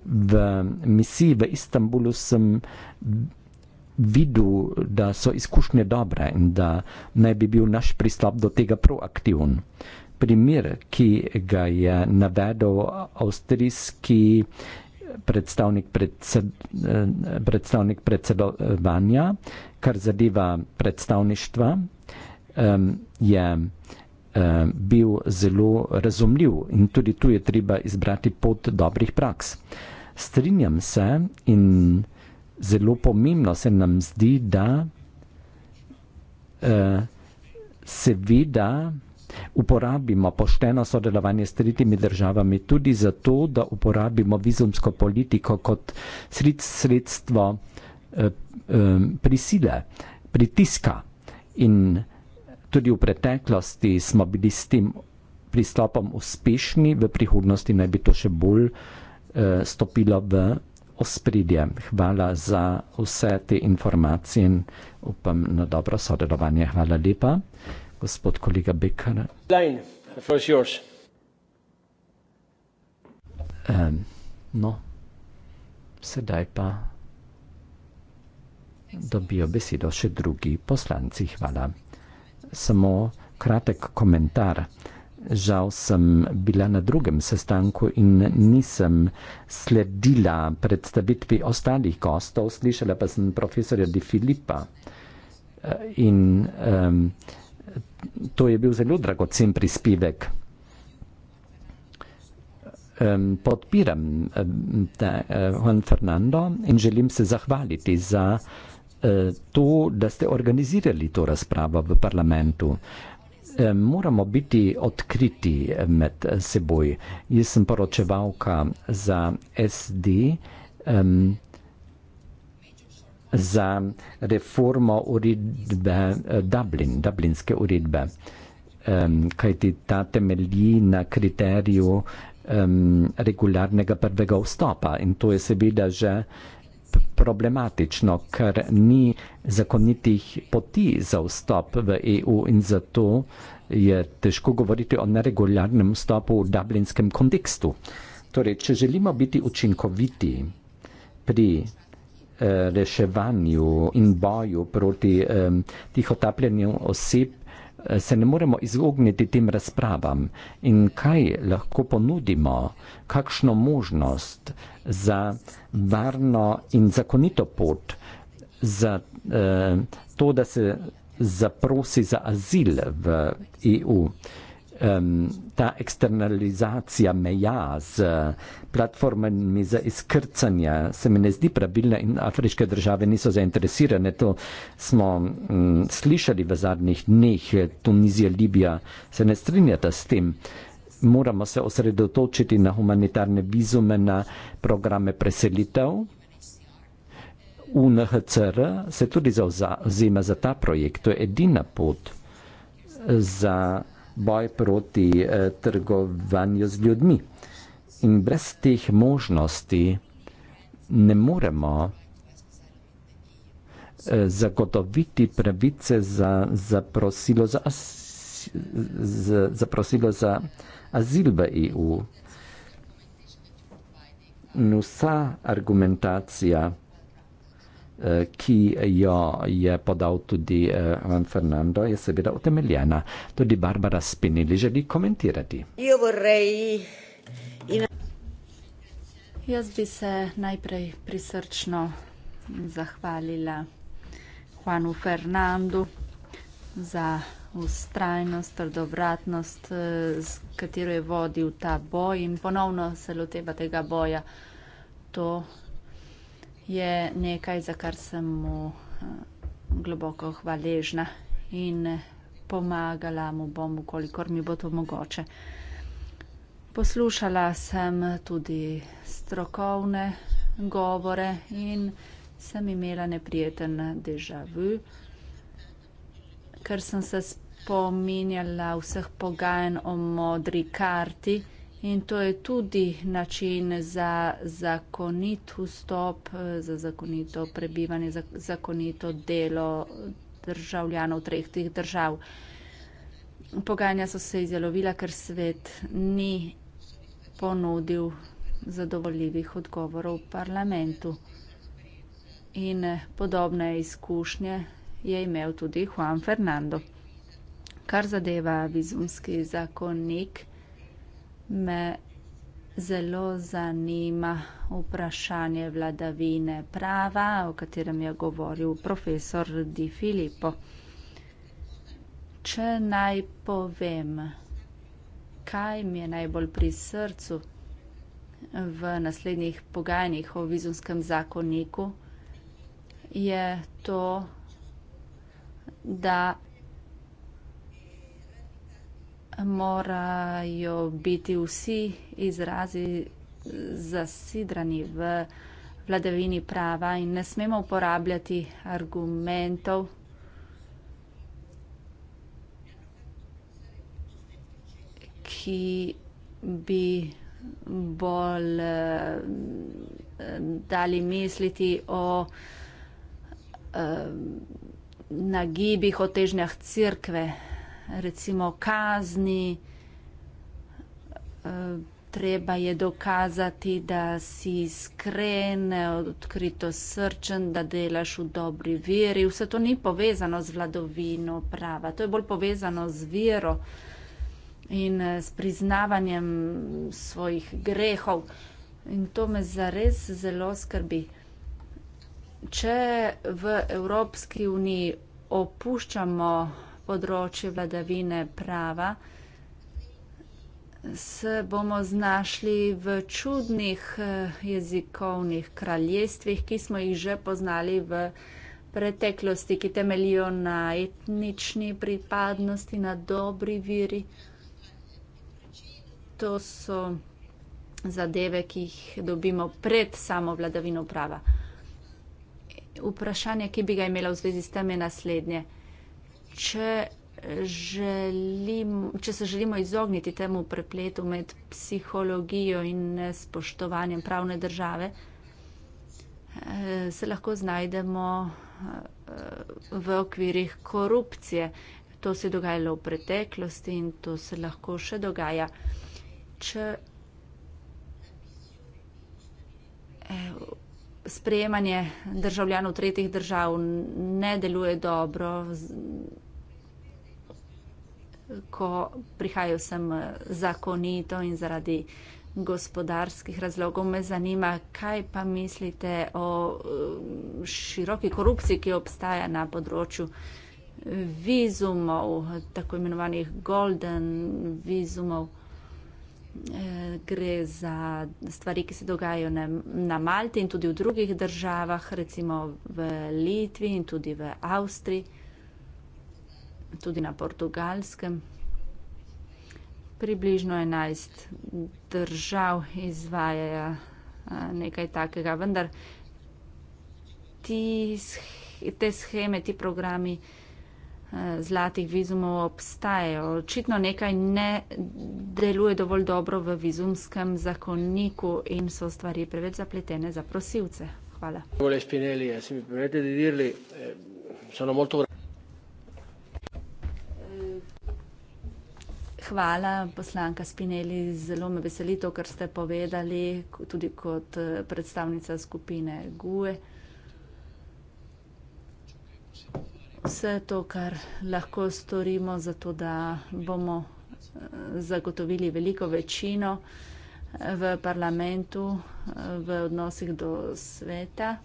V misiji v Istanbulu sem videl, da so izkušnje dobre in da naj bi bil naš pristop do tega proaktiven. Primer, ki ga je navedel avstrijski predstavnik, predsed, eh, predstavnik predsedovanja, kar zadeva predstavništva, je eh, bil zelo razumljiv in tudi tu je treba izbrati pot dobrih praks. Strinjam se in zelo pomembno se nam zdi, da eh, seveda Uporabimo pošteno sodelovanje s tretjimi državami tudi zato, da uporabimo vizumsko politiko kot sred, sredstvo eh, eh, prisile, pritiska. In tudi v preteklosti smo bili s tem pristopom uspešni, v prihodnosti naj bi to še bolj eh, stopilo v ospredje. Hvala za vse te informacije in upam na dobro sodelovanje. Hvala lepa gospod kolega Bekar. Um, no, sedaj pa dobijo besedo še drugi poslanci. Hvala. Samo kratek komentar. Žal sem bila na drugem sestanku in nisem sledila predstavitvi ostalih gostov, slišala pa sem profesorja Di Filipa e, in um, to je bil zelo dragocen prispevek. Podpiram te, eh, Juan Fernando, in želim se zahvaliti za eh, to, da ste organizirali to razpravo v parlamentu. Moramo biti odkriti eh, med seboj. Jaz sem poročevalka za SD za reformo uredbe eh, Dublin, Dublinske uredbe, um, kajti ta temelji na kriteriju um, regularnega prvega vstopa in to je seveda že problematično, ker ni zakonitih poti za vstop v EU in zato je težko govoriti o neregularnem vstopu v dublinskem kontekstu. Torej, če želimo biti učinkoviti pri Eh, reševanju in boju proti tihotapljenju oseb eh, se ne moremo izogniti tem razpravam in kaj lahko ponudimo, kakšno možnost za varno in zakonito pot, za eh, to, da se zaprosi za azil v EU um, ta eksternalizacija meja z eh, platformami za izkrcanje se mi ne zdi pravilna in afriške države niso zainteresirane. To smo um, slišali v zadnjih dneh. Tunizija, Libija se ne strinjata s tem. Moramo se osredotočiti na humanitarne vizume, na programe preselitev. UNHCR se tudi zauzema za ta projekt. To je edina pot za boj proti eh, trgovanju z ljudmi. In brez teh možnosti ne moremo eh, zagotoviti pravice za zaprosilo za, za, za, prosilo za azil v EU. In vsa argumentacija ki jo je podal tudi eh, Juan Fernando, je seveda utemeljena. Tudi Barbara Spinelli želi komentirati. Jaz bi se najprej prisrčno zahvalila Juanu Fernandu za ustrajnost, trdovratnost, eh, s katero je vodil ta boj in ponovno se loteva tega boja. To je nekaj, za kar sem mu eh, globoko hvaležna in eh, pomagala mu bom, kolikor mi bo to mogoče. Poslušala sem tudi strokovne govore in sem imela neprijeten deja vu, ker sem se spominjala vseh pogajanj o modri karti. In to je tudi način za zakonit vstop, za zakonito prebivanje, za zakonito delo državljanov treh teh držav. Pogajanja so se izjalovila, ker svet ni ponudil zadovoljivih odgovorov v parlamentu. In podobne izkušnje je imel tudi Juan Fernando. Kar zadeva vizumski zakonik, me zelo zanima vprašanje vladavine prava, o katerem je govoril profesor Di Filippo. Če naj povem, kaj mi je najbolj pri srcu v naslednjih pogajanjih o vizumskem zakoniku, je to, da morajo biti vsi izrazi zasidrani v vladavini prava in ne smemo uporabljati argumentov, ki bi bolj eh, dali misliti o eh, nagibih, o težnjah cerkve recimo kazni, eh, treba je dokazati, da si iskren, odkrito srčen, da delaš v dobri veri. Vse to ni povezano z vladovino prava, to je bolj povezano z vero in eh, s priznavanjem svojih grehov. In to me zares zelo skrbi. Če v Evropski uniji opuščamo področju vladavine prava, se bomo znašli v čudnih eh, jezikovnih kraljestvih, ki smo jih že poznali v preteklosti, ki temeljijo na etnični pripadnosti, na dobri viri. To so zadeve, ki jih dobimo pred samo vladavino prava. Vprašanje, ki bi ga imela v zvezi s tem, je naslednje če, želim, če se želimo izogniti temu prepletu med psihologijo in spoštovanjem pravne države, eh, se lahko znajdemo eh, v okvirih korupcije. To se je dogajalo v preteklosti in to se lahko še dogaja. Če eh, sprejemanje državljanov tretjih držav ne deluje dobro, ko prihajajo sem eh, zakonito in zaradi gospodarskih razlogov. Me zanima, kaj pa mislite o eh, široki korupciji, ki obstaja na področju eh, vizumov, tako imenovanih golden vizumov. Gre za stvari, ki se dogajajo na Malti in tudi v drugih državah, recimo v Litvi in tudi v Avstriji tudi na portugalskem. Približno 11 držav izvaja nekaj takega, vendar ti, te scheme, ti programi zlatih vizumov obstajajo. Očitno nekaj ne deluje dovolj dobro v vizumskem zakoniku in so stvari preveč zapletene za prosilce. Hvala. hvala, poslanka Spinelli. Zelo me veseli to, kar ste povedali, tudi kot eh, predstavnica skupine GUE. Vse to, kar lahko storimo, zato da bomo eh, zagotovili veliko večino eh, v parlamentu, v odnosih do sveta,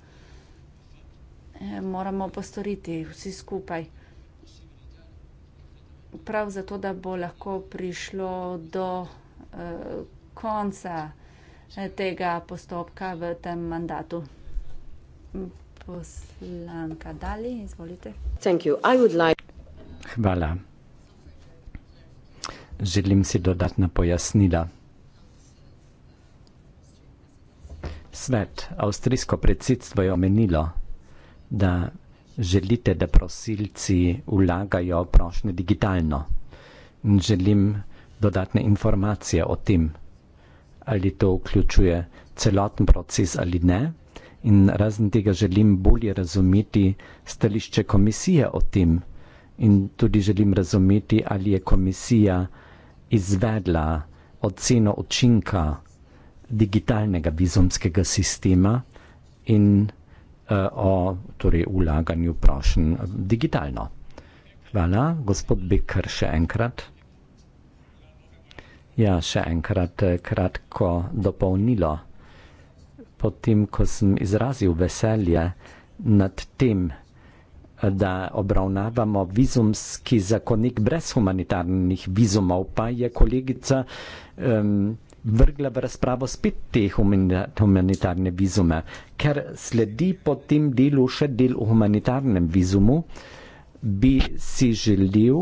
moramo postoriti vsi skupaj prav zato, da bo lahko prišlo do eh, konca eh, tega postopka v tem mandatu. Poslanka Dali, izvolite. Hvala. Želim si dodatna pojasnila. Svet, avstrijsko predsedstvo je omenilo, da želite, da prosilci vlagajo prošnje digitalno. In želim dodatne informacije o tem, ali to vključuje celoten proces ali ne. In razen tega želim bolje razumeti stališče komisije o tem. In tudi želim razumeti, ali je komisija izvedla oceno učinka digitalnega vizumskega sistema in Eh, o torej, vlaganju prošen eh, digitalno. Hvala, gospod Bikr, še enkrat. Ja, še enkrat eh, kratko dopolnilo. Potem, ko sem izrazil veselje nad tem, da obravnavamo vizumski zakonik brez humanitarnih vizumov, pa je kolegica um, vrgla v razpravo spet te humanitarne vizume, ker sledi po tem delu še del v humanitarnem vizumu, bi si želel,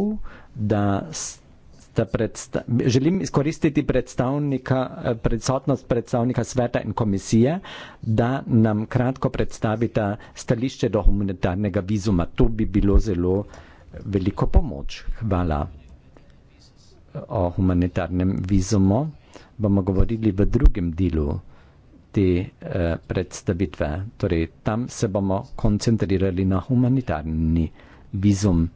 da sta predsta želim izkoristiti predstavnika, predsotnost predstavnika sveta in komisije, da nam kratko predstavita stališče do humanitarnega vizuma. To bi bilo zelo veliko pomoč. Hvala o humanitarnem vizumu bomo govorili v drugem delu te uh, predstavitve. Torej, tam se bomo koncentrirali na humanitarni vizum.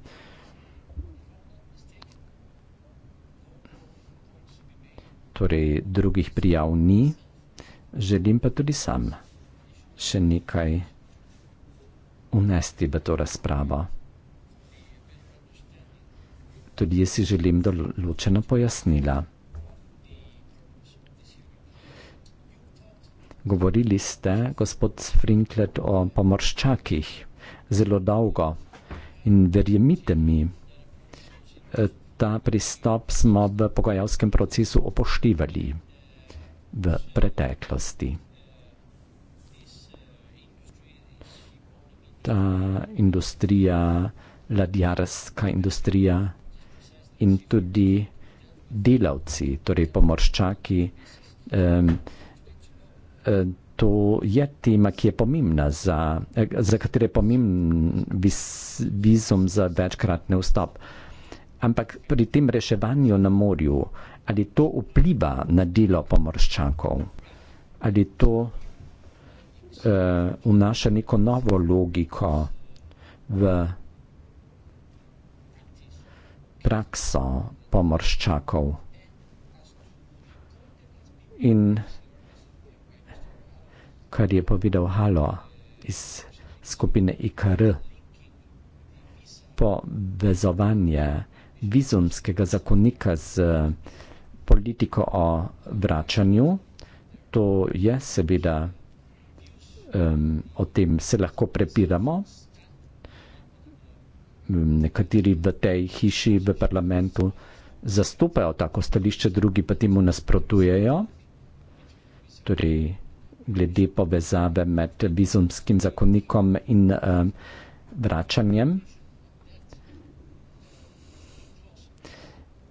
Torej, drugih prijav ni, želim pa tudi sam še nekaj unesti v to razpravo. Tudi jaz si želim določena pojasnila. Govorili ste, gospod Sfrinklet, o pomorščakih zelo dolgo in verjemite mi, eh, ta pristop smo v pogajalskem procesu upoštevali v preteklosti. Ta industrija, ladjarska industrija in tudi delavci, torej pomorščaki, eh, Eh, to je tema, ki je pomembna, za, eh, za katero je pomemben vizum za večkratni vstop. Ampak pri tem reševanju na morju, ali to vpliva na delo pomorščakov, ali to uh, vnaša neko novo logiko v prakso pomorščakov. In kar je povedal Halo iz skupine IKR. Povezovanje vizumskega zakonika z politiko o vračanju, to je seveda um, o tem se lahko prepiramo. Nekateri v tej hiši, v parlamentu zastopajo tako stališče, drugi pa temu nasprotujejo. Torej, glede povezave med vizumskim zakonikom in uh, vračanjem.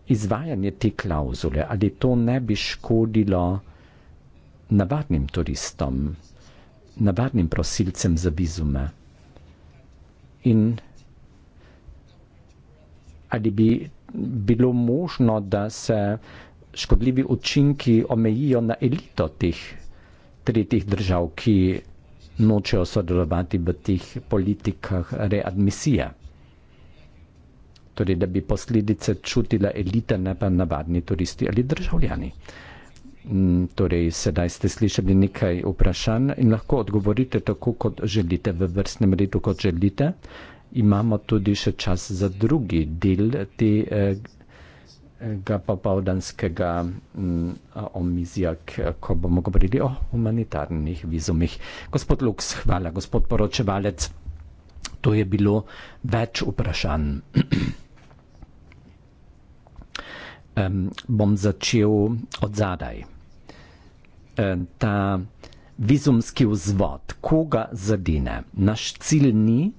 Izvajanje te klauzule, ali to ne bi škodilo navadnim turistom, navadnim prosilcem za vizume? In ali bi bilo možno, da se škodljivi učinki omejijo na elito teh tretjih držav, ki nočejo sodelovati v teh politikah readmisije. Torej, da bi posledice čutila elita, ne pa navadni turisti ali državljani. Mm, torej, sedaj ste slišali nekaj vprašanj in lahko odgovorite tako, kot želite, v vrstnem redu, kot želite. Imamo tudi še čas za drugi del te eh, Gabaldanskega mm, omizja, ko bomo govorili o humanitarnih vizumih. Gospod Lux, hvala, gospod poročevalec. To je bilo več vprašanj. um, bom začel od zadaj. Um, ta vizumski vzvod, koga zadine? Naš cilj ni,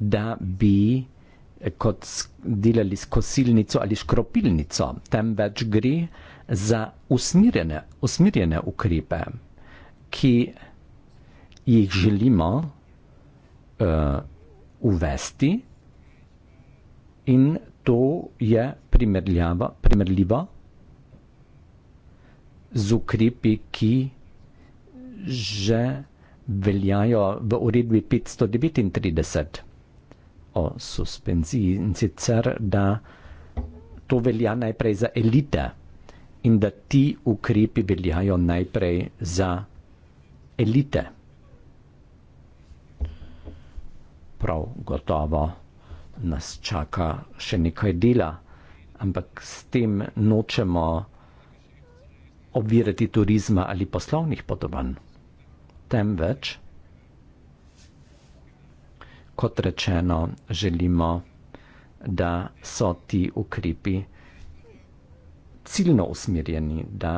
da bi kot delali s kosilnico ali škropilnico, temveč gre za usmirjene, usmirjene ukrepe, ki jih želimo uh, uvesti in to je primerljivo z ukrepi, ki že veljajo v uredbi 539 o suspenziji in sicer, da to velja najprej za elite in da ti ukrepi veljajo najprej za elite. Prav gotovo nas čaka še nekaj dela, ampak s tem nočemo obvirati turizma ali poslovnih potovanj. Temveč, kot rečeno, želimo, da so ti ukrepi ciljno usmerjeni, da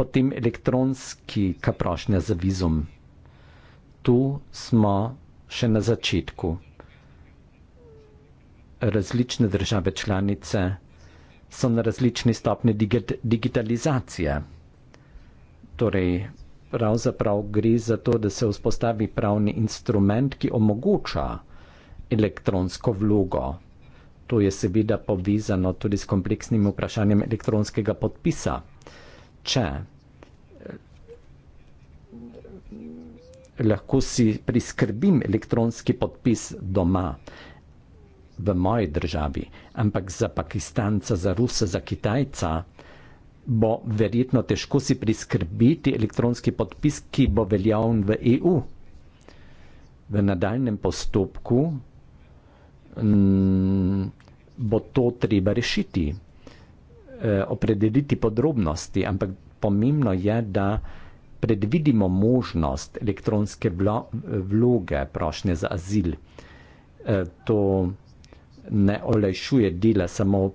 potem elektronski kaprošnja za vizum. Tu smo še na začetku. Različne države članice so na različni stopni digitalizacije. Torej, pravzaprav gre za to, da se vzpostavi pravni instrument, ki omogoča elektronsko vlogo. To je seveda povezano tudi s kompleksnim vprašanjem elektronskega podpisa. Če eh, lahko si priskrbim elektronski podpis doma, v moji državi, ampak za Pakistanca, za Rusa, za Kitajca, bo verjetno težko si priskrbiti elektronski podpis, ki bo veljavn v EU. V nadaljnem postopku m, mm, bo to treba rešiti, e, opredeliti podrobnosti, ampak pomembno je, da predvidimo možnost elektronske blo, vloge prošnje za azil. E, to ne olajšuje dela samo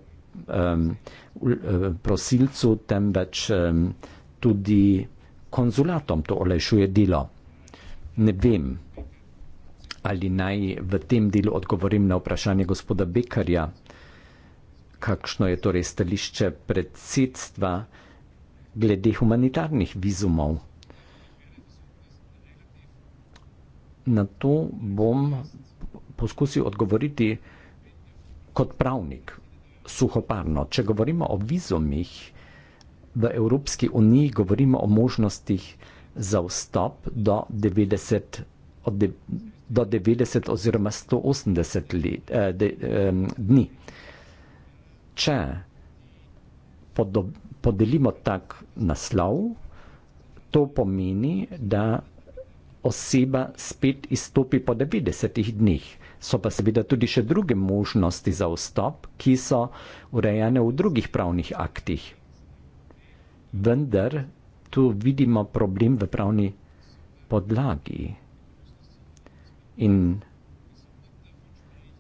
um, uh, prosilcu, temveč um, tudi konzulatom to olajšuje delo. Ne vem, ali naj v tem delu odgovorim na vprašanje gospoda Bekarja, kakšno je torej stališče predsedstva glede humanitarnih vizumov. Na to bom poskusil odgovoriti kot pravnik, suhoparno. Če govorimo o vizumih v Evropski uniji, govorimo o možnostih za vstop do 90, do 90 oziroma 180 let, eh, de, eh, dni. Če podo, podelimo tak naslov, to pomeni, da oseba spet izstopi po 90 dneh. So pa seveda tudi še druge možnosti za vstop, ki so urejene v drugih pravnih aktih. Vendar tu vidimo problem v pravni podlagi. In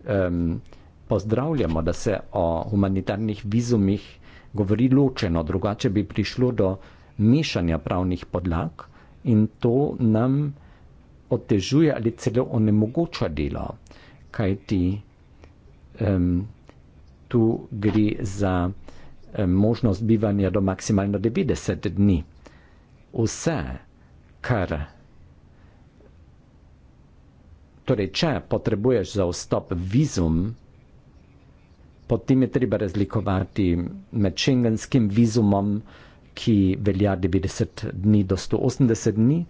um, pozdravljamo, da se o humanitarnih vizumih govori ločeno, drugače bi prišlo do mešanja pravnih podlag in to nam otežuje ali celo onemogoča delo kaj ti um, tu gre za um, možnost bivanja do maksimalno 90 dni. Vse, kar torej, če potrebuješ za vstop vizum, potem je treba razlikovati med šengenskim vizumom, ki velja 90 dni do 180 dni,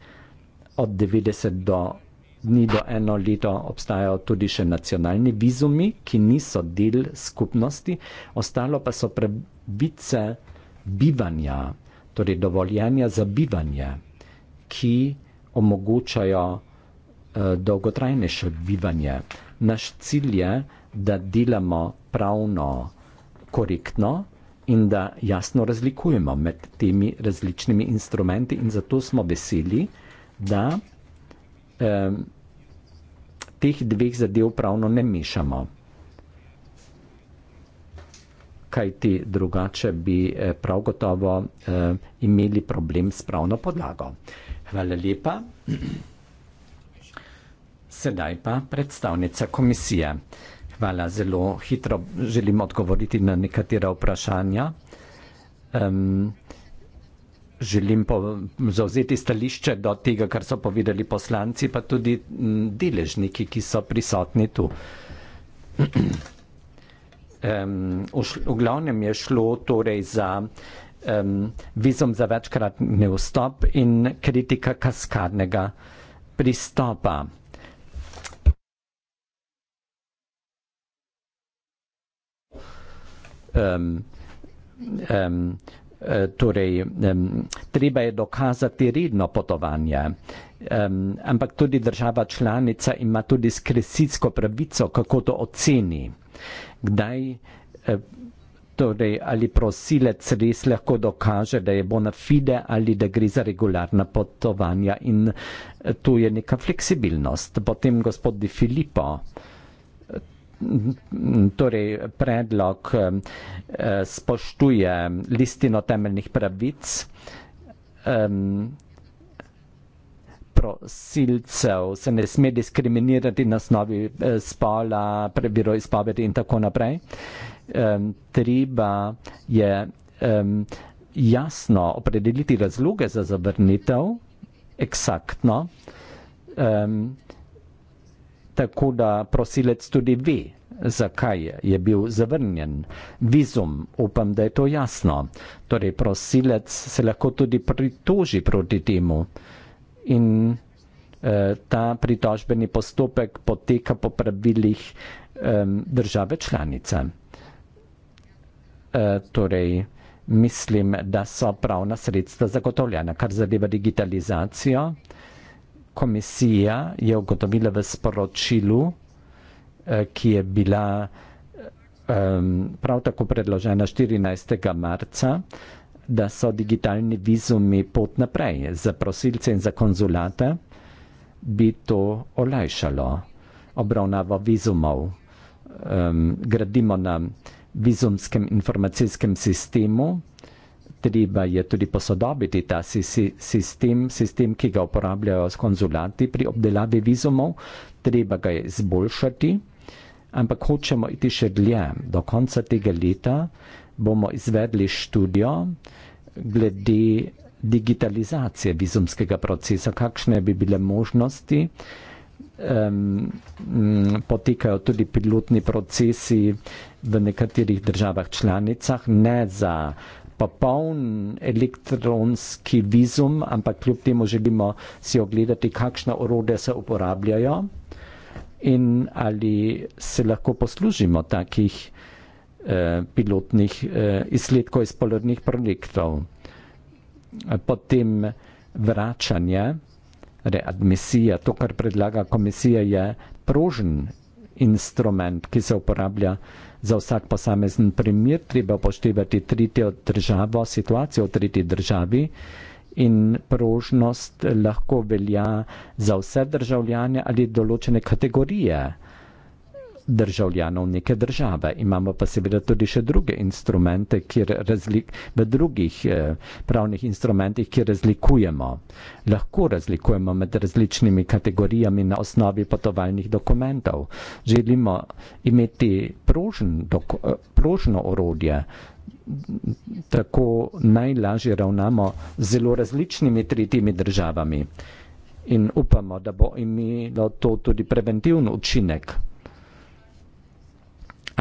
od 90 do 180 dni do eno leto obstajajo tudi še nacionalni vizumi, ki niso del skupnosti, ostalo pa so pravice bivanja, torej dovoljenja za bivanje, ki omogočajo uh, dolgotrajnejše bivanje. Naš cilj je, da delamo pravno korektno in da jasno razlikujemo med temi različnimi instrumenti in zato smo veseli, da um, teh dveh zadev pravno ne mešamo. Kaj ti drugače bi eh, prav gotovo uh, imeli problem s pravno podlago. Hvala lepa. Sedaj pa predstavnica komisije. Hvala, zelo hitro želim odgovoriti na nekatera vprašanja. Um, Želim pa zauzeti stališče do tega, kar so povedali poslanci, pa tudi deležniki, ki so prisotni tu. Um, v, šl, v glavnem je šlo torej za um, vizum za večkratni vstop in kritika kaskadnega pristopa. Um, um, Eh, torej, treba je dokazati redno potovanje. Um, ampak tudi država članica ima tudi skresitsko pravico, kako to oceni. Kdaj, eh, torej, ali prosilec res lahko dokaže, da je bona fide ali da gre za regularna potovanja in eh, tu je neka fleksibilnost. Potem gospod Di Filippo, torej predlog eh, eh, spoštuje listino temeljnih pravic prosilcev se ne sme diskriminirati na osnovi eh, spola, prebiro izpovedi in tako naprej. Treba je jasno opredeliti razloge za zavrnitev, eksaktno, tako da prosilec tudi ve, zakaj je bil zavrnjen. Vizum, upam, da je to jasno. Torej, prosilec se lahko tudi pritoži proti temu in eh, ta pritožbeni postopek poteka po pravilih eh, države članice. Eh, torej, mislim, da so pravna sredstva zagotovljena, kar zadeva digitalizacijo. Eh, komisija je ugotovila v sporočilu, eh, ki je bila ehm, prav tako predložena 14. marca, da so digitalni vizumi pot naprej za prosilce in za konzulate, bi to olajšalo obravnavo vizumov. Ehm, gradimo na vizumskem informacijskem sistemu, treba je tudi posodobiti ta si, si, sistem, sistem, ki ga uporabljajo s konzulati pri obdelavi vizumov, treba ga je izboljšati, ampak hočemo iti še dlje. Do konca tega leta bomo izvedli študijo glede digitalizacije vizumskega procesa, kakšne bi bile možnosti. Um, potekajo tudi pilotni procesi v nekaterih državah članicah, ne za popoln elektronski vizum, ampak kljub temu želimo si ogledati, kakšna orodja se uporabljajo in ali se lahko poslužimo takih eh, pilotnih eh, izsledkov iz polarnih projektov. Potem vračanje, readmisija, to, kar predlaga komisija, je prožen instrument, ki se uporablja. Za vsak posamezen primer treba upoštevati tretjo državo, situacijo v tretji državi in prožnost lahko velja za vse državljane ali določene kategorije državljanov neke države. Imamo pa seveda tudi še druge instrumente, razlik, v drugih eh, pravnih instrumentih, kjer razlikujemo. Lahko razlikujemo med različnimi kategorijami na osnovi potovalnih dokumentov. Želimo imeti prožen, dok, eh, prožno orodje. Tako najlažje ravnamo z zelo različnimi tretjimi državami in upamo, da bo imelo to tudi preventivni učinek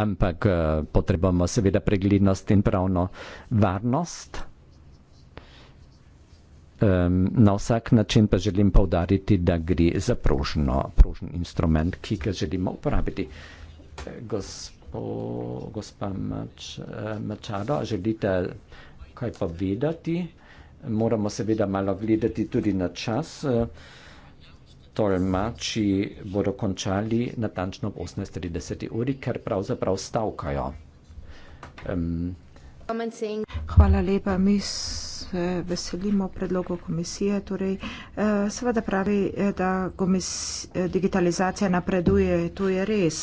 ampak eh, potrebujemo seveda preglednost in pravno varnost. Na vsak način pa želim povdariti, da gre za prožno, prožen instrument, ki ga želimo uporabiti. Gospo, gospa Mač, eh, Mačaro, želite kaj povedati? Moramo seveda malo gledati tudi na čas. Uh, tolmači torej, bodo končali natančno ob 18.30 uri, ker pravzaprav stavkajo. Um. Hvala lepa, mi se veselimo predlogu komisije. Torej, eh, seveda pravi, eh, da komis, eh, digitalizacija napreduje, to je res.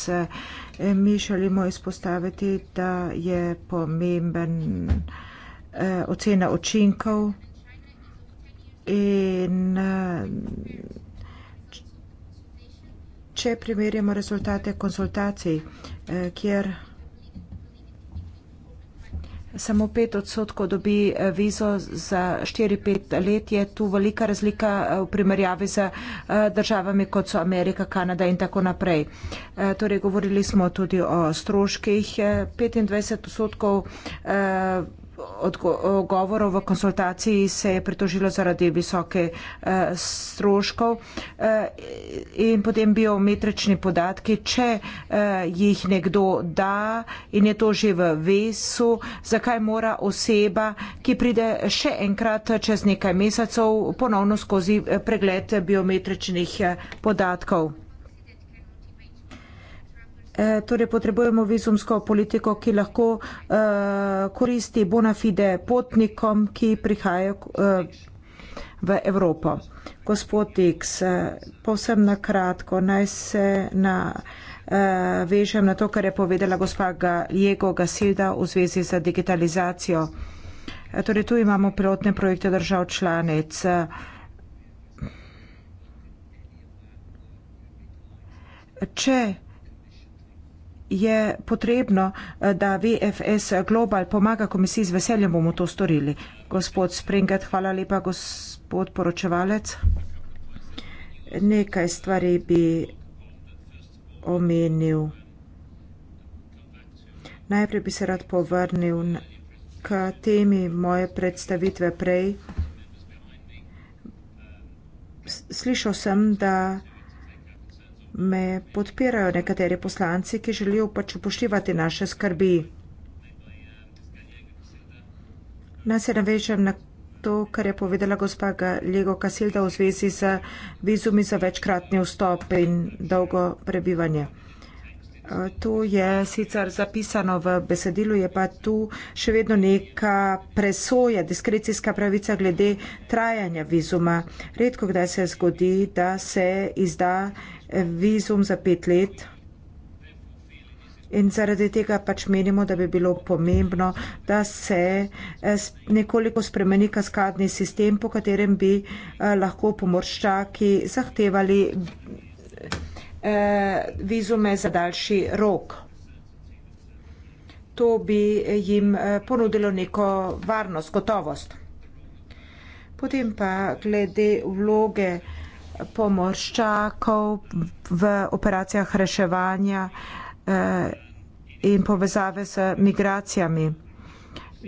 Mi želimo izpostaviti, da je pomemben ocena očinkov in če primerjamo rezultate konsultacij, eh, kjer samo pet odstotkov dobi eh, vizo za 4-5 let, je tu velika razlika eh, v primerjavi z državami, kot so Amerika, Kanada in tako naprej. Torej, govorili smo tudi o stroških. 25 odstotkov odgovorov v konsultaciji se je pritožilo zaradi visoke eh, stroškov eh, in potem biometrični podatki, če eh, jih nekdo da in je to že v vesu, zakaj mora oseba, ki pride še enkrat čez nekaj mesecev, ponovno skozi pregled biometričnih podatkov. Eh, torej potrebujemo vizumsko politiko, ki lahko eh, koristi bona fide potnikom, ki prihajajo eh, v Evropo. Gospod X, povsem na kratko, naj se na, uh, vežem na to, kar je povedala gospa Jego Gasilda v zvezi z digitalizacijo. Torej, tu imamo pilotne projekte držav članic. Če je potrebno, eh, da VFS Global pomaga komisiji, z veseljem bomo to storili. Gospod Springet, hvala lepa, gospod poročevalec. Nekaj stvari bi omenil. Najprej bi se rad povrnil k temi moje predstavitve prej. Slišal sem, da me podpirajo nekateri poslanci, ki želijo pač upoštevati naše skrbi. Naj se navežem na to, kar je povedala gospa Lego Kasilda v zvezi z vizumi za večkratni vstop in dolgo prebivanje. E, to je sicer zapisano v besedilu, je pa tu še vedno neka presoja, diskrecijska pravica glede trajanja vizuma. Redko kdaj se zgodi, da se izda vizum za pet let. In zaradi tega pač menimo, da bi bilo pomembno, da se eh, nekoliko spremeni kaskadni sistem, po katerem bi eh, lahko pomorščaki zahtevali eh, vizume za daljši rok. To bi jim ponudilo neko varnost, gotovost. Potem pa glede vloge pomorščakov v operacijah reševanja eh, in povezave z migracijami.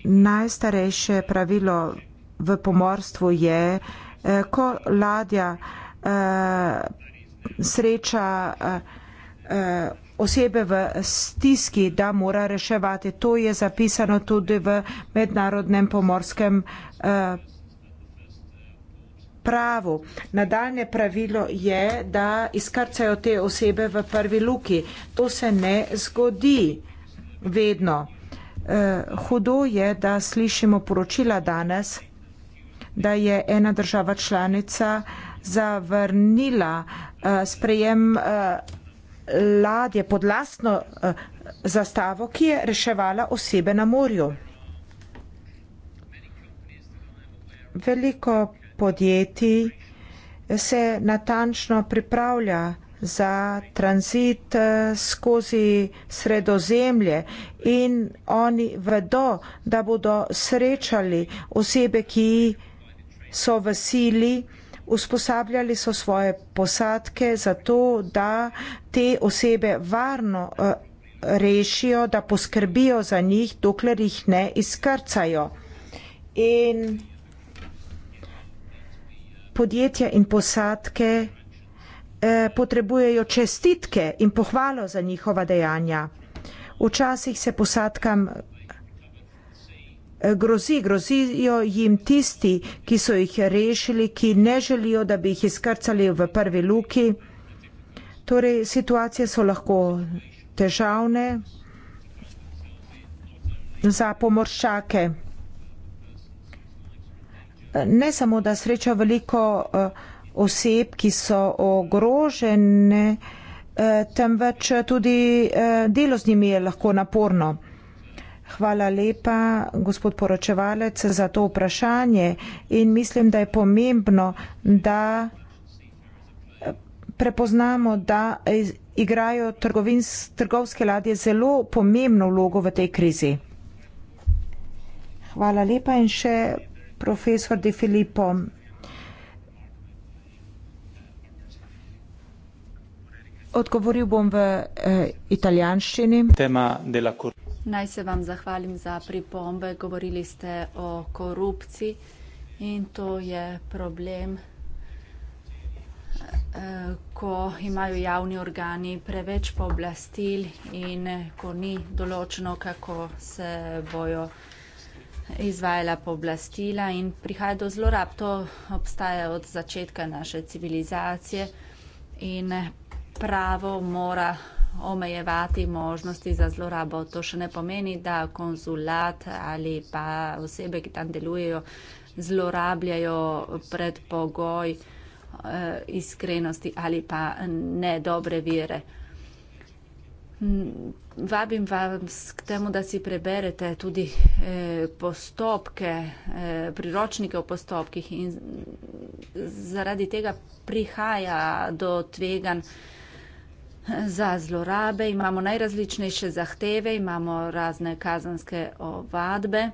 Najstarejše pravilo v pomorstvu je, eh, ko ladja eh, sreča osebe v stiski, da mora reševati. To je zapisano tudi v mednarodnem pomorskem pravilu pravu. Nadaljne pravilo je, da izkrcajo te osebe v prvi luki. To se ne zgodi vedno. Uh, hudo je, da slišimo poročila danes, da je ena država članica zavrnila uh, sprejem uh, ladje pod lastno uh, zastavo, ki je reševala osebe na morju. Veliko podjetij se natančno pripravlja za tranzit eh, skozi sredozemlje in oni vedo, da bodo srečali osebe, ki so v sili, usposabljali so svoje posadke za to, da te osebe varno eh, rešijo, da poskrbijo za njih, dokler jih ne izkrcajo. In podjetja in posadke eh, potrebujejo čestitke in pohvalo za njihova dejanja. Včasih se posadkam eh, grozi, grozijo jim tisti, ki so jih rešili, ki ne želijo, da bi jih izkrcali v prvi luki. Torej, situacije so lahko težavne za pomorščake ne samo, da sreča veliko eh, oseb, ki so ogrožene, eh, temveč tudi eh, delo z njimi je lahko naporno. Hvala lepa, gospod poročevalec, za to vprašanje in mislim, da je pomembno, da prepoznamo, da igrajo trgovske ladje zelo pomembno vlogo v tej krizi. Hvala lepa in še profesor De Filippo. Odgovoril bom v eh, italijanščini. Naj se vam zahvalim za pripombe. Govorili ste o korupciji in to je problem, eh, ko imajo javni organi preveč pooblastil in ko ni določeno, kako se bojo izvajala pooblastila in prihaja do zlorab. To obstaja od začetka naše civilizacije in pravo mora omejevati možnosti za zlorabo. To še ne pomeni, da konzulat ali pa osebe, ki tam delujejo, zlorabljajo predpogoj eh, iskrenosti ali pa nedobre vire. Mm, vabim vas k temu, da si preberete tudi eh, postopke, eh, priročnike o postopkih in zaradi tega prihaja do tvegan eh, za zlorabe. Imamo najrazličnejše zahteve, imamo razne kazanske ovadbe,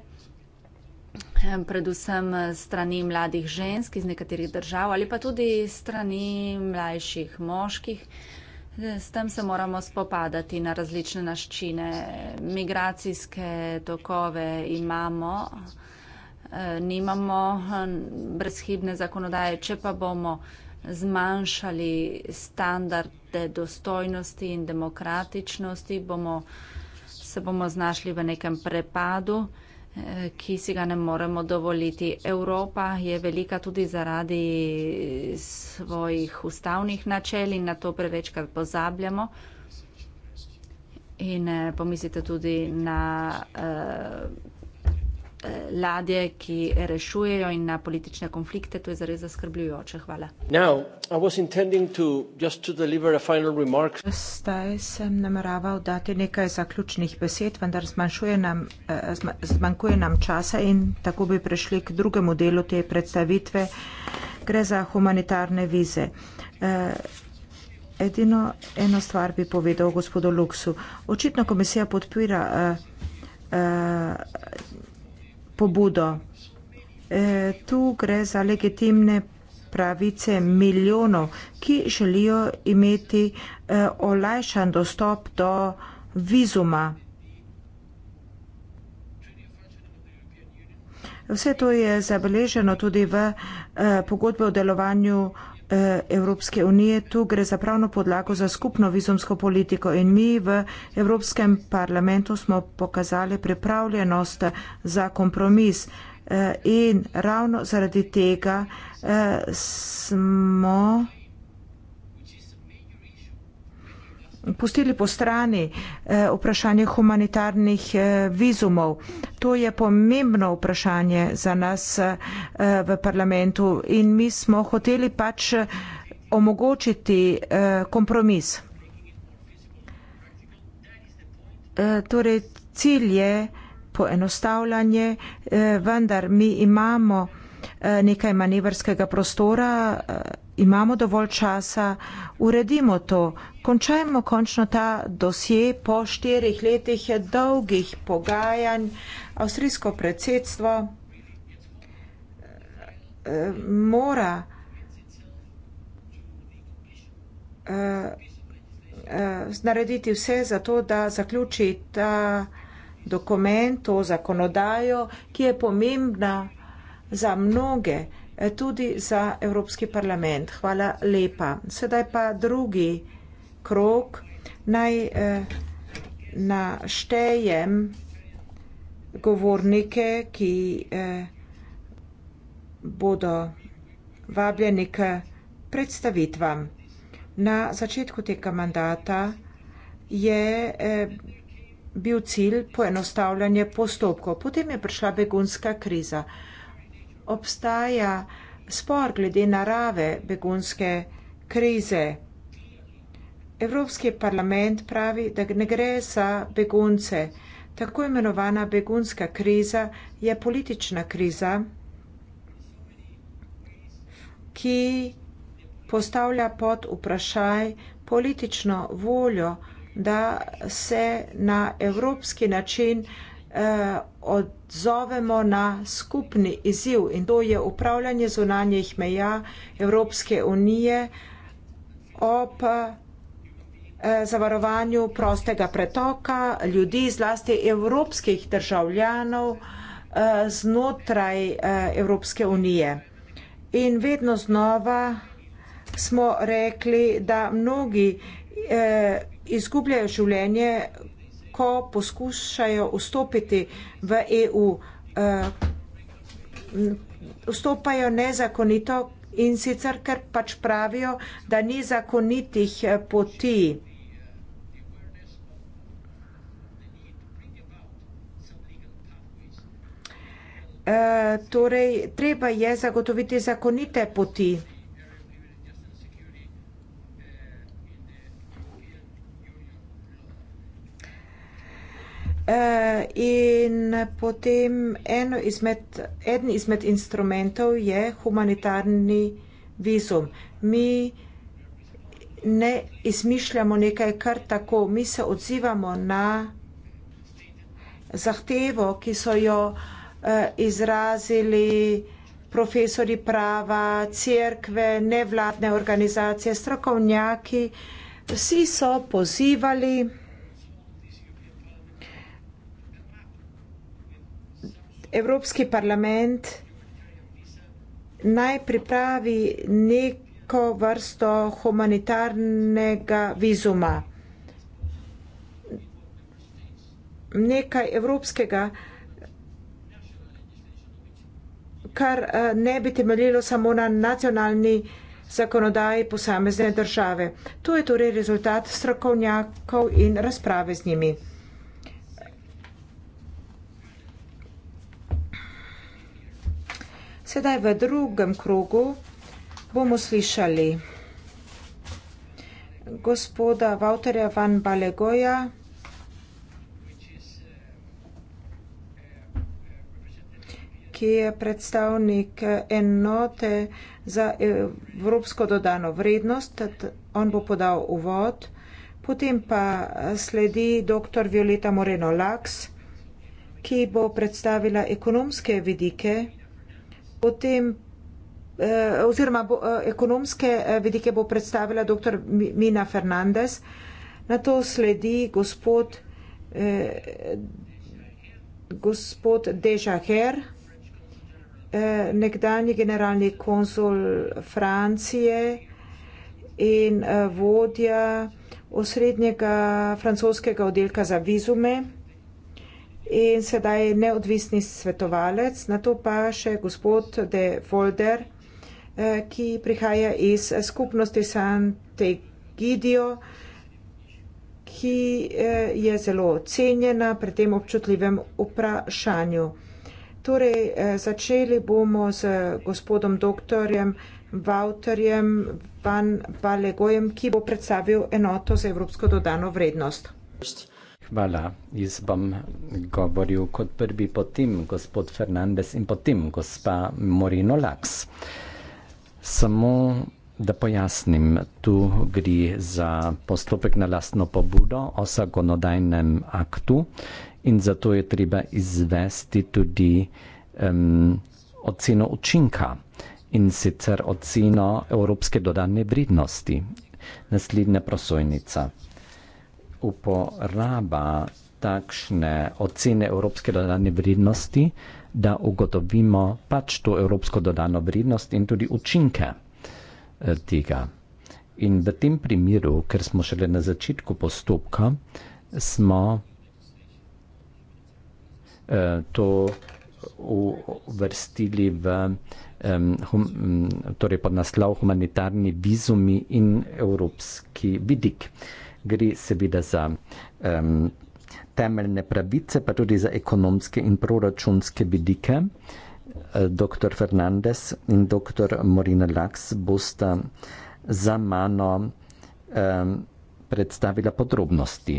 predvsem strani mladih žensk iz nekaterih držav ali pa tudi strani mlajših moških. S tem se moramo spopadati na različne naščine. Migracijske tokove imamo, eh, nimamo hm, brezhibne zakonodaje. Če pa bomo zmanjšali standarde dostojnosti in demokratičnosti, bomo, se bomo znašli v nekem prepadu ki si ga ne moremo dovoliti. Evropa je velika tudi zaradi svojih ustavnih načel in na to prevečkrat pozabljamo. In eh, pomislite tudi na uh, ladje, ki rešujejo in na politične konflikte. To je zares zaskrbljujoče. Hvala. Zdaj sem nameraval dati nekaj zaključnih besed, vendar nam, eh, zmanjkuje nam časa in tako bi prešli k drugemu delu te predstavitve. Gre za humanitarne vize. Eh, edino eno stvar bi povedal gospodu Luksu. Očitno komisija podpira uh, uh, pobudo. E, tu gre za legitimne pravice milijonov, ki želijo imeti e, olajšan dostop do vizuma. Vse to je zabeleženo tudi v eh, pogodbi o delovanju eh, Eh, Evropske unije. Tu gre za pravno podlago za skupno vizumsko politiko in mi v Evropskem parlamentu smo pokazali pripravljenost za kompromis. Eh, in ravno zaradi tega eh, smo pustili po strani eh, vprašanje humanitarnih eh, vizumov. To je pomembno vprašanje za nas eh, v parlamentu in mi smo hoteli pač omogočiti kompromis. Torej, cilj je poenostavljanje, vendar mi imamo nekaj manevrskega prostora imamo dovolj časa, uredimo to, končajmo končno ta dosje po štirih letih dolgih pogajanj. Avstrijsko predsedstvo eh, mora eh, eh, narediti vse za to, da zaključi ta dokument, to zakonodajo, ki je pomembna za mnoge. Eh, tudi za Evropski parlament. Hvala lepa. Sedaj pa drugi krok. Naj eh, naštejem govornike, ki eh, bodo vabljeni k predstavitvam. Na začetku tega mandata je eh, bil cilj poenostavljanje postopkov. Potem je prišla begunska kriza obstaja spor glede narave begunske krize. Evropski parlament pravi, da ne gre za begunce. Tako imenovana begunska kriza je politična kriza, ki postavlja pod vprašaj politično voljo, da se na evropski način eh, odzovemo na skupni izziv in to je upravljanje zunanjih meja Evropske unije ob eh, zavarovanju prostega pretoka ljudi, zlasti evropskih državljanov eh, znotraj eh, Evropske unije. In vedno znova smo rekli, da mnogi eh, izgubljajo življenje, ko poskušajo vstopiti v EU, eh, vstopajo nezakonito in sicer, ker pač pravijo, da ni zakonitih eh, poti. Eh, torej, treba je zagotoviti zakonite poti. Eh, in potem eno izmed, eden izmed instrumentov je humanitarni vizum. Mi ne izmišljamo nekaj kar tako, mi se odzivamo na zahtevo, ki so jo eh, izrazili profesori prava, cerkve, nevladne organizacije, strokovnjaki, vsi so pozivali, Evropski parlament naj pripravi neko vrsto humanitarnega vizuma. Nekaj evropskega, kar eh, ne bi temeljilo samo na nacionalni zakonodaji posamezne države. To je torej rezultat strokovnjakov in razprave z njimi. Sedaj v drugem krogu bomo slišali gospoda Vauterja van Balegoja, ki je predstavnik enote za evropsko dodano vrednost. On bo podal uvod. Potem pa sledi dr. Violeta Moreno-Lax, ki bo predstavila ekonomske vidike vrednosti potem eh, oziroma bo, eh, ekonomske eh, vidike bo predstavila dr. Mina Fernandez, na to sledi gospod, eh, gospod Deja Herr, eh, nekdanji generalni konzul Francije in eh, vodja osrednjega francoskega oddelka za vizume in sedaj neodvisni svetovalec, na to pa še gospod De Volder, eh, ki prihaja iz skupnosti Sant'Egidio, ki eh, je zelo cenjena pri tem občutljivem vprašanju. Torej, eh, začeli bomo z gospodom doktorjem Vauterjem Van Balegojem, ki bo predstavil enoto za evropsko dodano vrednost. Just. Hvala. Jaz bom govoril kot prvi, potem gospod Fernandez in potem gospa Morino Laks. Samo da pojasnim, tu gre za postopek na lastno pobudo o zakonodajnem aktu in zato je treba izvesti tudi um, oceno učinka in sicer oceno evropske dodane vrednosti. Naslednja prosojnica uporaba takšne ocene evropske dodane vrednosti, da ugotovimo pač to evropsko dodano vrednost in tudi učinke eh, tega. In v tem primeru, ker smo šele na začetku postopka, smo eh, to uvrstili v hum, torej pod naslov humanitarni vizumi in evropski vidik gre seveda za um, temeljne pravice, pa tudi za ekonomske in proračunske vidike. Dr. Fernandez in dr. Morina Laks bosta za mano um, predstavila podrobnosti.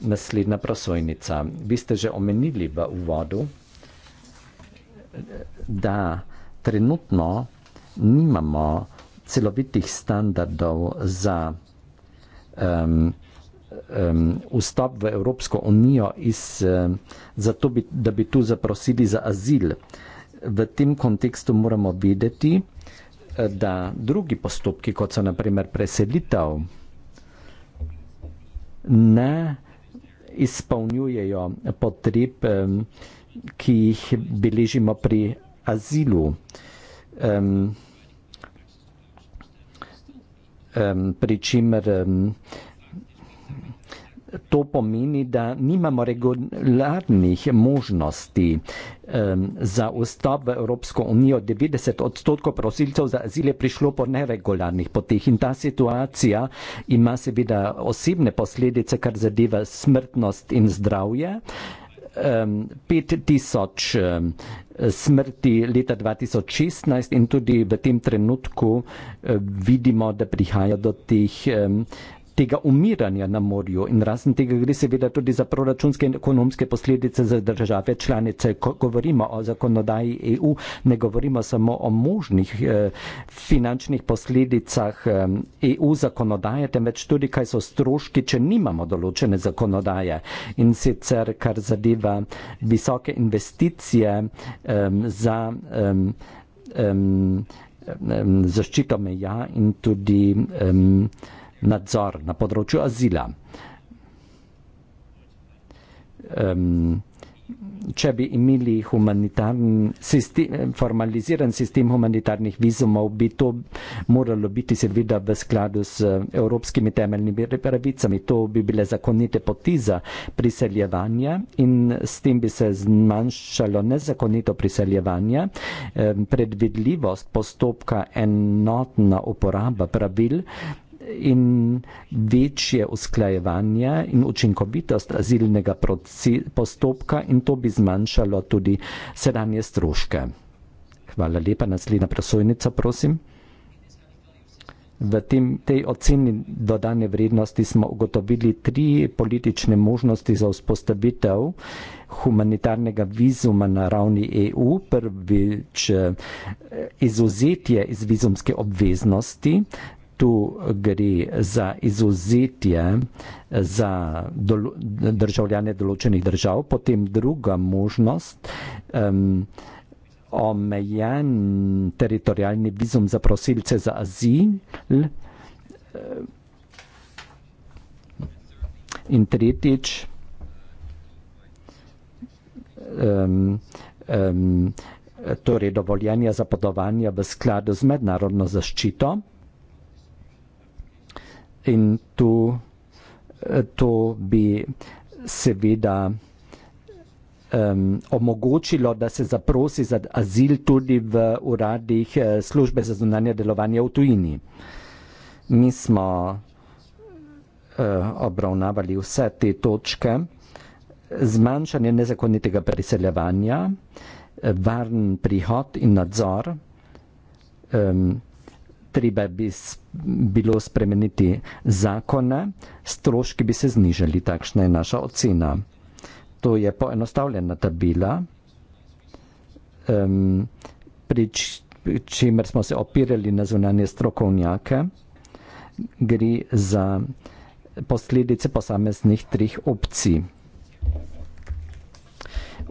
Naslednja prosojnica. Vi ste že omenili v uvodu, da trenutno nimamo celovitih standardov za um, um, vstop v Evropsko unijo, iz, um, zato bi, da bi tu zaprosili za azil. V tem kontekstu moramo videti, da drugi postopki, kot so naprimer preselitev, ne izpolnjujejo potreb, um, ki jih beležimo pri azilu. Um, um, pri čemer um, to pomeni, da nimamo regularnih možnosti um, za vstop v Evropsko unijo. 90 odstotkov prosilcev za azil je prišlo po neregularnih poteh in ta situacija ima seveda osebne posledice, kar zadeva smrtnost in zdravje. Um, um, 5000 um, smrti leta 2016 in tudi v tem trenutku um, vidimo, da prihaja do teh um, tega umiranja na morju in razen tega gre seveda tudi za proračunske in ekonomske posledice za države članice. Ko govorimo o zakonodaji EU, ne govorimo samo o možnih eh, finančnih posledicah eh, EU zakonodaje, temveč tudi, kaj so stroški, če nimamo določene zakonodaje. In sicer, kar zadeva visoke investicije eh, za. Eh, eh, zaščito meja in tudi. Eh, nadzor na področju azila. Um, če bi imeli sistem, formaliziran sistem humanitarnih vizumov, bi to moralo biti seveda v skladu s eh, evropskimi temeljnimi pravicami. To bi bile zakonite poti za priseljevanje in s tem bi se zmanjšalo nezakonito priseljevanje, predvidljivost postopka enotna uporaba pravil. Um, in večje usklajevanje in učinkovitost azilnega postopka in to bi zmanjšalo tudi sedanje stroške. Hvala lepa, naslednja prosojnica, prosim. V tem, tej oceni dodane vrednosti smo ugotovili tri politične možnosti za vzpostavitev humanitarnega vizuma na ravni EU. Prvič, eh, izuzetje iz vizumske obveznosti, tu gre za izuzetje za državljane določenih držav, potem druga možnost, um, omejen teritorijalni vizum za prosilce za azil eh, in tretjič um, um, torej dovoljenja za podovanje v skladu z mednarodno zaščito in tu to bi seveda um, omogočilo, da se zaprosi za azil tudi v uradih eh, službe za zunanje delovanje v tujini. Mi smo uh, obravnavali vse te točke, zmanjšanje nezakonitega priseljevanja, varen prihod in nadzor, um, treba bi bilo spremeniti zakone, stroški bi se znižali, takšna je naša ocena. To je poenostavljena tabela, um, pri čemer smo se opirali na zunanje strokovnjake, gre za posledice posameznih trih opcij.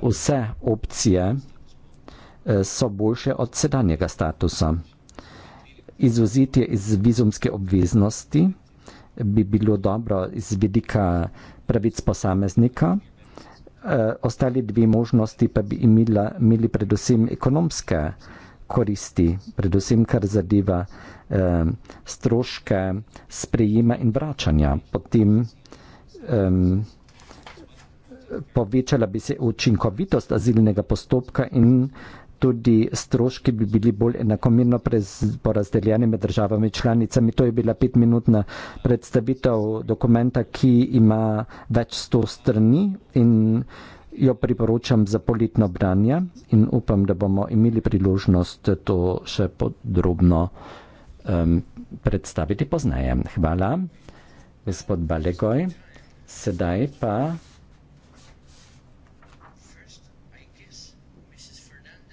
Vse opcije eh, so boljše od sedanjega statusa izuzitje iz vizumske obveznosti bi bilo dobro iz vidika pravic posameznika. Eh, ostali dve možnosti pa bi imela, imeli predvsem ekonomske koristi, predvsem kar zadeva eh, stroške sprejema in vračanja. Potem eh, povečala bi se učinkovitost azilnega postopka in eh, tudi stroški bi bili bolj enakomirno porazdeljeni med državami članicami. To je bila petminutna predstavitev dokumenta, ki ima več sto strani in jo priporočam za politno branje in upam, da bomo imeli priložnost to še podrobno um, predstaviti pozneje. Hvala, gospod Balegoj. Sedaj pa.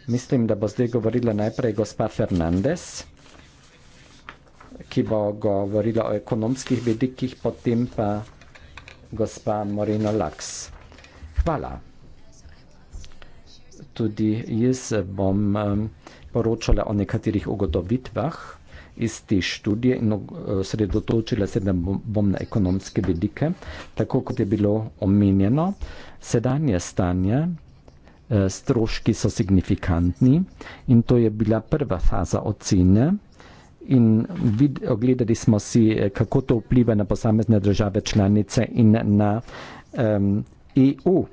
Mislim, da bo zdaj govorila najprej gospa Fernandez, ki bo govorila o ekonomskih vidikih, potem pa gospa Moreno Laks. Hvala. Tudi jaz bom um, poročala o nekaterih ugotovitvah iz te študije in eh, sredotočila se, da bom na ekonomske vidike. Tako kot je bilo omenjeno, sedanje stanje Eh, stroški so signifikantni in to je bila prva faza ocene in vid, ogledali smo si, eh, kako to vpliva na posamezne države članice in na um, EU.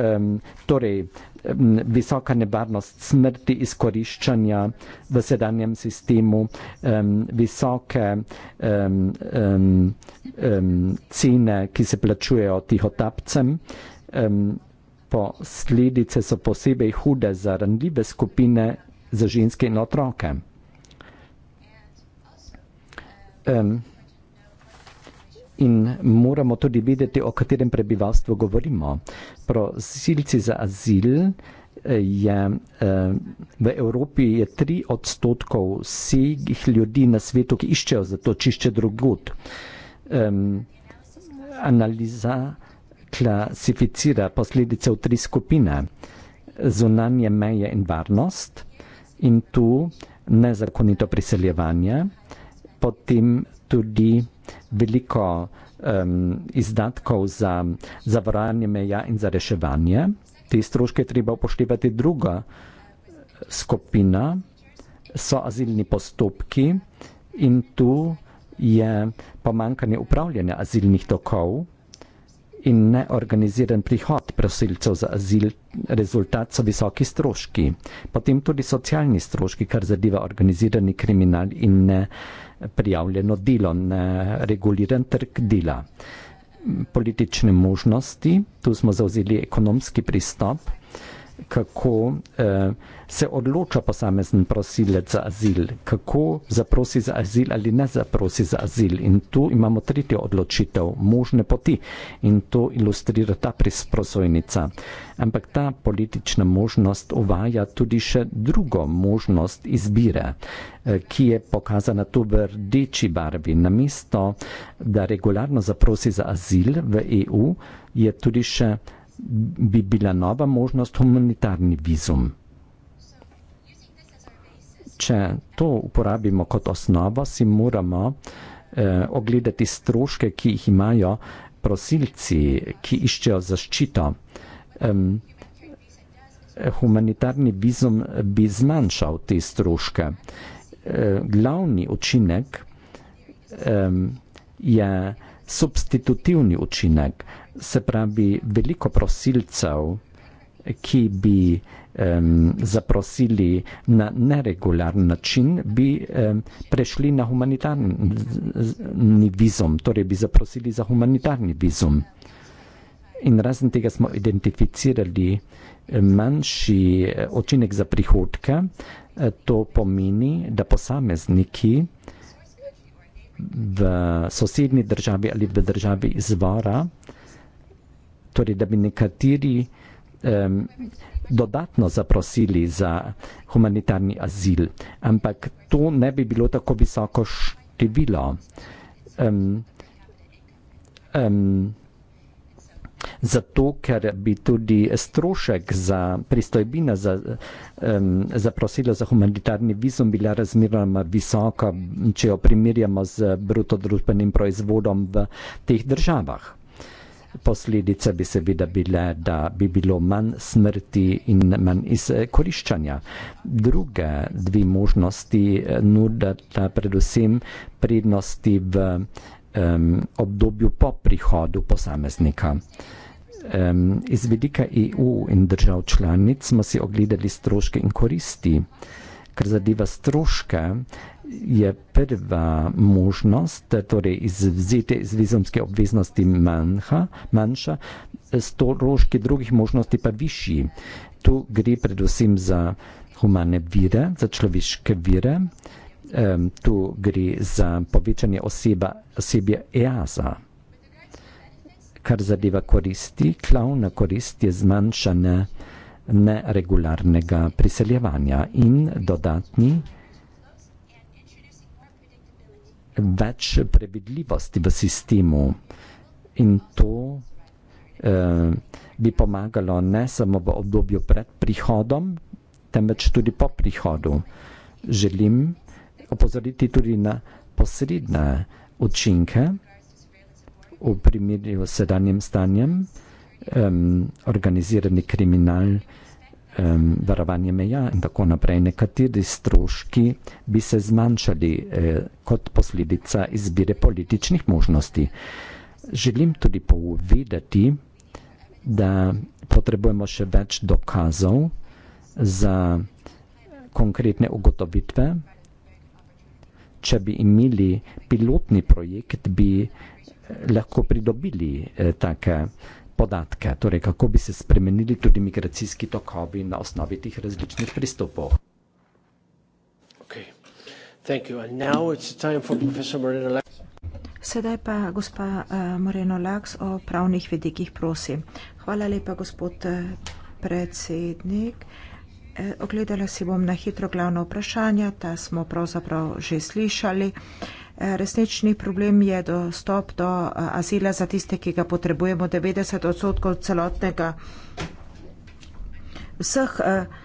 Um, torej, um, visoka nevarnost smrti izkoriščanja v sedanjem sistemu, um, visoke um, um, um, cene, ki se plačujejo tihotapcem. Um, posledice so posebej hude za randljive skupine, za ženske in otroke. Um, in moramo tudi vedeti, o katerem prebivalstvu govorimo. Prosilci za azil eh, je eh, v Evropi je tri odstotkov vseh ljudi na svetu, ki iščejo za to čišče drugot. Um, analiza klasificira posledice v tri skupine. Zunanje meje in varnost in tu nezakonito priseljevanje, potem tudi veliko um, izdatkov za zavaranje meja in za reševanje. Te stroške treba upoštevati druga skupina, so azilni postopki in tu je pomankanje upravljanja azilnih tokov in neorganiziran prihod prosilcev za azil, rezultat so visoki stroški. Potem tudi socialni stroški, kar zadeva organizirani kriminal in neprijavljeno delo, nereguliran trg dela. Politične možnosti, tu smo zauzeli ekonomski pristop kako eh, se odloča posamezen prosilec za azil, kako zaprosi za azil ali ne zaprosi za azil. In tu imamo tretjo odločitev, možne poti. In to ilustrira ta prisprosojnica. Ampak ta politična možnost uvaja tudi še drugo možnost izbire, eh, ki je pokazana tu v rdeči barvi. Namesto, da regularno zaprosi za azil v EU, je tudi še bi bila nova možnost humanitarni vizum. Če to uporabimo kot osnovo, si moramo eh, ogledati stroške, ki jih imajo prosilci, ki iščejo zaščito. Eh, humanitarni vizum bi zmanjšal te stroške. Eh, glavni učinek eh, je substitutivni učinek se pravi veliko prosilcev, ki bi um, zaprosili na neregularen način, bi um, prešli na humanitarni vizum, torej bi zaprosili za humanitarni vizum. In razen tega smo identificirali manjši očinek eh, za prihodke, eh, to pomeni, da posamezniki v sosednji državi ali v državi izvora torej da bi nekateri um, dodatno zaprosili za humanitarni azil, ampak to ne bi bilo tako visoko število. Um, um, zato, ker bi tudi strošek za pristojbina za, um, za prosilo za humanitarni vizum bila razmeroma visoka, če jo primerjamo z brutodružbenim proizvodom v teh državah posledice bi seveda bile, da bi bilo manj smrti in manj izkoriščanja. Druge dve možnosti eh, nudata predvsem prednosti v um, obdobju po prihodu posameznika. Um, iz vidika EU in držav članic smo si ogledali stroške in koristi kar zadeva stroške, je prva možnost, da torej izvzete iz vizumske obveznosti manjha, manjša, stroški drugih možnosti pa višji. Tu gre predvsem za humane vire, za človeške vire, um, tu gre za povečanje oseba, osebja EASA. Kar zadeva koristi, klavna korist je zmanjšanje neregularnega priseljevanja in dodatni več prebidljivosti v sistemu in to eh, bi pomagalo ne samo v obdobju pred prihodom, temveč tudi po prihodu. Želim opozoriti tudi na posredne učinke v primerju s sedanjem stanjem, um, organizirani kriminal, um, varovanje meja in tako naprej. Nekateri stroški bi se zmanjšali eh, kot posledica izbire političnih možnosti. Želim tudi povedati, da potrebujemo še več dokazov za konkretne ugotovitve. Če bi imeli pilotni projekt, bi eh, lahko pridobili eh, take eh, podatke, torej kako bi se spremenili tudi migracijski tokovi na osnovi teh različnih pristopov. Sedaj pa gospa eh, Moreno Laks o pravnih vedikih prosim. Hvala lepa, gospod eh, predsednik. Eh, ogledala si bom na hitro glavno vprašanje, ta smo pravzaprav že slišali. Resnični problem je dostop do eh, azila za tiste, ki ga potrebujemo. 90 odstotkov celotnega vseh. Eh,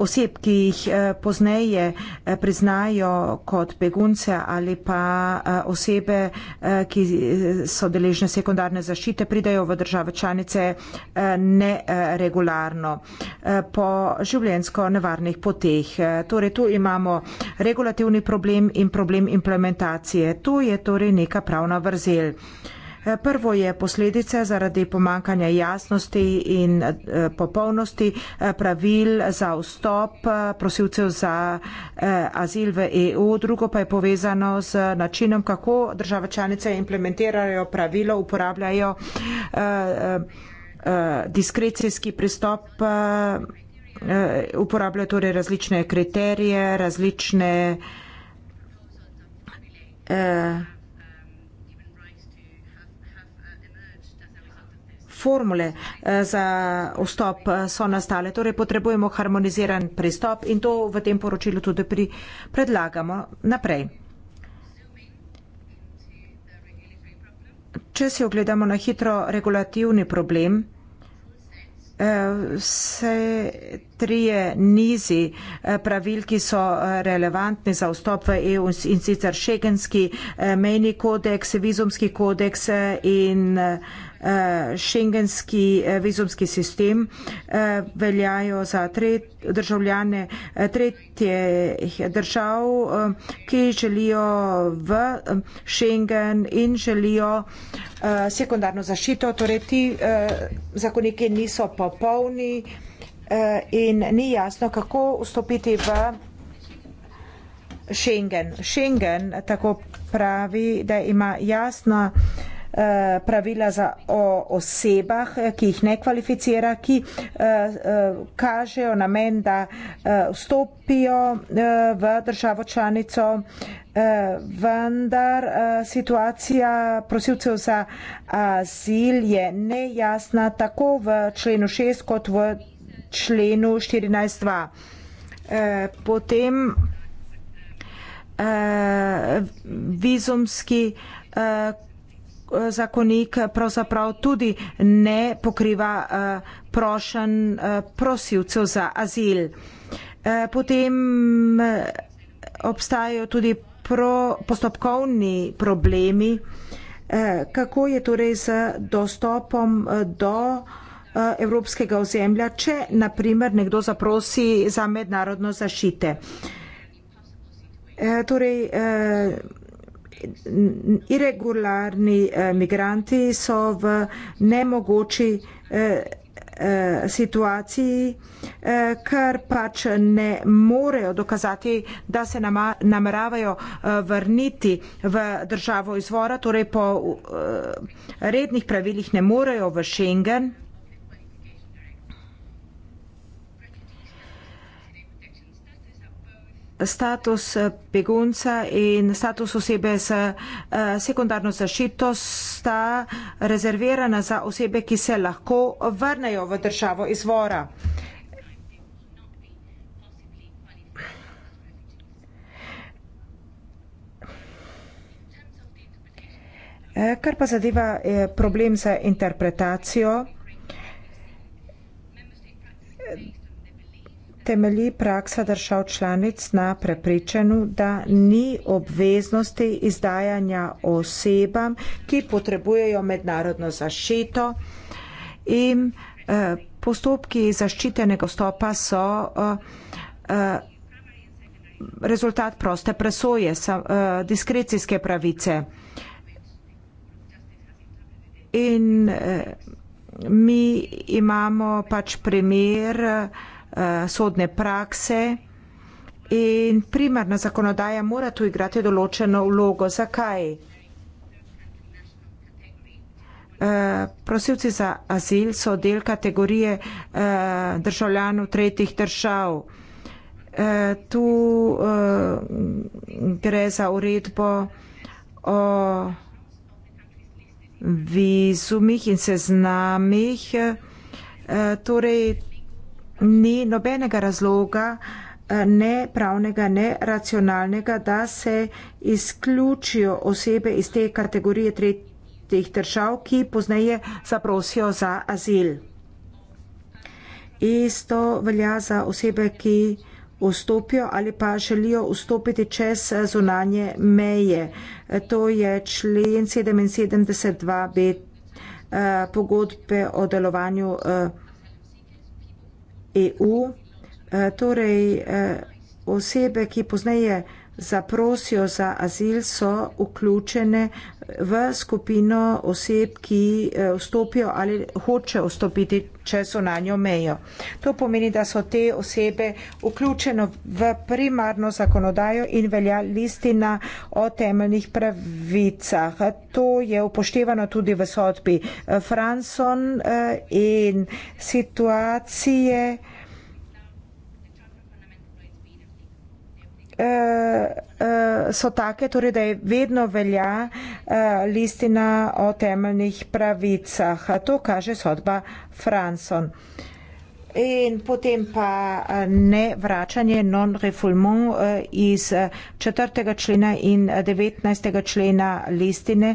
oseb, ki jih eh, pozneje eh, priznajo kot begunce ali pa eh, osebe, ki so deležne sekundarne zaščite, pridajo v države članice neregularno po življensko nevarnih poteh. Torej, tu imamo regulativni problem in problem implementacije. Tu je torej neka pravna vrzel. Eh, prvo je posledice zaradi pomankanja jasnosti in eh, popolnosti eh, pravil za vstop prosilcev za azil v EU. Drugo pa je povezano z načinom, kako države članice implementirajo pravilo, uporabljajo diskrecijski pristop, uporabljajo torej različne kriterije, različne formule eh, za vstop eh, so nastale. Torej potrebujemo harmoniziran pristop in to v tem poročilu tudi pri predlagamo naprej. Če si ogledamo na hitro regulativni problem, eh, vse trije nizi pravil, ki so relevantni za vstop v EU in sicer šegenski mejni kodeks, vizumski kodeks in Eh, šengenski eh, vizumski sistem eh, veljajo za tret, državljane tretjih držav, ki želijo v šengen in želijo sekundarno zaščito. Torej, ti zakoniki niso popolni in ni jasno, kako vstopiti v šengen. Šengen tako pravi, da ima jasno Eh, pravila za, o osebah, eh, ki jih ne kvalificira, ki uh, uh, kažejo namen, da uh, vstopijo uh, v državo članico, uh, vendar uh, situacija prosilcev za azil je nejasna tako v členu 6 kot v členu 14.2. Potem vizumski zakonik pravzaprav tudi ne pokriva eh, prošen eh, prosilcev za azil. Eh, potem obstajajo tudi pro, postopkovni problemi, kako je torej z dostopom do evropskega ozemlja, če naprimer nekdo zaprosi za mednarodno zašite. Torej, irregularni eh, migranti so v nemogoči eh, eh situaciji, eh, ker pač ne morejo dokazati, da se nameravajo eh, vrniti v državo izvora, torej po rednih pravilih ne morejo v Schengen. status begunca in status osebe s eh, sekundarno zaščito sta rezervirana za osebe, ki se lahko vrnejo v državo izvora. Eh, kar pa zadeva eh, problem za interpretacijo, temelji praksa držav članic na prepričanju, da ni obveznosti izdajanja osebam, ki potrebujejo mednarodno zaščito in eh, postopki zaščitenega vstopa so eh, eh, rezultat proste presoje, diskrecijske pravice. In mi imamo pač primer, Eh, sodne prakse in primarna zakonodaja mora tu igrati določeno vlogo. Zakaj? Eh, prosilci za azil so del kategorije eh, državljanov tretjih držav. Tu gre za uredbo o vizumih in seznamih. Torej, ni nobenega razloga, eh, ne pravnega, ne racionalnega, da se izključijo osebe iz te kategorije tretjih držav, ki pozneje zaprosijo za azil. Isto velja za osebe, ki vstopijo ali pa želijo vstopiti čez eh, zunanje meje. Eh, to je člen 77.2b pogodbe o delovanju. EU, eh, torej eh, osebe, ki pozneje zaprosijo za azil, so vključene v skupino oseb, ki eh, vstopijo ali hočejo vstopiti čez onanjo mejo. To pomeni, da so te osebe vključene v primarno zakonodajo in velja listina o temeljnih pravicah. To je upoštevano tudi v sodbi eh, Franson eh, in situacije. Eh, eh, so take, torej, da je vedno velja eh, listina o temeljnih pravicah. To kaže sodba Franson. In potem pa ne vračanje non-refoulement iz 4. člena in 19. člena listine.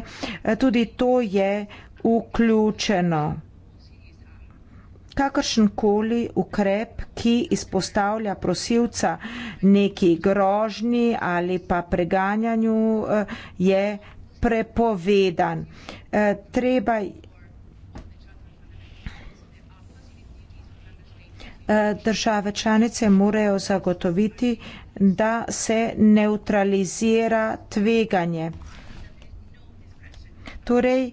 Tudi to je vključeno kakršenkoli ukrep, ki izpostavlja prosilca neki grožni ali pa preganjanju, eh, je prepovedan. Eh, treba eh, države članice morajo zagotoviti, da se neutralizira tveganje. Torej,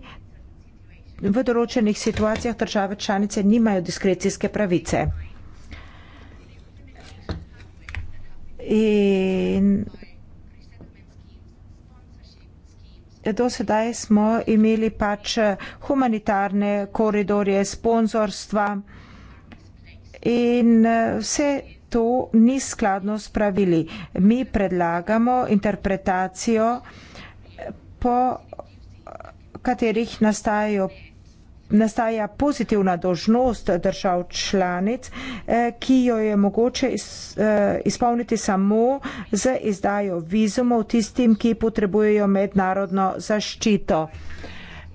v določenih situacijah države članice nimajo diskrecijske pravice. In do sedaj smo imeli pač humanitarne koridorje, sponzorstva in vse to ni skladno s pravili. Mi predlagamo interpretacijo po katerih nastajajo nastaja pozitivna dožnost držav članic, eh, ki jo je mogoče eh, izpolniti samo z izdajo vizumov tistim, ki potrebujejo mednarodno zaščito.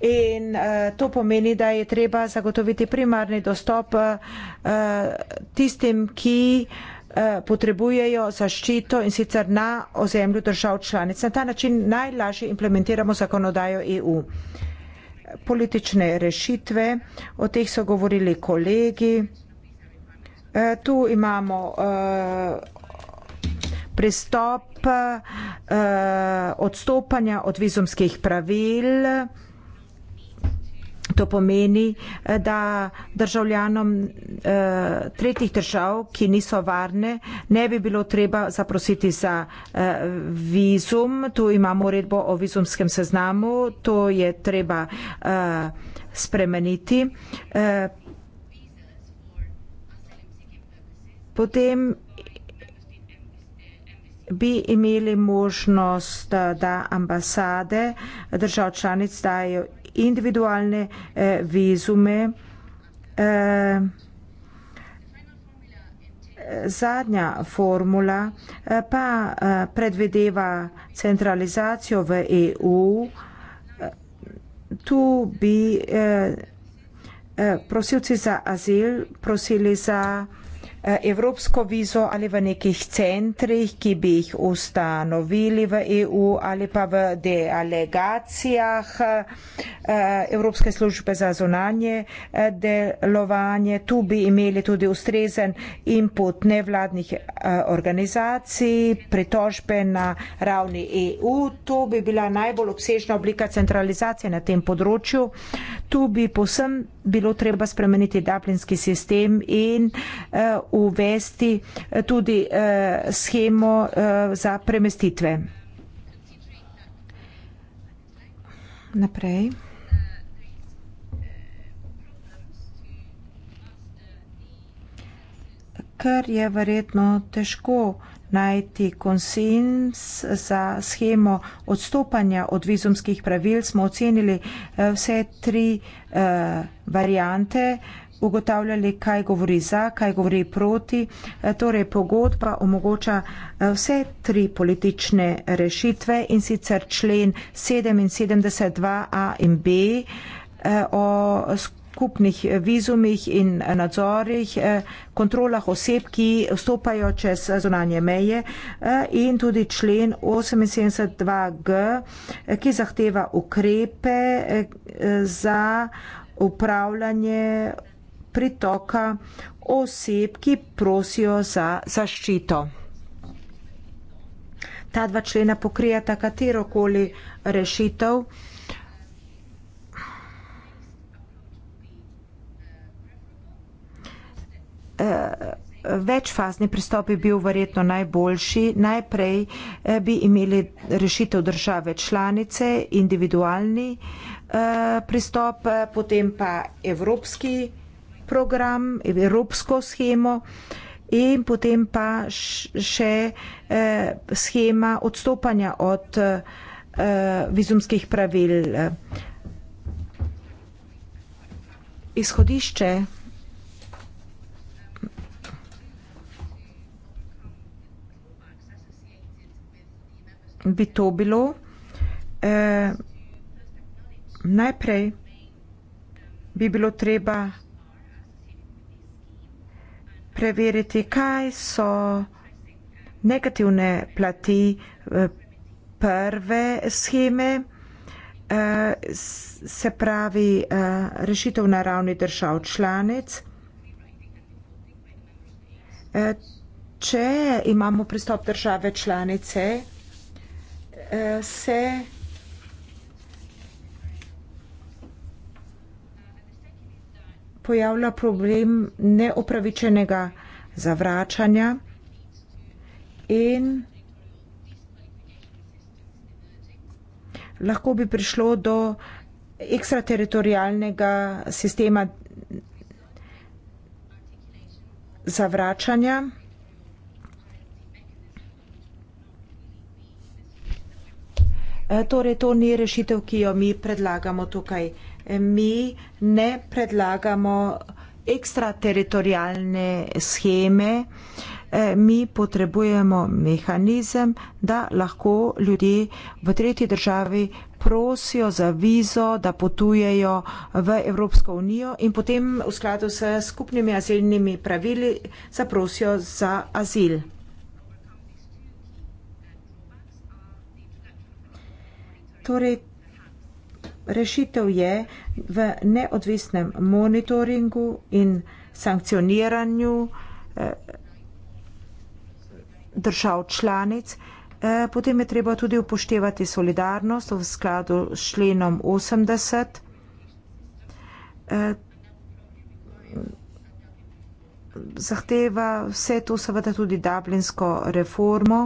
In eh, to pomeni, da je treba zagotoviti primarni dostop tistim, ki Eh, potrebujejo zaščito in sicer na ozemlju držav članic. Na ta način najlažje implementiramo zakonodajo EU. Politične rešitve, o teh so govorili kolegi. Eh, tu imamo eh, pristop odstopanja od vizumskih pravil. To pomeni, eh, da državljanom eh, tretjih držav, ki niso varne, ne bi bilo treba zaprositi za eh, vizum. Tu imamo uredbo o vizumskem seznamu, to je treba spremeniti. Potem bi imeli možnost, da ambasade držav članic dajo individualne eh, vizume. Eh, zadnja formula eh, pa eh, predvedeva centralizacijo v EU. Eh, tu bi eh, eh, prosilci za azil prosili za eh, Eh, evropsko vizo ali v nekih centrih, ki bi jih ustanovili v EU ali pa v delegacijah eh, Evropske službe za zonanje eh, delovanje. Tu bi imeli tudi ustrezen input nevladnih organizacij, pritožbe na ravni EU. To bi bila najbolj obsežna oblika centralizacije na tem področju. Tu bi posem bilo treba spremeniti daplinski sistem in uh, uvesti eh, tudi uh, schemo uh, za premestitve. Naprej. Ker je verjetno težko najti konsens za schemo odstopanja od vizumskih pravil, smo ocenili eh, vse tri eh, variante, ugotavljali, kaj govori za, kaj govori proti. Eh, torej, pogodba omogoča eh, vse tri politične rešitve in sicer člen 77.2a in b eh, o skupnosti skupnih eh, vizumih in eh, nadzorih, eh, kontrolah oseb, ki vstopajo čez zonanje meje in tudi člen 872g, ki zahteva ukrepe za upravljanje pritoka oseb, ki prosijo za zaščito. Ta dva člena pokrijata katerokoli rešitev. Večfazni pristop bi bil verjetno najboljši. Najprej eh, bi imeli rešitev države članice, individualni eh, pristop, eh, potem pa evropski program, evropsko schemo in potem pa še schema odstopanja od vizumskih pravil. Izhodišče bi to bilo? Eh, najprej bi bilo treba preveriti, kaj so negativne plati eh, prve scheme, eh, se pravi eh, rešitev na ravni držav članic. Če imamo pristop države članice, se pojavlja problem neopravičenega zavračanja in lahko bi prišlo do ekstrateritorialnega sistema zavračanja. E, torej, to ni rešitev, ki jo mi predlagamo tukaj. E, mi ne predlagamo ekstrateritorijalne scheme, e, mi potrebujemo mehanizem, da lahko ljudje v tretji državi prosijo za vizo, da potujejo v Evropsko unijo in potem v skladu s skupnimi azilnimi pravili zaprosijo za azil. torej rešitev je v neodvisnem monitoringu in sankcioniranju eh, držav članic, eh, potem je treba tudi upoštevati solidarnost v skladu s členom 80. Eh, zahteva vse to seveda tudi dublinsko reformo,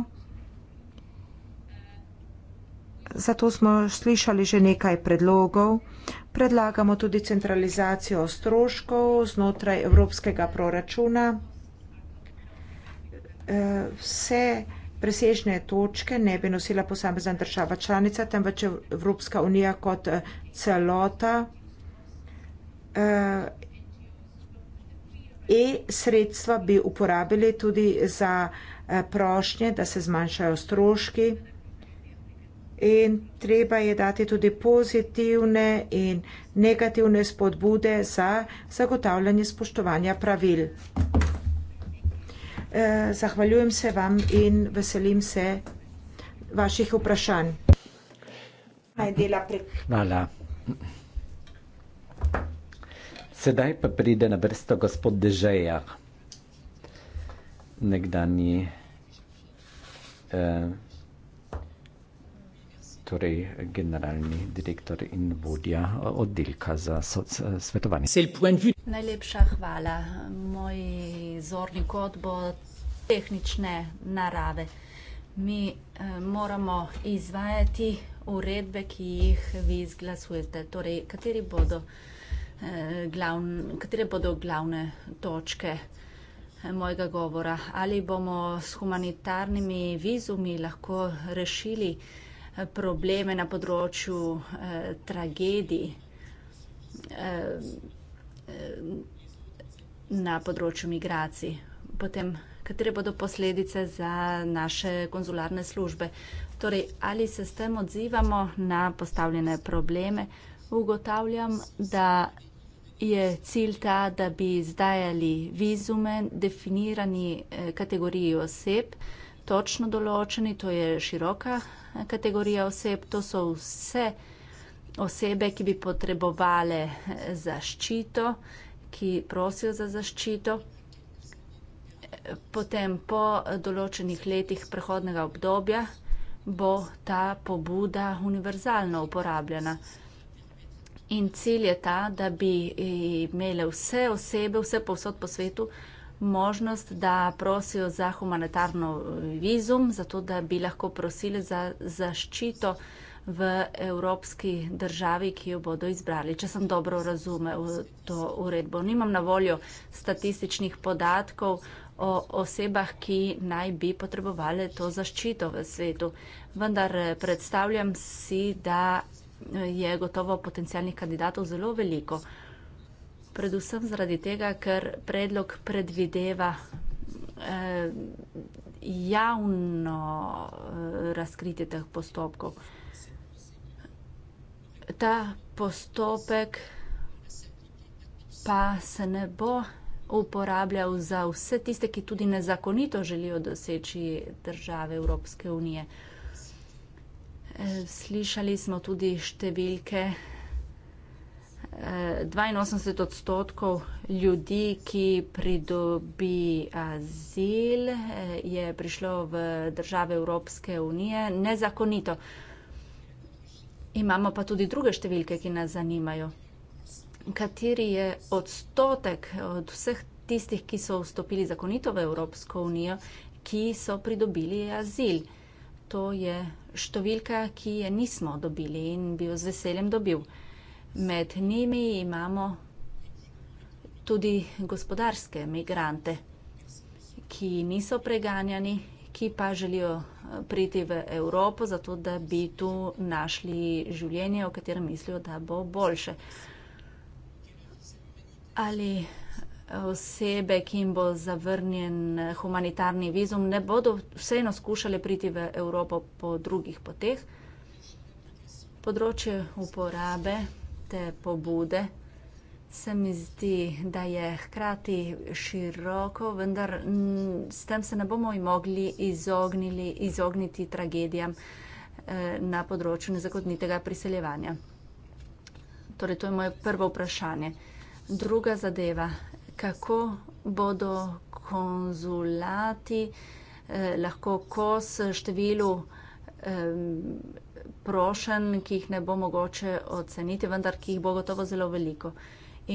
Zato smo slišali že nekaj predlogov. Predlagamo tudi centralizacijo stroškov znotraj evropskega proračuna. E, vse presežne točke ne bi nosila posamezna država članica, temveč Evropska unija kot e, celota. E sredstva bi uporabili tudi za e, prošnje, da se zmanjšajo stroški in treba je dati tudi pozitivne in negativne spodbude za zagotavljanje spoštovanja pravil. Eh, zahvaljujem se vam in veselim se vaših vprašanj. Hvala. Sedaj pa pride na vrsto gospod Dežeja, nekdani eh, torej generalni direktor in vodja eh, oddelka za eh, svetovanje. Najlepša hvala. Moj zorni kot bo tehnične narave. Mi eh, moramo izvajati uredbe, ki jih vi izglasujete. Torej, kateri bodo glavn, katere bodo glavne točke mojega govora? Ali bomo s humanitarnimi vizumi lahko rešili probleme na področju eh, tragedij, eh, eh, na področju migracij. Potem, katere bodo posledice za naše konzularne službe? Torej, ali se s tem odzivamo na postavljene probleme? Ugotavljam, da je cilj ta, da bi izdajali vizume definirani eh, kategoriji oseb, eh, točno določeni, to je široka eh, kategorija oseb, to so vse osebe, ki bi potrebovale eh, zaščito, ki prosijo za zaščito. Potem po določenih letih prehodnega obdobja bo ta pobuda univerzalno uporabljena. In cilj je ta, da bi eh, imele vse osebe, vse povsod po svetu, možnost, da prosijo za humanitarno eh, vizum, zato da bi lahko prosili za zaščito v evropski državi, ki jo bodo izbrali. Če sem dobro razumel to uredbo, nimam na voljo statističnih podatkov o osebah, ki naj bi potrebovali to zaščito v svetu. Vendar eh, predstavljam si, da eh, je gotovo potencijalnih kandidatov zelo veliko predvsem zaradi tega, ker predlog predvideva eh, javno eh, razkritje teh postopkov. Ta postopek pa se ne bo uporabljal za vse tiste, ki tudi nezakonito želijo doseči države Evropske unije. Eh, slišali smo tudi številke 82 eh, odstotkov ljudi, ki pridobi azil, eh, je prišlo v države Evropske unije nezakonito. Imamo pa tudi druge številke, ki nas zanimajo. Kateri je odstotek od vseh tistih, ki so vstopili zakonito v Evropsko unijo, ki so pridobili azil? To je številka, ki je nismo dobili in bi jo z veseljem dobil. Med njimi imamo tudi gospodarske migrante, ki niso preganjani, ki pa želijo eh, priti v Evropo, zato da bi tu našli življenje, o katerem mislijo, da bo boljše. Ali eh, osebe, ki jim bo zavrnjen eh, humanitarni vizum, ne bodo vseeno skušali priti v Evropo po drugih poteh. Področje uporabe te pobude, se mi zdi, da je hkrati široko, vendar mm, s tem se ne bomo mogli izognili, izogniti tragedijam eh, na področju nezakonitega priseljevanja. Torej, to je moje prvo vprašanje. Druga zadeva, kako bodo konzulati eh, lahko kos številu eh, prošenj, ki jih ne bo mogoče oceniti, vendar ki jih bo gotovo zelo veliko.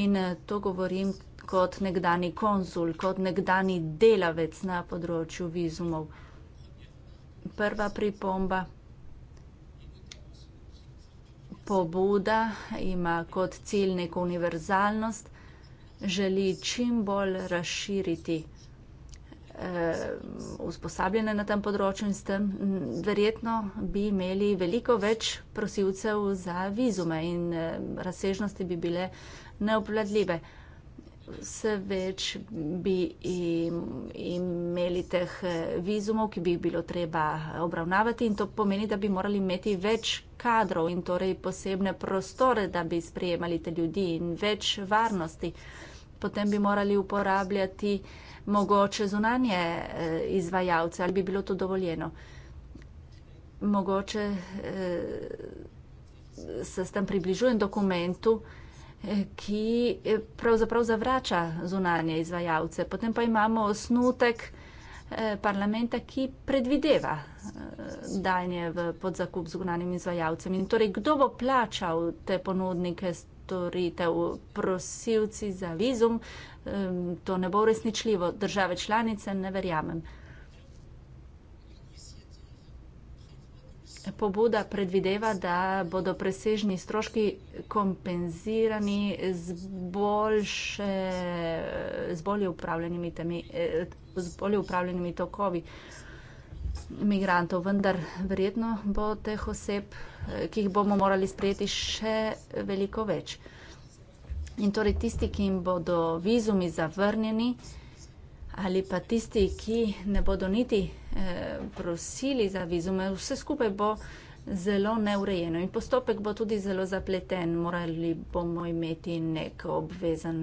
In eh, to govorim kot nekdani konzul, kot nekdani delavec na področju vizumov. Prva pripomba. Pobuda ima kot cilj neko univerzalnost, želi čim bolj razširiti eh, usposabljene na tem področju in s tem verjetno bi imeli veliko več prosilcev za vizume in eh, razsežnosti bi bile neobvladljive. Vse več bi imeli teh eh, vizumov, ki bi jih bilo treba obravnavati in to pomeni, da bi morali imeti več kadrov in torej posebne prostore, da bi sprejemali te ljudi in več varnosti. Potem bi morali uporabljati eh, mogoče zunanje eh, izvajalce ali bi bilo to dovoljeno. Mogoče eh, se s tem približujem dokumentu, eh, ki pravzaprav zavrača zunanje izvajalce. Potem pa imamo osnutek parlamenta, ki predvideva danje v podzakup zunanim izvajalcem. In torej, kdo bo plačal te ponudnike storitev. Prosilci za vizum, to ne bo resničljivo, države članice ne verjamem. Pobuda predvideva, da bodo presežni stroški kompenzirani z, boljše, z, bolje, upravljenimi temi, eh, z bolje upravljenimi tokovi migrantov, vendar verjetno bo teh oseb, eh, ki jih bomo morali sprejeti, še veliko več. In torej tisti, ki jim bodo vizumi zavrnjeni, ali pa tisti, ki ne bodo niti eh, prosili za vizume, vse skupaj bo zelo neurejeno in postopek bo tudi zelo zapleten. Morali bomo imeti nek obvezen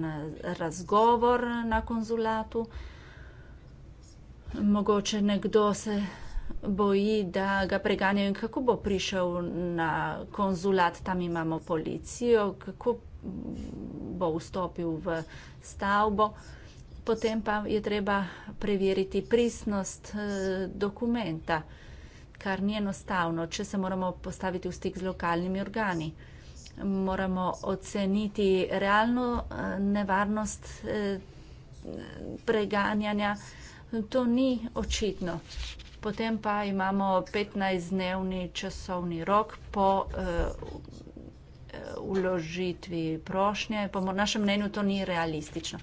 razgovor na konzulatu. Mogoče nekdo se boji, da ga preganjajo in kako bo prišel na konzulat, tam imamo policijo, kako bo vstopil v stavbo. Potem pa je treba preveriti pristnost eh, dokumenta, kar ni enostavno, če se moramo postaviti v stik z lokalnimi organi. Moramo oceniti realno eh, nevarnost eh, preganjanja. To ni očitno potem pa imamo 15-dnevni časovni rok po uh, eh, uložitvi prošnje. Po našem mnenju to ni realistično.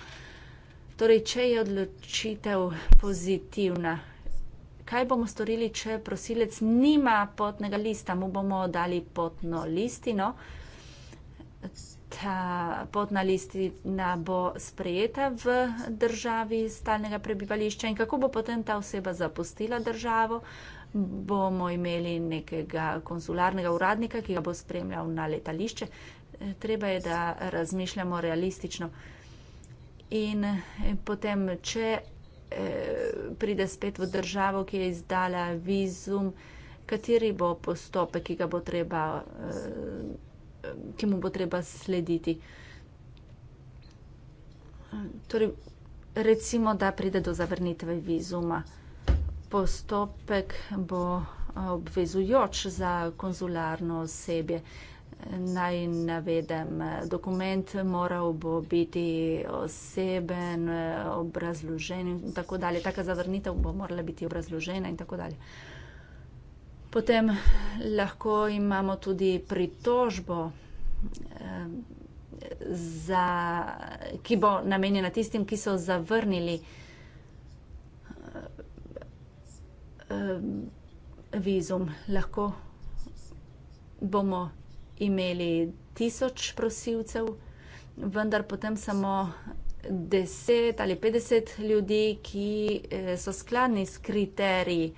Torej, če je odločitev pozitivna, kaj bomo storili, če prosilec nima potnega lista, mu bomo dali potno listino. Uh, ta potna listina bo sprejeta v državi stalnega prebivališča in kako bo potem ta oseba zapustila državo. Bomo imeli nekega konsularnega uradnika, ki ga bo spremljal na letališče. Treba je, da razmišljamo realistično. In eh, potem, če eh, pride spet v državo, ki je izdala vizum, kateri bo postopek, ki ga bo treba. Eh, ki mu bo treba slediti. Torej, recimo, da pride do zavrnitve vizuma. Postopek bo eh, obvezujoč za konzularno osebje. Naj navedem, eh, dokument moral bo biti oseben, eh, obrazložen in tako dalje. Taka zavrnitev bo morala biti obrazložena in tako dalje. Potem lahko imamo tudi pritožbo, eh, za, ki bo namenjena tistim, ki so zavrnili eh, eh vizum. Lahko bomo imeli tisoč prosilcev, vendar potem samo. 10 ali 50 ljudi, ki eh, so skladni s kriteriji,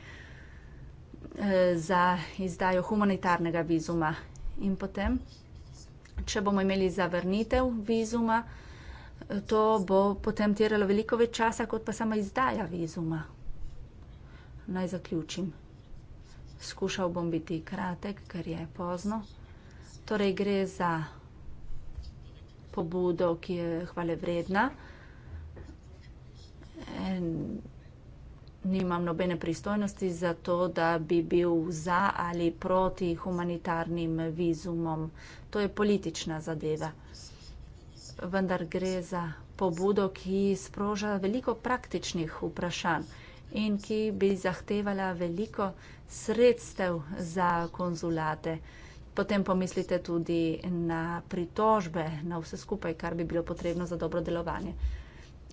Eh, za izdajo humanitarnega vizuma. In potem, če bomo imeli zavrnitev vizuma, eh, to bo potem terjalo veliko več časa, kot pa sama izdaja vizuma. Naj zaključim. Skušal bom biti kratek, ker je pozno. Torej, gre za pobudo, ki je hvale vredna. And nimam nobene pristojnosti za to, da bi bil za ali proti humanitarnim vizumom. To je politična zadeva. Vendar gre za pobudo, ki sproža veliko praktičnih vprašanj in ki bi zahtevala veliko sredstev za konzulate. Potem pomislite tudi na pritožbe, na vse skupaj, kar bi bilo potrebno za dobro delovanje.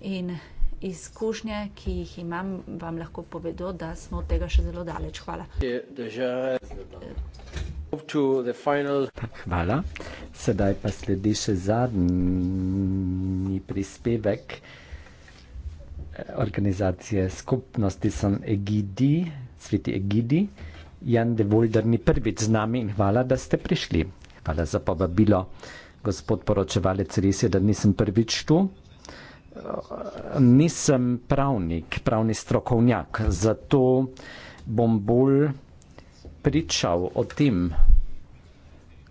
In izkušnje, ki jih imam, vam lahko povedo, da smo od tega še zelo daleč. Hvala. Hvala. Sedaj pa sledi še zadnji prispevek eh, organizacije skupnosti San Egidi, Sveti Egidi. Jan de Volder ni prvič z nami in hvala, da ste prišli. Hvala za povabilo. Gospod poročevalec, res je, da nisem prvič tu, nisem pravnik, pravni strokovnjak, zato bom bolj pričal o tem,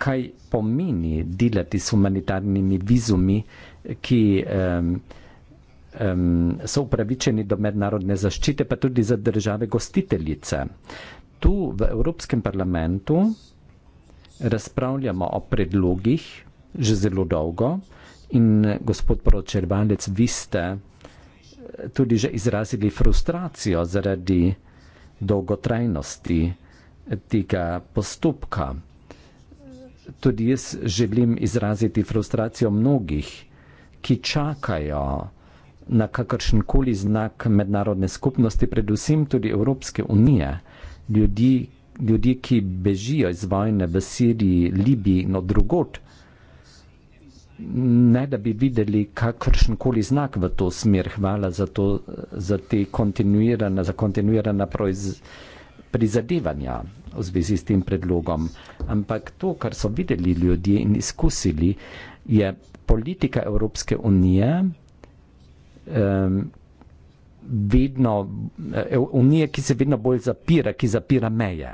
kaj pomeni delati s humanitarnimi vizumi, ki um, um, so upravičeni do mednarodne zaščite, pa tudi za države gostiteljice. Tu v Evropskem parlamentu razpravljamo o predlogih že zelo dolgo, In eh, gospod poročer Valec, vi ste eh, tudi že izrazili frustracijo zaradi dolgotrajnosti eh, tega postopka. Tudi jaz želim izraziti frustracijo mnogih, ki čakajo na kakršenkoli znak mednarodne skupnosti, predvsem tudi Evropske unije, ljudi, ljudi ki bežijo iz vojne v Siriji, Libiji in no, od drugot ne da bi videli kakršen koli znak v to smer. Hvala za, to, za te kontinuirane, za kontinuirane prizadevanja v zvezi s tem predlogom. Ampak to, kar so videli ljudje in izkusili, je politika Evropske unije. Um, Vedno, unije, ki se vedno bolj zapira, ki zapira meje.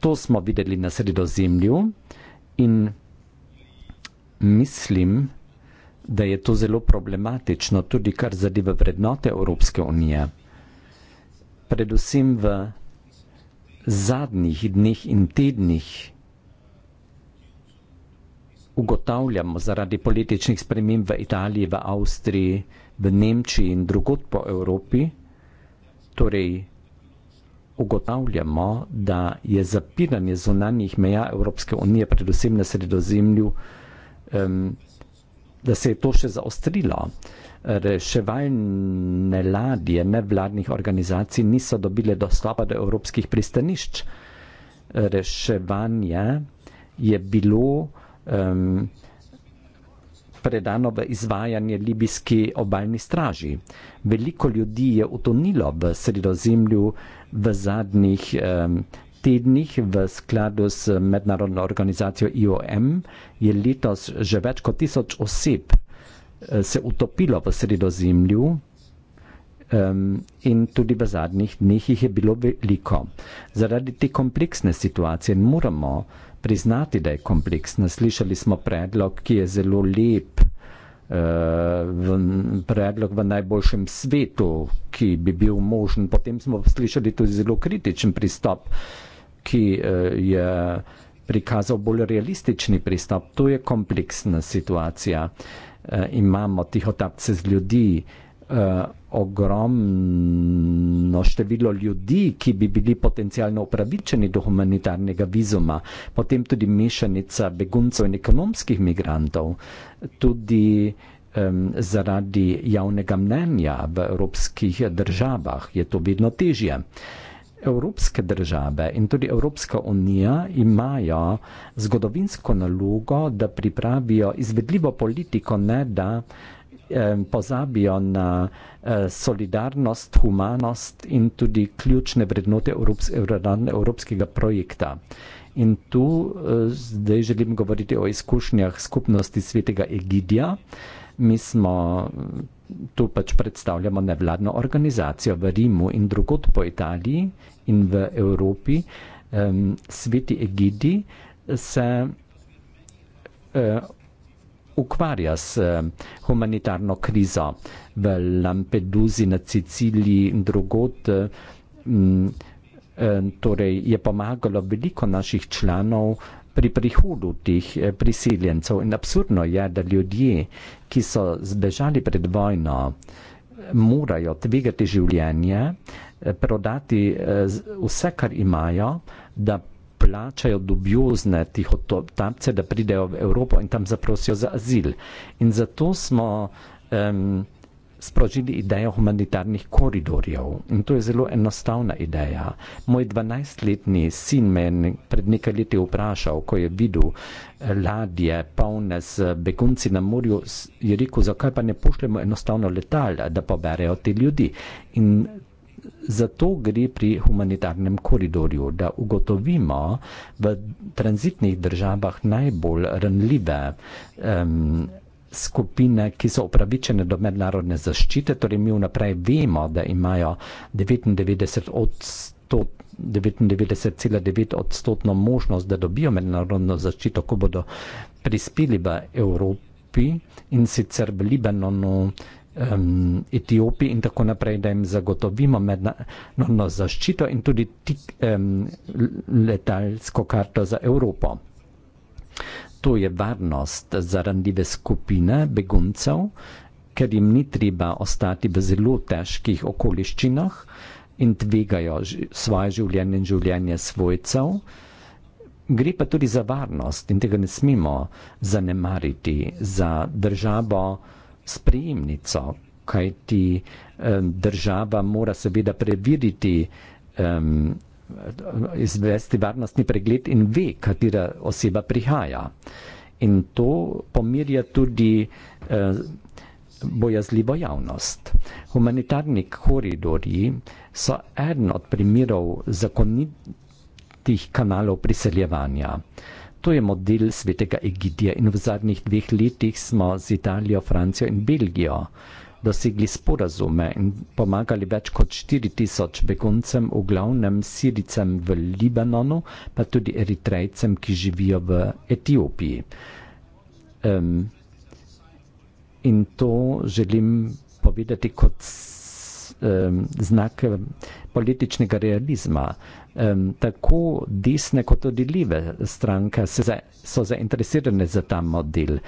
To smo videli na sredozemlju in mislim, da je to zelo problematično, tudi kar zadeva vrednote Evropske unije. Predvsem v zadnjih dneh in tednih ugotavljamo zaradi političnih sprememb v Italiji, v Avstriji, v Nemčiji in drugot po Evropi, torej ugotavljamo, da je zapiranje zunanjih meja Evropske unije, predvsem na sredozemlju, um, da se je to še zaostrilo. Reševalne ladje nevladnih organizacij niso dobile dostopa do evropskih pristanišč. Reševanje je bilo um, predano v izvajanje libijski obaljni straži. Veliko ljudi je utonilo v sredozemlju v zadnjih um, tednih v skladu s mednarodno organizacijo IOM je letos že več kot tisoč oseb eh, se utopilo v sredozemlju um, in tudi v zadnjih dneh jih je bilo veliko. Zaradi te kompleksne situacije moramo priznati, da je kompleksna. Slišali smo predlog, ki je zelo lep, uh, v, predlog v najboljšem svetu, ki bi bil možen. Potem smo slišali tudi zelo kritičen pristop. Uh, ki eh, je prikazal bolj realistični pristop. To je kompleksna situacija. Eh, imamo tihotapce z ljudi, eh, ogromno število ljudi, ki bi bili potencialno upravičeni do humanitarnega vizuma, potem tudi mešanica beguncev in ekonomskih migrantov, tudi zaradi javnega mnenja v evropskih državah je to vedno težje. Evropske države in tudi Evropska unija imajo zgodovinsko nalogo, da pripravijo izvedljivo politiko, ne da eh, pozabijo na eh, solidarnost, humanost in tudi ključne vrednote Evrops evropskega projekta. In tu eh, zdaj želim govoriti o izkušnjah skupnosti svetega Egidija. Mi smo tu pač predstavljamo nevladno organizacijo v Rimu in drugot po Italiji in v Evropi, um, sveti Egidi se uh, ukvarja s e, humanitarno krizo v Lampeduzi na Siciliji in drugot. Um, um, e, torej je pomagalo veliko naših članov, pri prihodu teh eh, priseljencev. In absurdno je, da ljudje, ki so zbežali pred vojno, morajo tvegati življenje, eh, prodati eh, vse, kar imajo, da plačajo dubiozne tihotapce, da pridejo v Evropo in tam zaprosijo za azil. In zato smo. Um, sprožili idejo humanitarnih koridorjev. In to je zelo enostavna ideja. Moj 12-letni sin me je pred nekaj leti vprašal, ko je videl eh, ladje polne z eh, begunci na morju, je rekel, zakaj pa ne pošljemo enostavno letal, da poberejo te ljudi. In Zato gre pri humanitarnem koridorju, da ugotovimo v tranzitnih državah najbolj ranljive um, skupine, ki so upravičene do mednarodne zaščite, torej mi vnaprej vemo, da imajo 99 odstotkov. 99,9 odstotno možnost, da dobijo mednarodno zaščito, ko bodo prispeli v Evropi in sicer v Libanonu, um, Etiopiji in tako naprej, da jim zagotovimo mednarodno zaščito in tudi tik, um, letalsko karto za Evropo to je varnost za randljive skupine beguncev, ker jim ni treba ostati v zelo težkih okoliščinah in tvegajo svoje življenje in življenje svojcev. Gre pa tudi za varnost in tega ne smemo zanemariti za državo sprejemnico, kajti um, država mora seveda preveriti um, izvesti varnostni pregled in ve, katera oseba prihaja. In to pomirja tudi eh, bojazljivo javnost. Humanitarni koridori so eden od primerov zakonitih kanalov priseljevanja. To je model svetega Egidija in v zadnjih dveh letih smo z Italijo, Francijo in Belgijo dosegli sporazume in pomagali več kot 4000 beguncem, v glavnem Siricem v Libanonu, pa tudi Eritrejcem, ki živijo v Etiopiji. Um, in to želim povedati kot um, znak političnega realizma um, tako desne kot tudi leve stranke za, so zainteresirane za ta model.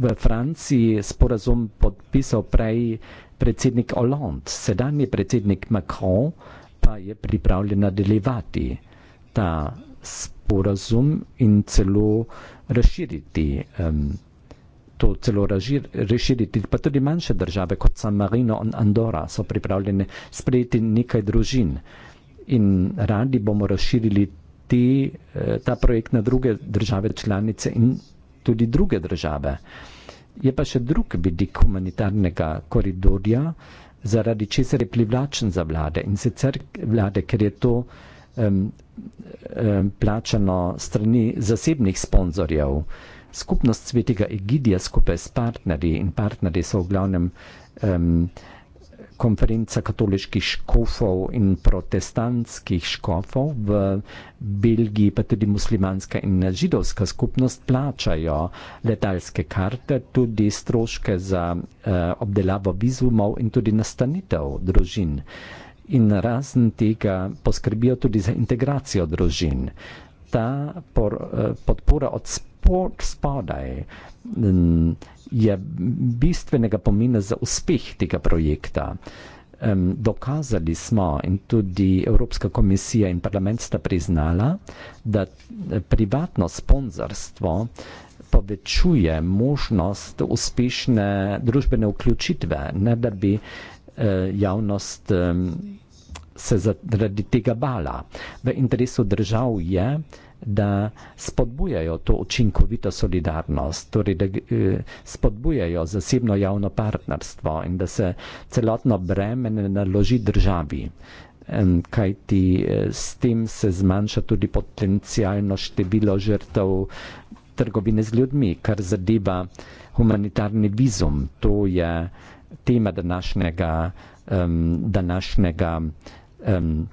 V Franciji sporazum podpisal prej predsednik Hollande, sedanji predsednik Macron pa je pripravljen nadaljevati ta sporazum in celo razširiti. Um, To celo razširiti, pa tudi manjše države kot San Marino in Andora so pripravljene sprejeti nekaj družin in radi bomo razširili te, eh, ta projekt na druge države članice in tudi druge države. Je pa še drug vidik humanitarnega koridorja, zaradi česar je privlačen za vlade in sicer vlade, ker je to um, um, plačano strani zasebnih sponzorjev. Skupnost svetega Egidija skupaj s partnerji in partnerji so v glavnem um, konferenca katoliških škofov in protestantskih škofov v Belgiji, pa tudi muslimanska in židovska skupnost plačajo letalske karte, tudi stroške za eh, obdelavo vizumov in tudi nastanitev družin. In razen tega poskrbijo tudi za integracijo družin ta por, eh, podpora od spodaj mm, je bistvenega pomena za uspeh tega projekta. Dokazali smo in tudi Evropska komisija in parlament sta priznala, da eh, privatno sponzorstvo povečuje možnost uspešne družbene vključitve, ne da bi eh, javnost se zaradi tega bala. V interesu držav je, da spodbujajo to učinkovito solidarnost, torej da eh, spodbujajo zasebno-javno partnerstvo in da se celotno breme ne naloži državi, kaj ti eh, s tem se zmanjša tudi potencijalno število žrtev trgovine z ljudmi, kar zadeva humanitarni vizum. To je tema današnjega, današnjega um,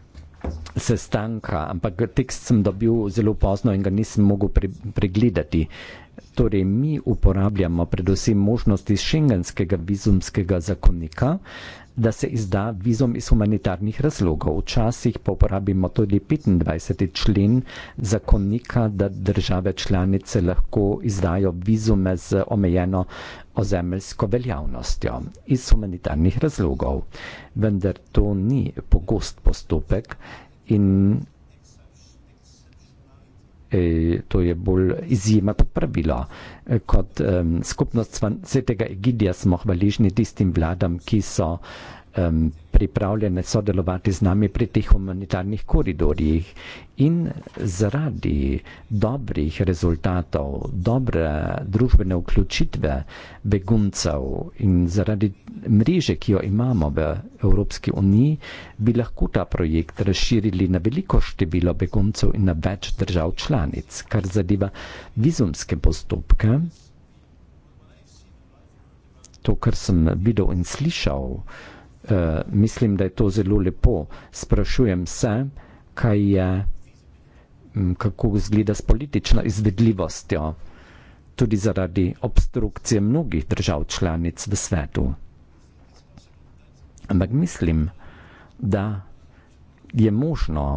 sestanka, ampak tekst sem dobil zelo pozno in ga nisem mogel pre pregledati. Torej, mi uporabljamo predvsem možnosti šengenskega vizumskega zakonika, da se izda vizum iz humanitarnih razlogov. Včasih pa uporabimo tudi 25. člen zakonika, da države članice lahko izdajo vizume z omejeno ozemeljsko veljavnostjo iz humanitarnih razlogov. Vendar to ni pogost postopek in e, to je bolj izjema kot pravilo. Kot skupnost svetega Egidija smo hvaližni tistim vladam, ki so vsega, um, pripravljene sodelovati z nami pri teh humanitarnih koridorjih. In zaradi dobrih rezultatov, dobre družbene vključitve beguncev in zaradi mreže, ki jo imamo v Evropski uniji, bi lahko ta projekt razširili na veliko število beguncev in na več držav članic, kar zadeva vizumske postopke. To, kar sem videl in slišal, Eh, mislim, da je to zelo lepo. Sprašujem se, kaj je, mm, kako zgleda s politično izvedljivostjo, tudi zaradi obstrukcije mnogih držav članic v svetu. Ampak mislim, da je možno,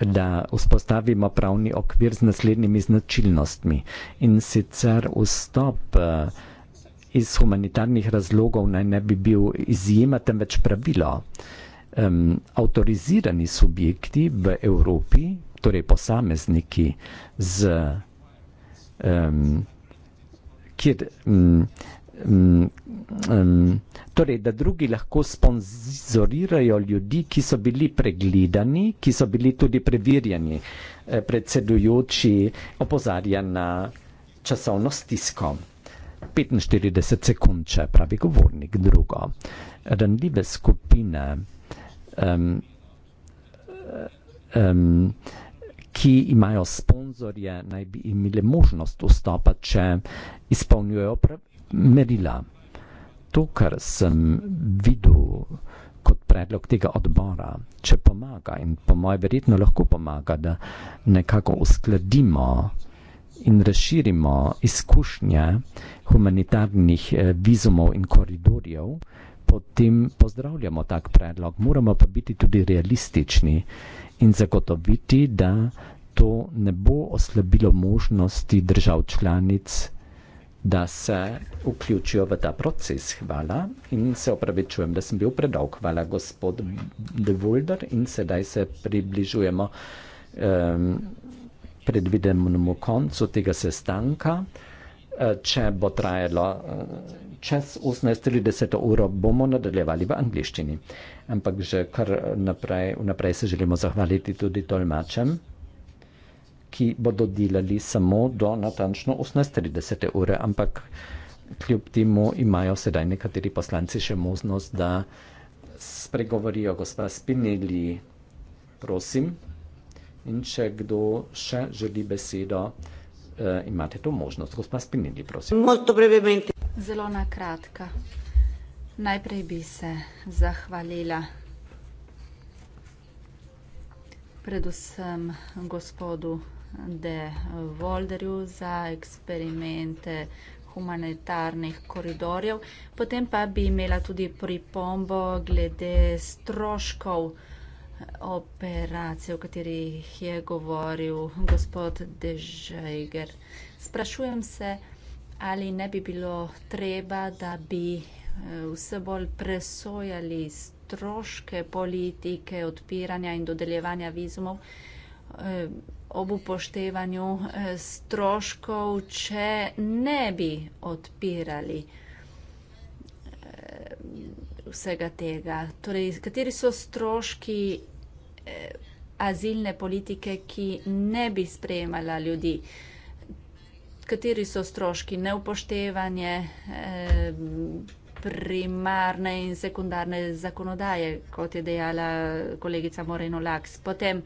da vzpostavimo pravni okvir z naslednjimi značilnostmi in sicer vstop uh, iz humanitarnih razlogov naj ne bi bil izjema, temveč pravilo. Um, autorizirani subjekti v Evropi, torej posamezniki, z, um, kjer, um, um, torej, da drugi lahko sponzorirajo ljudi, ki so bili pregledani, ki so bili tudi preverjeni, eh, predsedujoči opozarja na časovno stisko. 45 sekund, če pravi govornik. Drugo, randljive skupine, um, um, ki imajo sponzorje, naj bi imeli možnost vstopa, če izpolnjujejo merila. To, kar sem videl kot predlog tega odbora, če pomaga in po moje verjetno lahko pomaga, da nekako uskladimo in razširimo izkušnje humanitarnih eh, vizumov in koridorjev, potem pozdravljamo tak predlog. Moramo pa biti tudi realistični in zagotoviti, da to ne bo oslabilo možnosti držav članic, da se vključijo v ta proces. Hvala in se opravičujem, da sem bil predolg. Hvala, gospod De Volder, in sedaj se približujemo. Um, predvidenemu koncu tega sestanka. Eh, če bo trajalo eh, čez 18.30 uro, bomo nadaljevali v angliščini. Ampak že kar naprej, naprej se želimo zahvaliti tudi tolmačem, ki bodo delali samo do natančno 18.30 ure. Ampak kljub temu imajo sedaj nekateri poslanci še možnost, da spregovorijo gospa Spinelli. Prosim. In če kdo še želi besedo, eh, imate to možnost. Gospa Spinelli, prosim. Zelo nakratka. Najprej bi se zahvalila predvsem gospodu De Volderju za eksperimente humanitarnih koridorjev. Potem pa bi imela tudi pripombo glede stroškov operacije, o katerih je govoril gospod Dežajger. Sprašujem se, ali ne bi bilo treba, da bi eh, vse bolj presojali stroške politike odpiranja in dodeljevanja vizumov eh, ob upoštevanju eh, stroškov, če ne bi odpirali vsega tega? Torej, kateri so stroški eh, azilne politike, ki ne bi sprejemala ljudi? Kateri so stroški neupoštevanje eh, primarne in sekundarne zakonodaje, kot je dejala kolegica Moreno Laks? Potem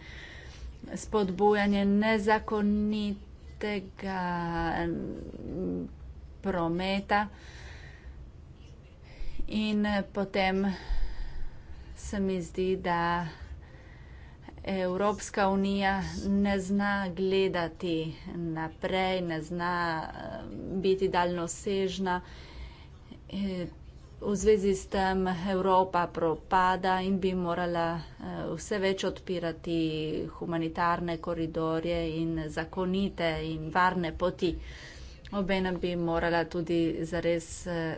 spodbujanje nezakonitega mm, prometa. In eh, potem se mi zdi, da Evropska unija ne zna gledati naprej, ne zna eh, biti daljnosežna. Eh, v zvezi s tem Evropa propada in bi morala vse več odpirati humanitarne koridorje in zakonite in varne poti. Obenem bi morala tudi zares eh,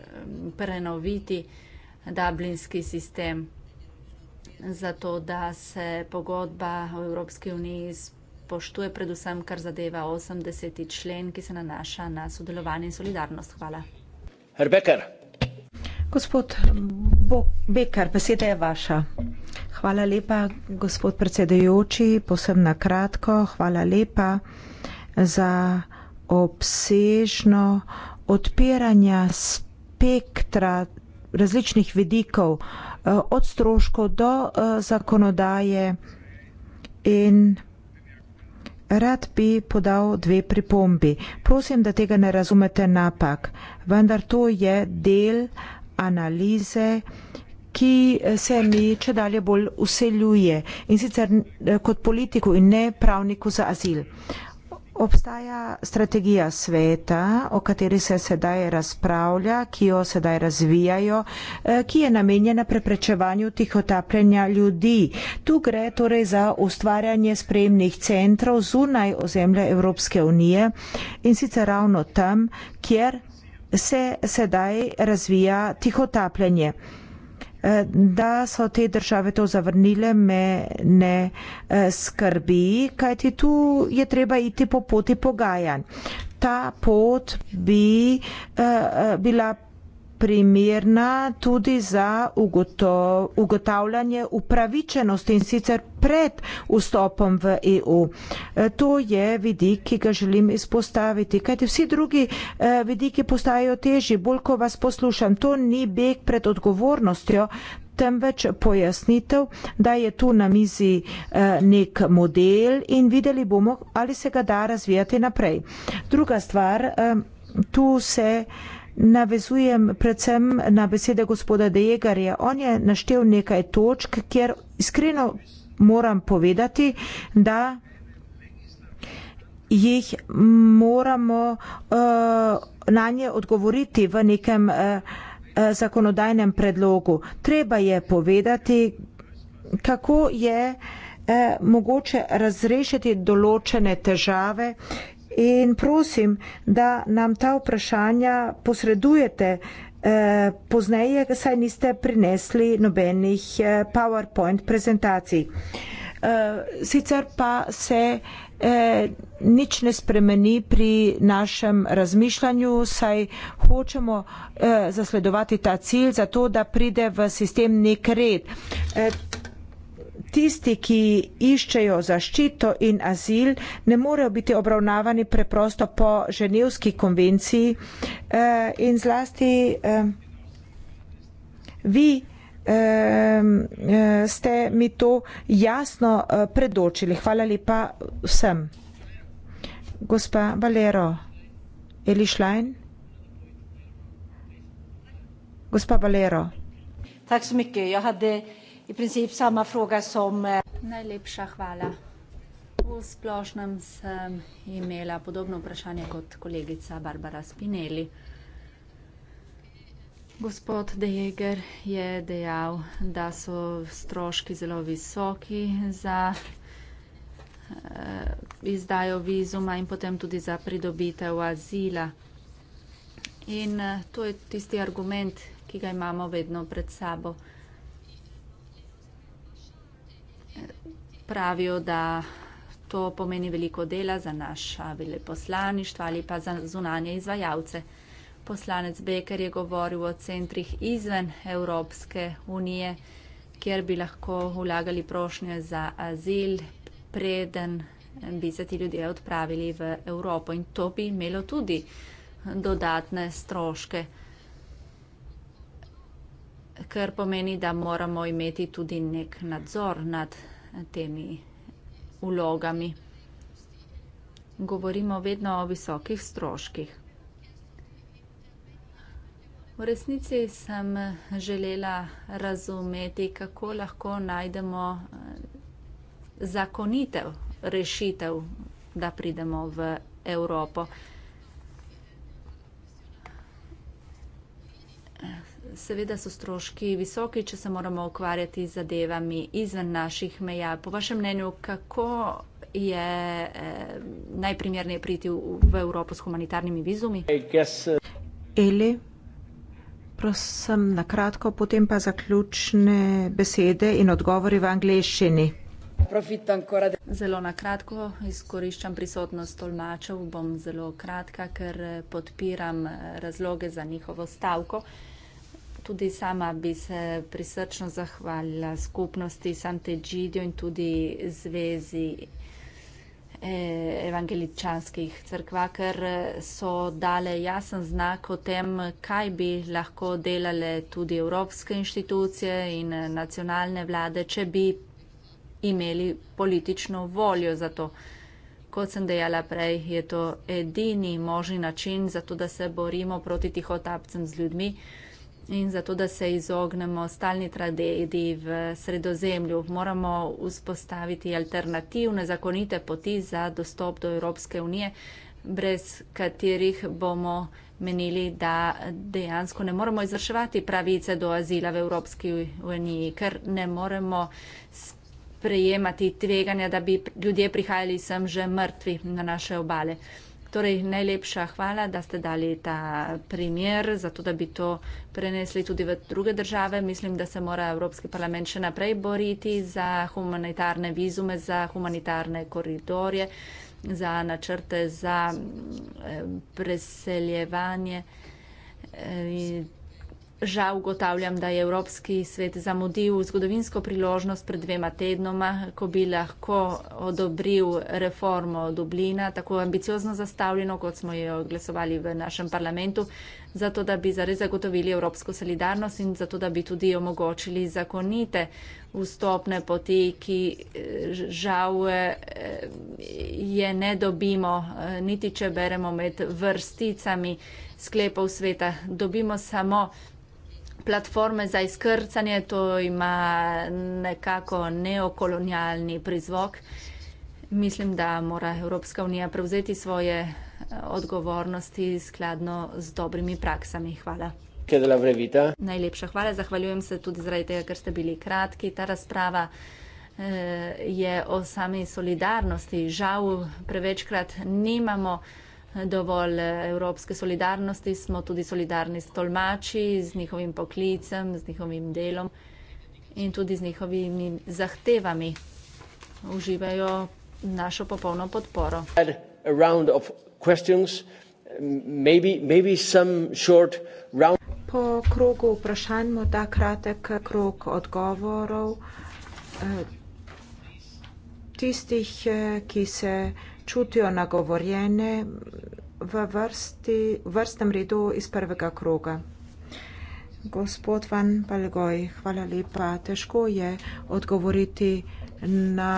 prenoviti eh, dublinski sistem, zato da se pogodba v Evropski uniji spoštuje predvsem, kar zadeva 80. člen, ki se nanaša na sodelovanje in solidarnost. Hvala. Herbeker. Gospod Bekar, beseda je vaša. Hvala lepa, gospod predsedujoči, posebno kratko. Hvala lepa za obsežno odpiranja spektra različnih vidikov, eh, od stroškov do eh, zakonodaje in rad bi podal dve pripombi. Prosim, da tega ne razumete napak, vendar to je del analize, ki eh, se mi če dalje bolj useljuje in sicer kot politiku in ne pravniku za azil. Obstaja strategija sveta, o kateri se sedaj razpravlja, ki jo sedaj razvijajo, eh, ki je namenjena preprečevanju tihotapljenja ljudi. Tu gre torej za ustvarjanje spremnih centrov zunaj ozemlja Evropske unije in sicer ravno tam, kjer se sedaj razvija tihotapljenje. Da so te države to zavrnile, me ne eh, skrbi, kajti tu je treba iti po poti pogajanj. Ta pot bi eh, eh, bila primerna tudi za ugoto, ugotavljanje upravičenosti in sicer pred vstopom v EU. E, to je vidik, ki ga želim izpostaviti, kajti vsi drugi e, vidiki postajajo težji, bolj ko vas poslušam. To ni beg pred odgovornostjo temveč pojasnitev, da je tu na mizi e, nek model in videli bomo, ali se ga da razvijati naprej. Druga stvar, tu se navezujem predvsem na besede gospoda Dejegarja. On je naštel nekaj točk, kjer iskreno moram povedati, da jih moramo uh, eh, na nje odgovoriti v nekem uh, zakonodajnem predlogu. Treba je povedati, kako je uh, mogoče razrešiti določene težave in prosim, da nam ta vprašanja posredujete. Eh, pozneje, saj niste prinesli nobenih eh, PowerPoint prezentacij. Eh, sicer pa se nič ne spremeni pri našem razmišljanju, saj hočemo zasledovati ta cilj, zato da pride v sistem nek red. Tisti, ki iščejo zaščito in azil, ne morejo biti obravnavani preprosto po Ženevski konvenciji eh, in zlasti eh, vi eh, eh ste mi to jasno eh, predočili. Hvala lepa vsem. Gospa Valero, Eli Šlajn. Gospa Valero. Tak, i princip samma fråga som... Eh, Najlepša hvala. V splošnem sem imela podobno vprašanje kot kolegica Barbara Spinelli. Gospod Dejeger je dejal, da so stroški zelo visoki za eh, izdajo vizuma in potem tudi za pridobitev azila. In eh, to je tisti argument, ki ga imamo vedno pred sabo. pravijo, da to pomeni veliko dela za naša veleposlaništva ali pa za zunanje izvajalce. Poslanec Becker je govoril o centrih izven Evropske unije, kjer bi lahko vlagali prošnje za azil, preden bi se ti ljudje odpravili v Evropo in to bi imelo tudi dodatne stroške, kar pomeni, da moramo imeti tudi nek nadzor nad temi vlogami. Govorimo vedno o visokih stroških. V resnici sem želela razumeti, kako lahko najdemo eh, zakonitev rešitev, da pridemo v Evropo. Seveda so stroški visoki, če se moramo ukvarjati z zadevami izven naših meja. Po vašem mnenju, kako je eh, najprimernije priti v, v Evropo s humanitarnimi vizumi? Uh, Eli, prosim na kratko, potem pa zaključne besede in odgovori v angleščini. Zelo na kratko izkoriščam prisotnost tolmačev, bom zelo kratka, ker eh, podpiram eh, razloge za njihovo stavko tudi sama bi se prisrčno zahvalila skupnosti Sante Gidio in tudi zvezi eh, evangeličanskih crkva, ker so dale jasen znak o tem, kaj bi lahko delale tudi evropske inštitucije in nacionalne vlade, če bi imeli politično voljo za to. Kot sem dejala prej, je to edini možni način za to, da se borimo proti tihotapcem z ljudmi. In zato, da se izognemo stalni tragediji v sredozemlju, moramo vzpostaviti alternativne zakonite poti za dostop do Evropske unije, brez katerih bomo menili, da dejansko ne moremo izvrševati pravice do azila v Evropski uniji, ker ne moremo prejemati tveganja, da bi ljudje prihajali sem že mrtvi na naše obale. Torej, najlepša hvala, da ste dali ta primer, zato da bi to prenesli tudi v druge države. Mislim, da se mora Evropski parlament še naprej boriti za humanitarne vizume, za humanitarne koridorje, za načrte za eh, preseljevanje. Eh, Žal ugotavljam, da je Evropski svet zamudil zgodovinsko priložnost pred dvema tednoma, ko bi lahko odobril reformo Dublina, tako ambiciozno zastavljeno, kot smo jo glasovali v našem parlamentu, zato da bi zares zagotovili evropsko solidarnost in zato da bi tudi omogočili zakonite vstopne poti, ki eh, žal eh, je ne dobimo, eh, niti če beremo med vrsticami sklepov sveta. Dobimo samo platforme za izkrcanje, to ima nekako neokolonialni prizvok. Mislim, da mora Evropska unija prevzeti svoje eh, odgovornosti skladno z dobrimi praksami. Hvala. Najlepša hvala, zahvaljujem se tudi zaradi tega, ker ste bili kratki. Ta razprava eh, je o sami solidarnosti. Žal prevečkrat nimamo dovolj eh, evropske solidarnosti, smo tudi solidarni s tolmači, z njihovim poklicem, z njihovim delom in tudi z njihovimi zahtevami. Uživajo našo popolno podporo. Po krogu vprašanj morda kratek krog odgovorov eh, tistih, eh, ki se čutijo nagovorjene v vrsti, v vrstnem redu iz prvega kroga. Gospod Van Balgoj, hvala lepa. Težko je odgovoriti na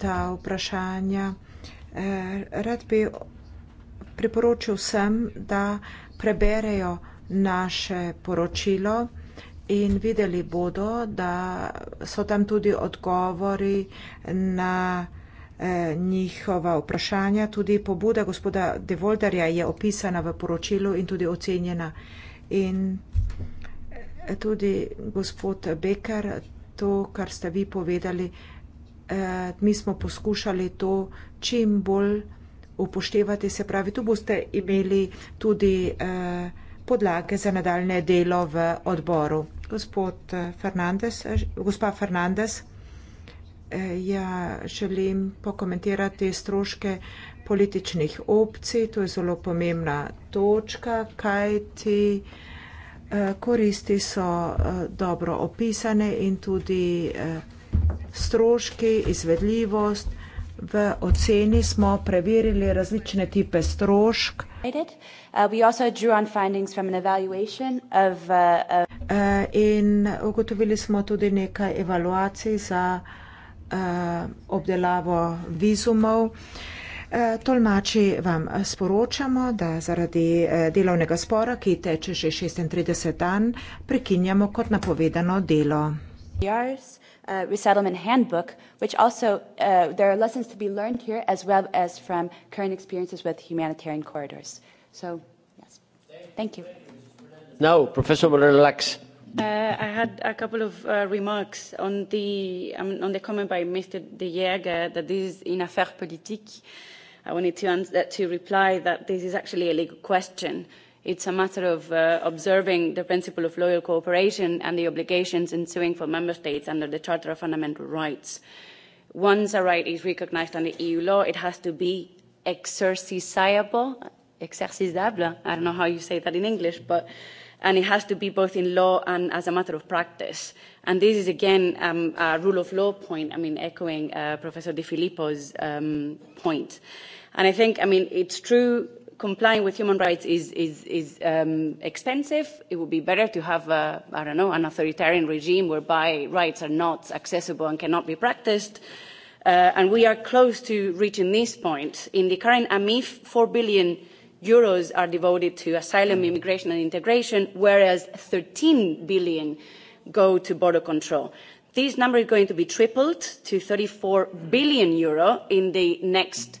ta vprašanja. Eh, rad bi priporočil vsem, da preberejo naše poročilo in videli bodo, da so tam tudi odgovori na eh, njihova vprašanja, tudi pobuda gospoda Devoldarja je opisana v poročilu in tudi ocenjena. In eh, tudi gospod Bekar, to, kar ste vi povedali, eh, mi smo poskušali to čim bolj upoštevati, se pravi, tu boste imeli tudi podlage za nadaljne delo v odboru. Gospod eh, Fernandez, eh, gospa Fernandez, eh, ja, želim pokomentirati stroške političnih opcij, to je zelo pomembna točka, kaj ti koristi so dobro opisane in tudi stroški, izvedljivost, V oceni smo preverili različne tipe strošk. Uh, uh, uh, in ugotovili smo tudi nekaj evaluacij za uh, obdelavo vizumov. Tolmači vam sporočamo, da zaradi delovnega spora, ki teče že 36 dan, prekinjamo kot napovedano delo. Jars uh, resettlement handbook, which also uh, there are lessons to be learned here as well as from current experiences with humanitarian corridors. So, yes. Thank you. No, Professor Relax. Uh, I had a couple of uh, remarks on the um, on the comment by Mr. De Jager that this is in affaire politique. I wanted to answer, to reply that this is actually a legal question it's a matter of uh, observing the principle of loyal cooperation and the obligations ensuing for member states under the Charter of Fundamental Rights. Once a right is recognized under EU law, it has to be exercisable, exercisable, I don't know how you say that in English, but, and it has to be both in law and as a matter of practice. And this is, again, um, a rule of law point, I mean, echoing uh, Professor Di Filippo's um, point. And I think, I mean, it's true complying with human rights is, is, is um, expensive. It would be better to have, a, I don't know, an authoritarian regime whereby rights are not accessible and cannot be practiced. Uh, and we are close to reaching this point. In the current AMIF, 4 billion euros are devoted to asylum, immigration, and integration, whereas 13 billion go to border control. This number is going to be tripled to 34 billion euro in the next. Mm-hmm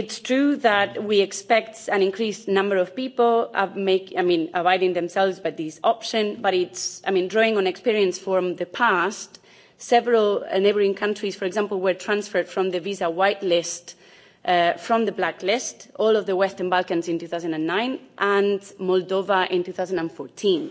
it's true that we expect an increased number of people uh, make, I mean, abiding themselves by this option, but it's, I mean, drawing on experience from the past, several neighboring countries, for example, were transferred from the visa whitelist uh, from the blacklist, all of the Western Balkans in 2009, and Moldova in 2014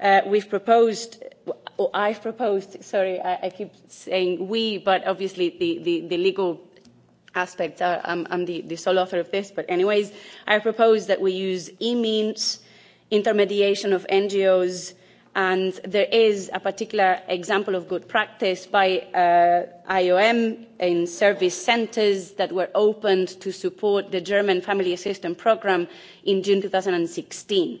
uh, we've proposed, or I've proposed, sorry, I, I keep saying we, but obviously the, the, the legal aspects, are, I'm, um, I'm the, the sole author of this, but anyways, I propose that we use e-means, intermediation of NGOs, and there is a particular example of good practice by uh, IOM in service centers that were opened to support the German Family Assistance Program in June 2016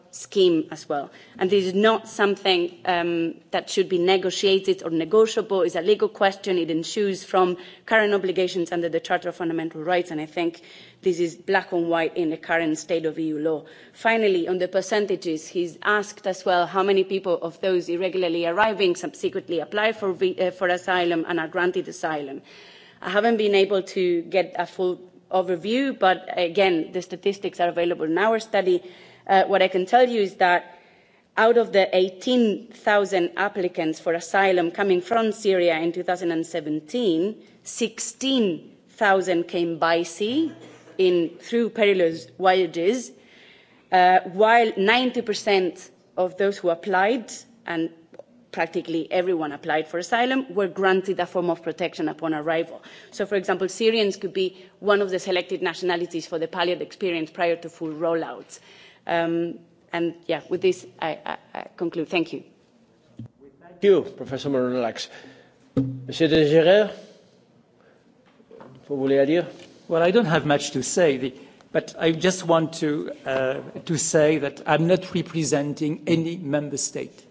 scheme as well. And this is not something um, that should be negotiated or negotiable. It's a legal question. It ensues from current obligations under the Charter of Fundamental Rights. And I think this is black and white in the current state of EU law. Finally, on the percentages, he's asked as well how many people of those irregularly arriving subsequently apply for, uh, for asylum and are granted asylum. I haven't been able to get a full overview, but again, the statistics are available in our study. Uh, what I can tell you is that out of the 18,000 applicants for asylum coming from Syria in 2017, 16,000 came by sea in, through perilous voyages, uh, while 90% of those who applied, and practically everyone applied for asylum, were granted a form of protection upon arrival. So, for example, Syrians could be one of the selected nationalities for the palliative experience prior to full rollouts. Um, and yeah, with this, I, I, I conclude. Thank you. Thank you, Professor Morin-Lax. Monsieur de Gérard, vous voulez dire? Well, I don't have much to say, but I just want to, uh, to say that I'm not representing any member state.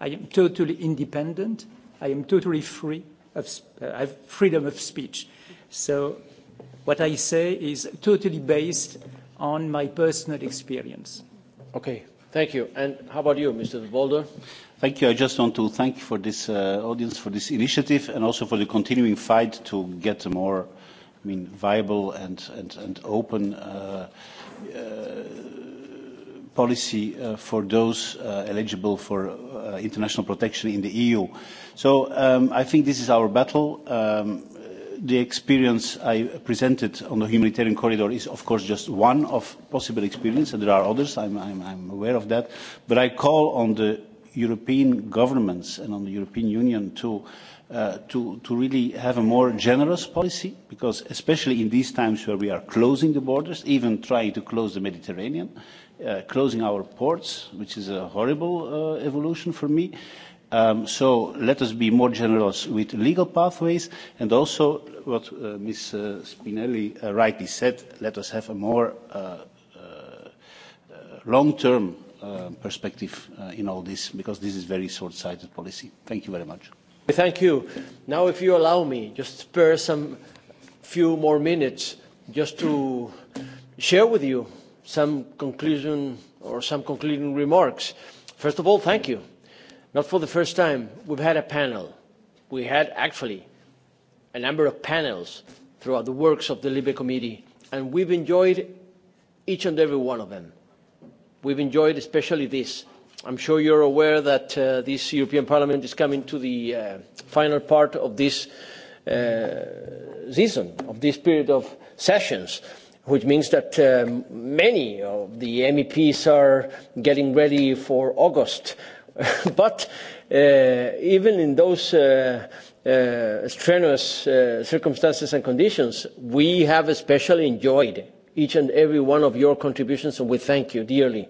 I am totally independent. I am totally free of uh, I have freedom of speech. So what I say is totally based on my personal experience. Okay, thank you. And how about you, Mr. Boulder? Thank you. I just want to thank you for this uh, audience for this initiative and also for the continuing fight to get a more, I mean, viable and and and open. Uh, uh, policy uh, for those uh, eligible for uh, international protection in the EU. So um, I think this is our battle. Um, the experience I presented on the humanitarian corridor is, of course, just one of possible experiences, and there are others, I'm, I'm, I'm aware of that. But I call on the European governments and on the European Union to, uh, to, to really have a more generous policy, because especially in these times where we are closing the borders, even trying to close the Mediterranean, uh, closing our ports, which is a horrible uh, evolution for me. Uh, Um, so let us be more generous with legal pathways and also what uh, Ms. Uh, Spinelli uh, rightly said, let us have a more uh, uh, long-term uh, perspective uh, in all this because this is very short-sighted policy. Thank you very much. Thank you. Now, if you allow me, just spare some few more minutes just to share with you some conclusion or some concluding remarks. First of all, thank you not for the first time we've had a panel we had actually a number of panels throughout the works of the libe committee and we've enjoyed each and every one of them we've enjoyed especially this i'm sure you're aware that uh, this european parliament is coming to the uh, final part of this uh, season of this period of sessions, which means that um, many of the MEPs are getting ready for August. but uh, even in those uh, uh, strenuous uh, circumstances and conditions, we have especially enjoyed each and every one of your contributions, and we thank you dearly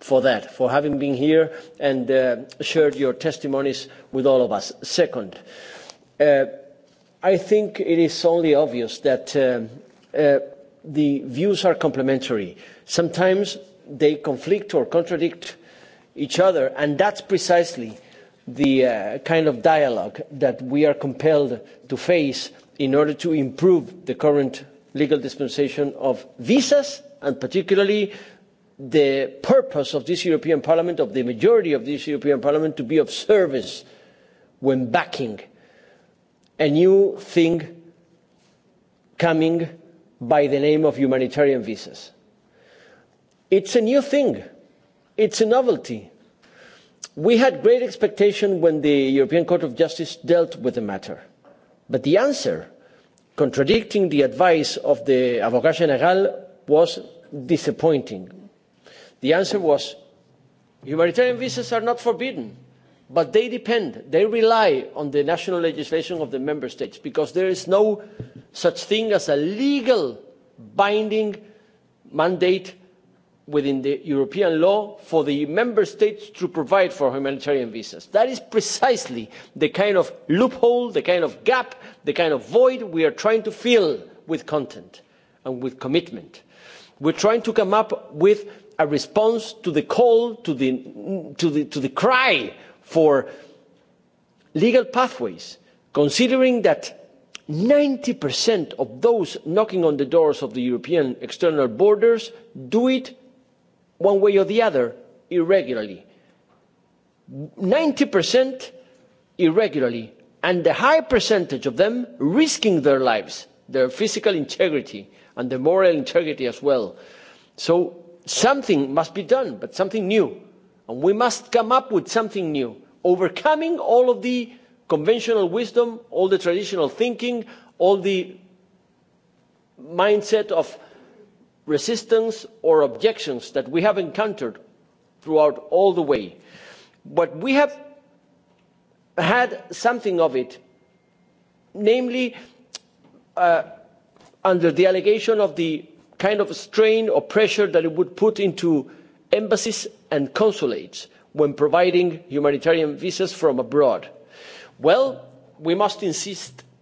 for that, for having been here and uh, shared your testimonies with all of us. Second, uh, I think it is only obvious that uh, uh, the views are complementary. Sometimes they conflict or contradict uh, each other. And that's precisely the uh, kind of dialogue that we are compelled to face in order to improve the current legal dispensation of visas, and particularly the purpose of this European Parliament, of the majority of this European Parliament, to be of service when backing a new thing coming by the name of humanitarian visas. It's a new thing it's a novelty. We had great expectation when the European Court of Justice dealt with the matter. But the answer, contradicting the advice of the Avocat General, was disappointing. The answer was humanitarian visas are not forbidden, but they depend, they rely on the national legislation of the member states because there is no such thing as a legal binding mandate within the European law for the member states to provide for humanitarian visas. That is precisely the kind of loophole, the kind of gap, the kind of void we are trying to fill with content and with commitment. We're trying to come up with a response to the call, to the, to the, to the cry for legal pathways, considering that 90% of those knocking on the doors of the European external borders do it one way or the other, irregularly. 90% irregularly, and a high percentage of them risking their lives, their physical integrity, and their moral integrity as well. So something must be done, but something new. And we must come up with something new, overcoming all of the conventional wisdom, all the traditional thinking, all the mindset of resistance or objections that we have encountered throughout all the way but we have had something of it namely uh, under the allegation of the kind of strain or pressure that it would put into embassies and consulates when providing humanitarian visas from abroad well we must insist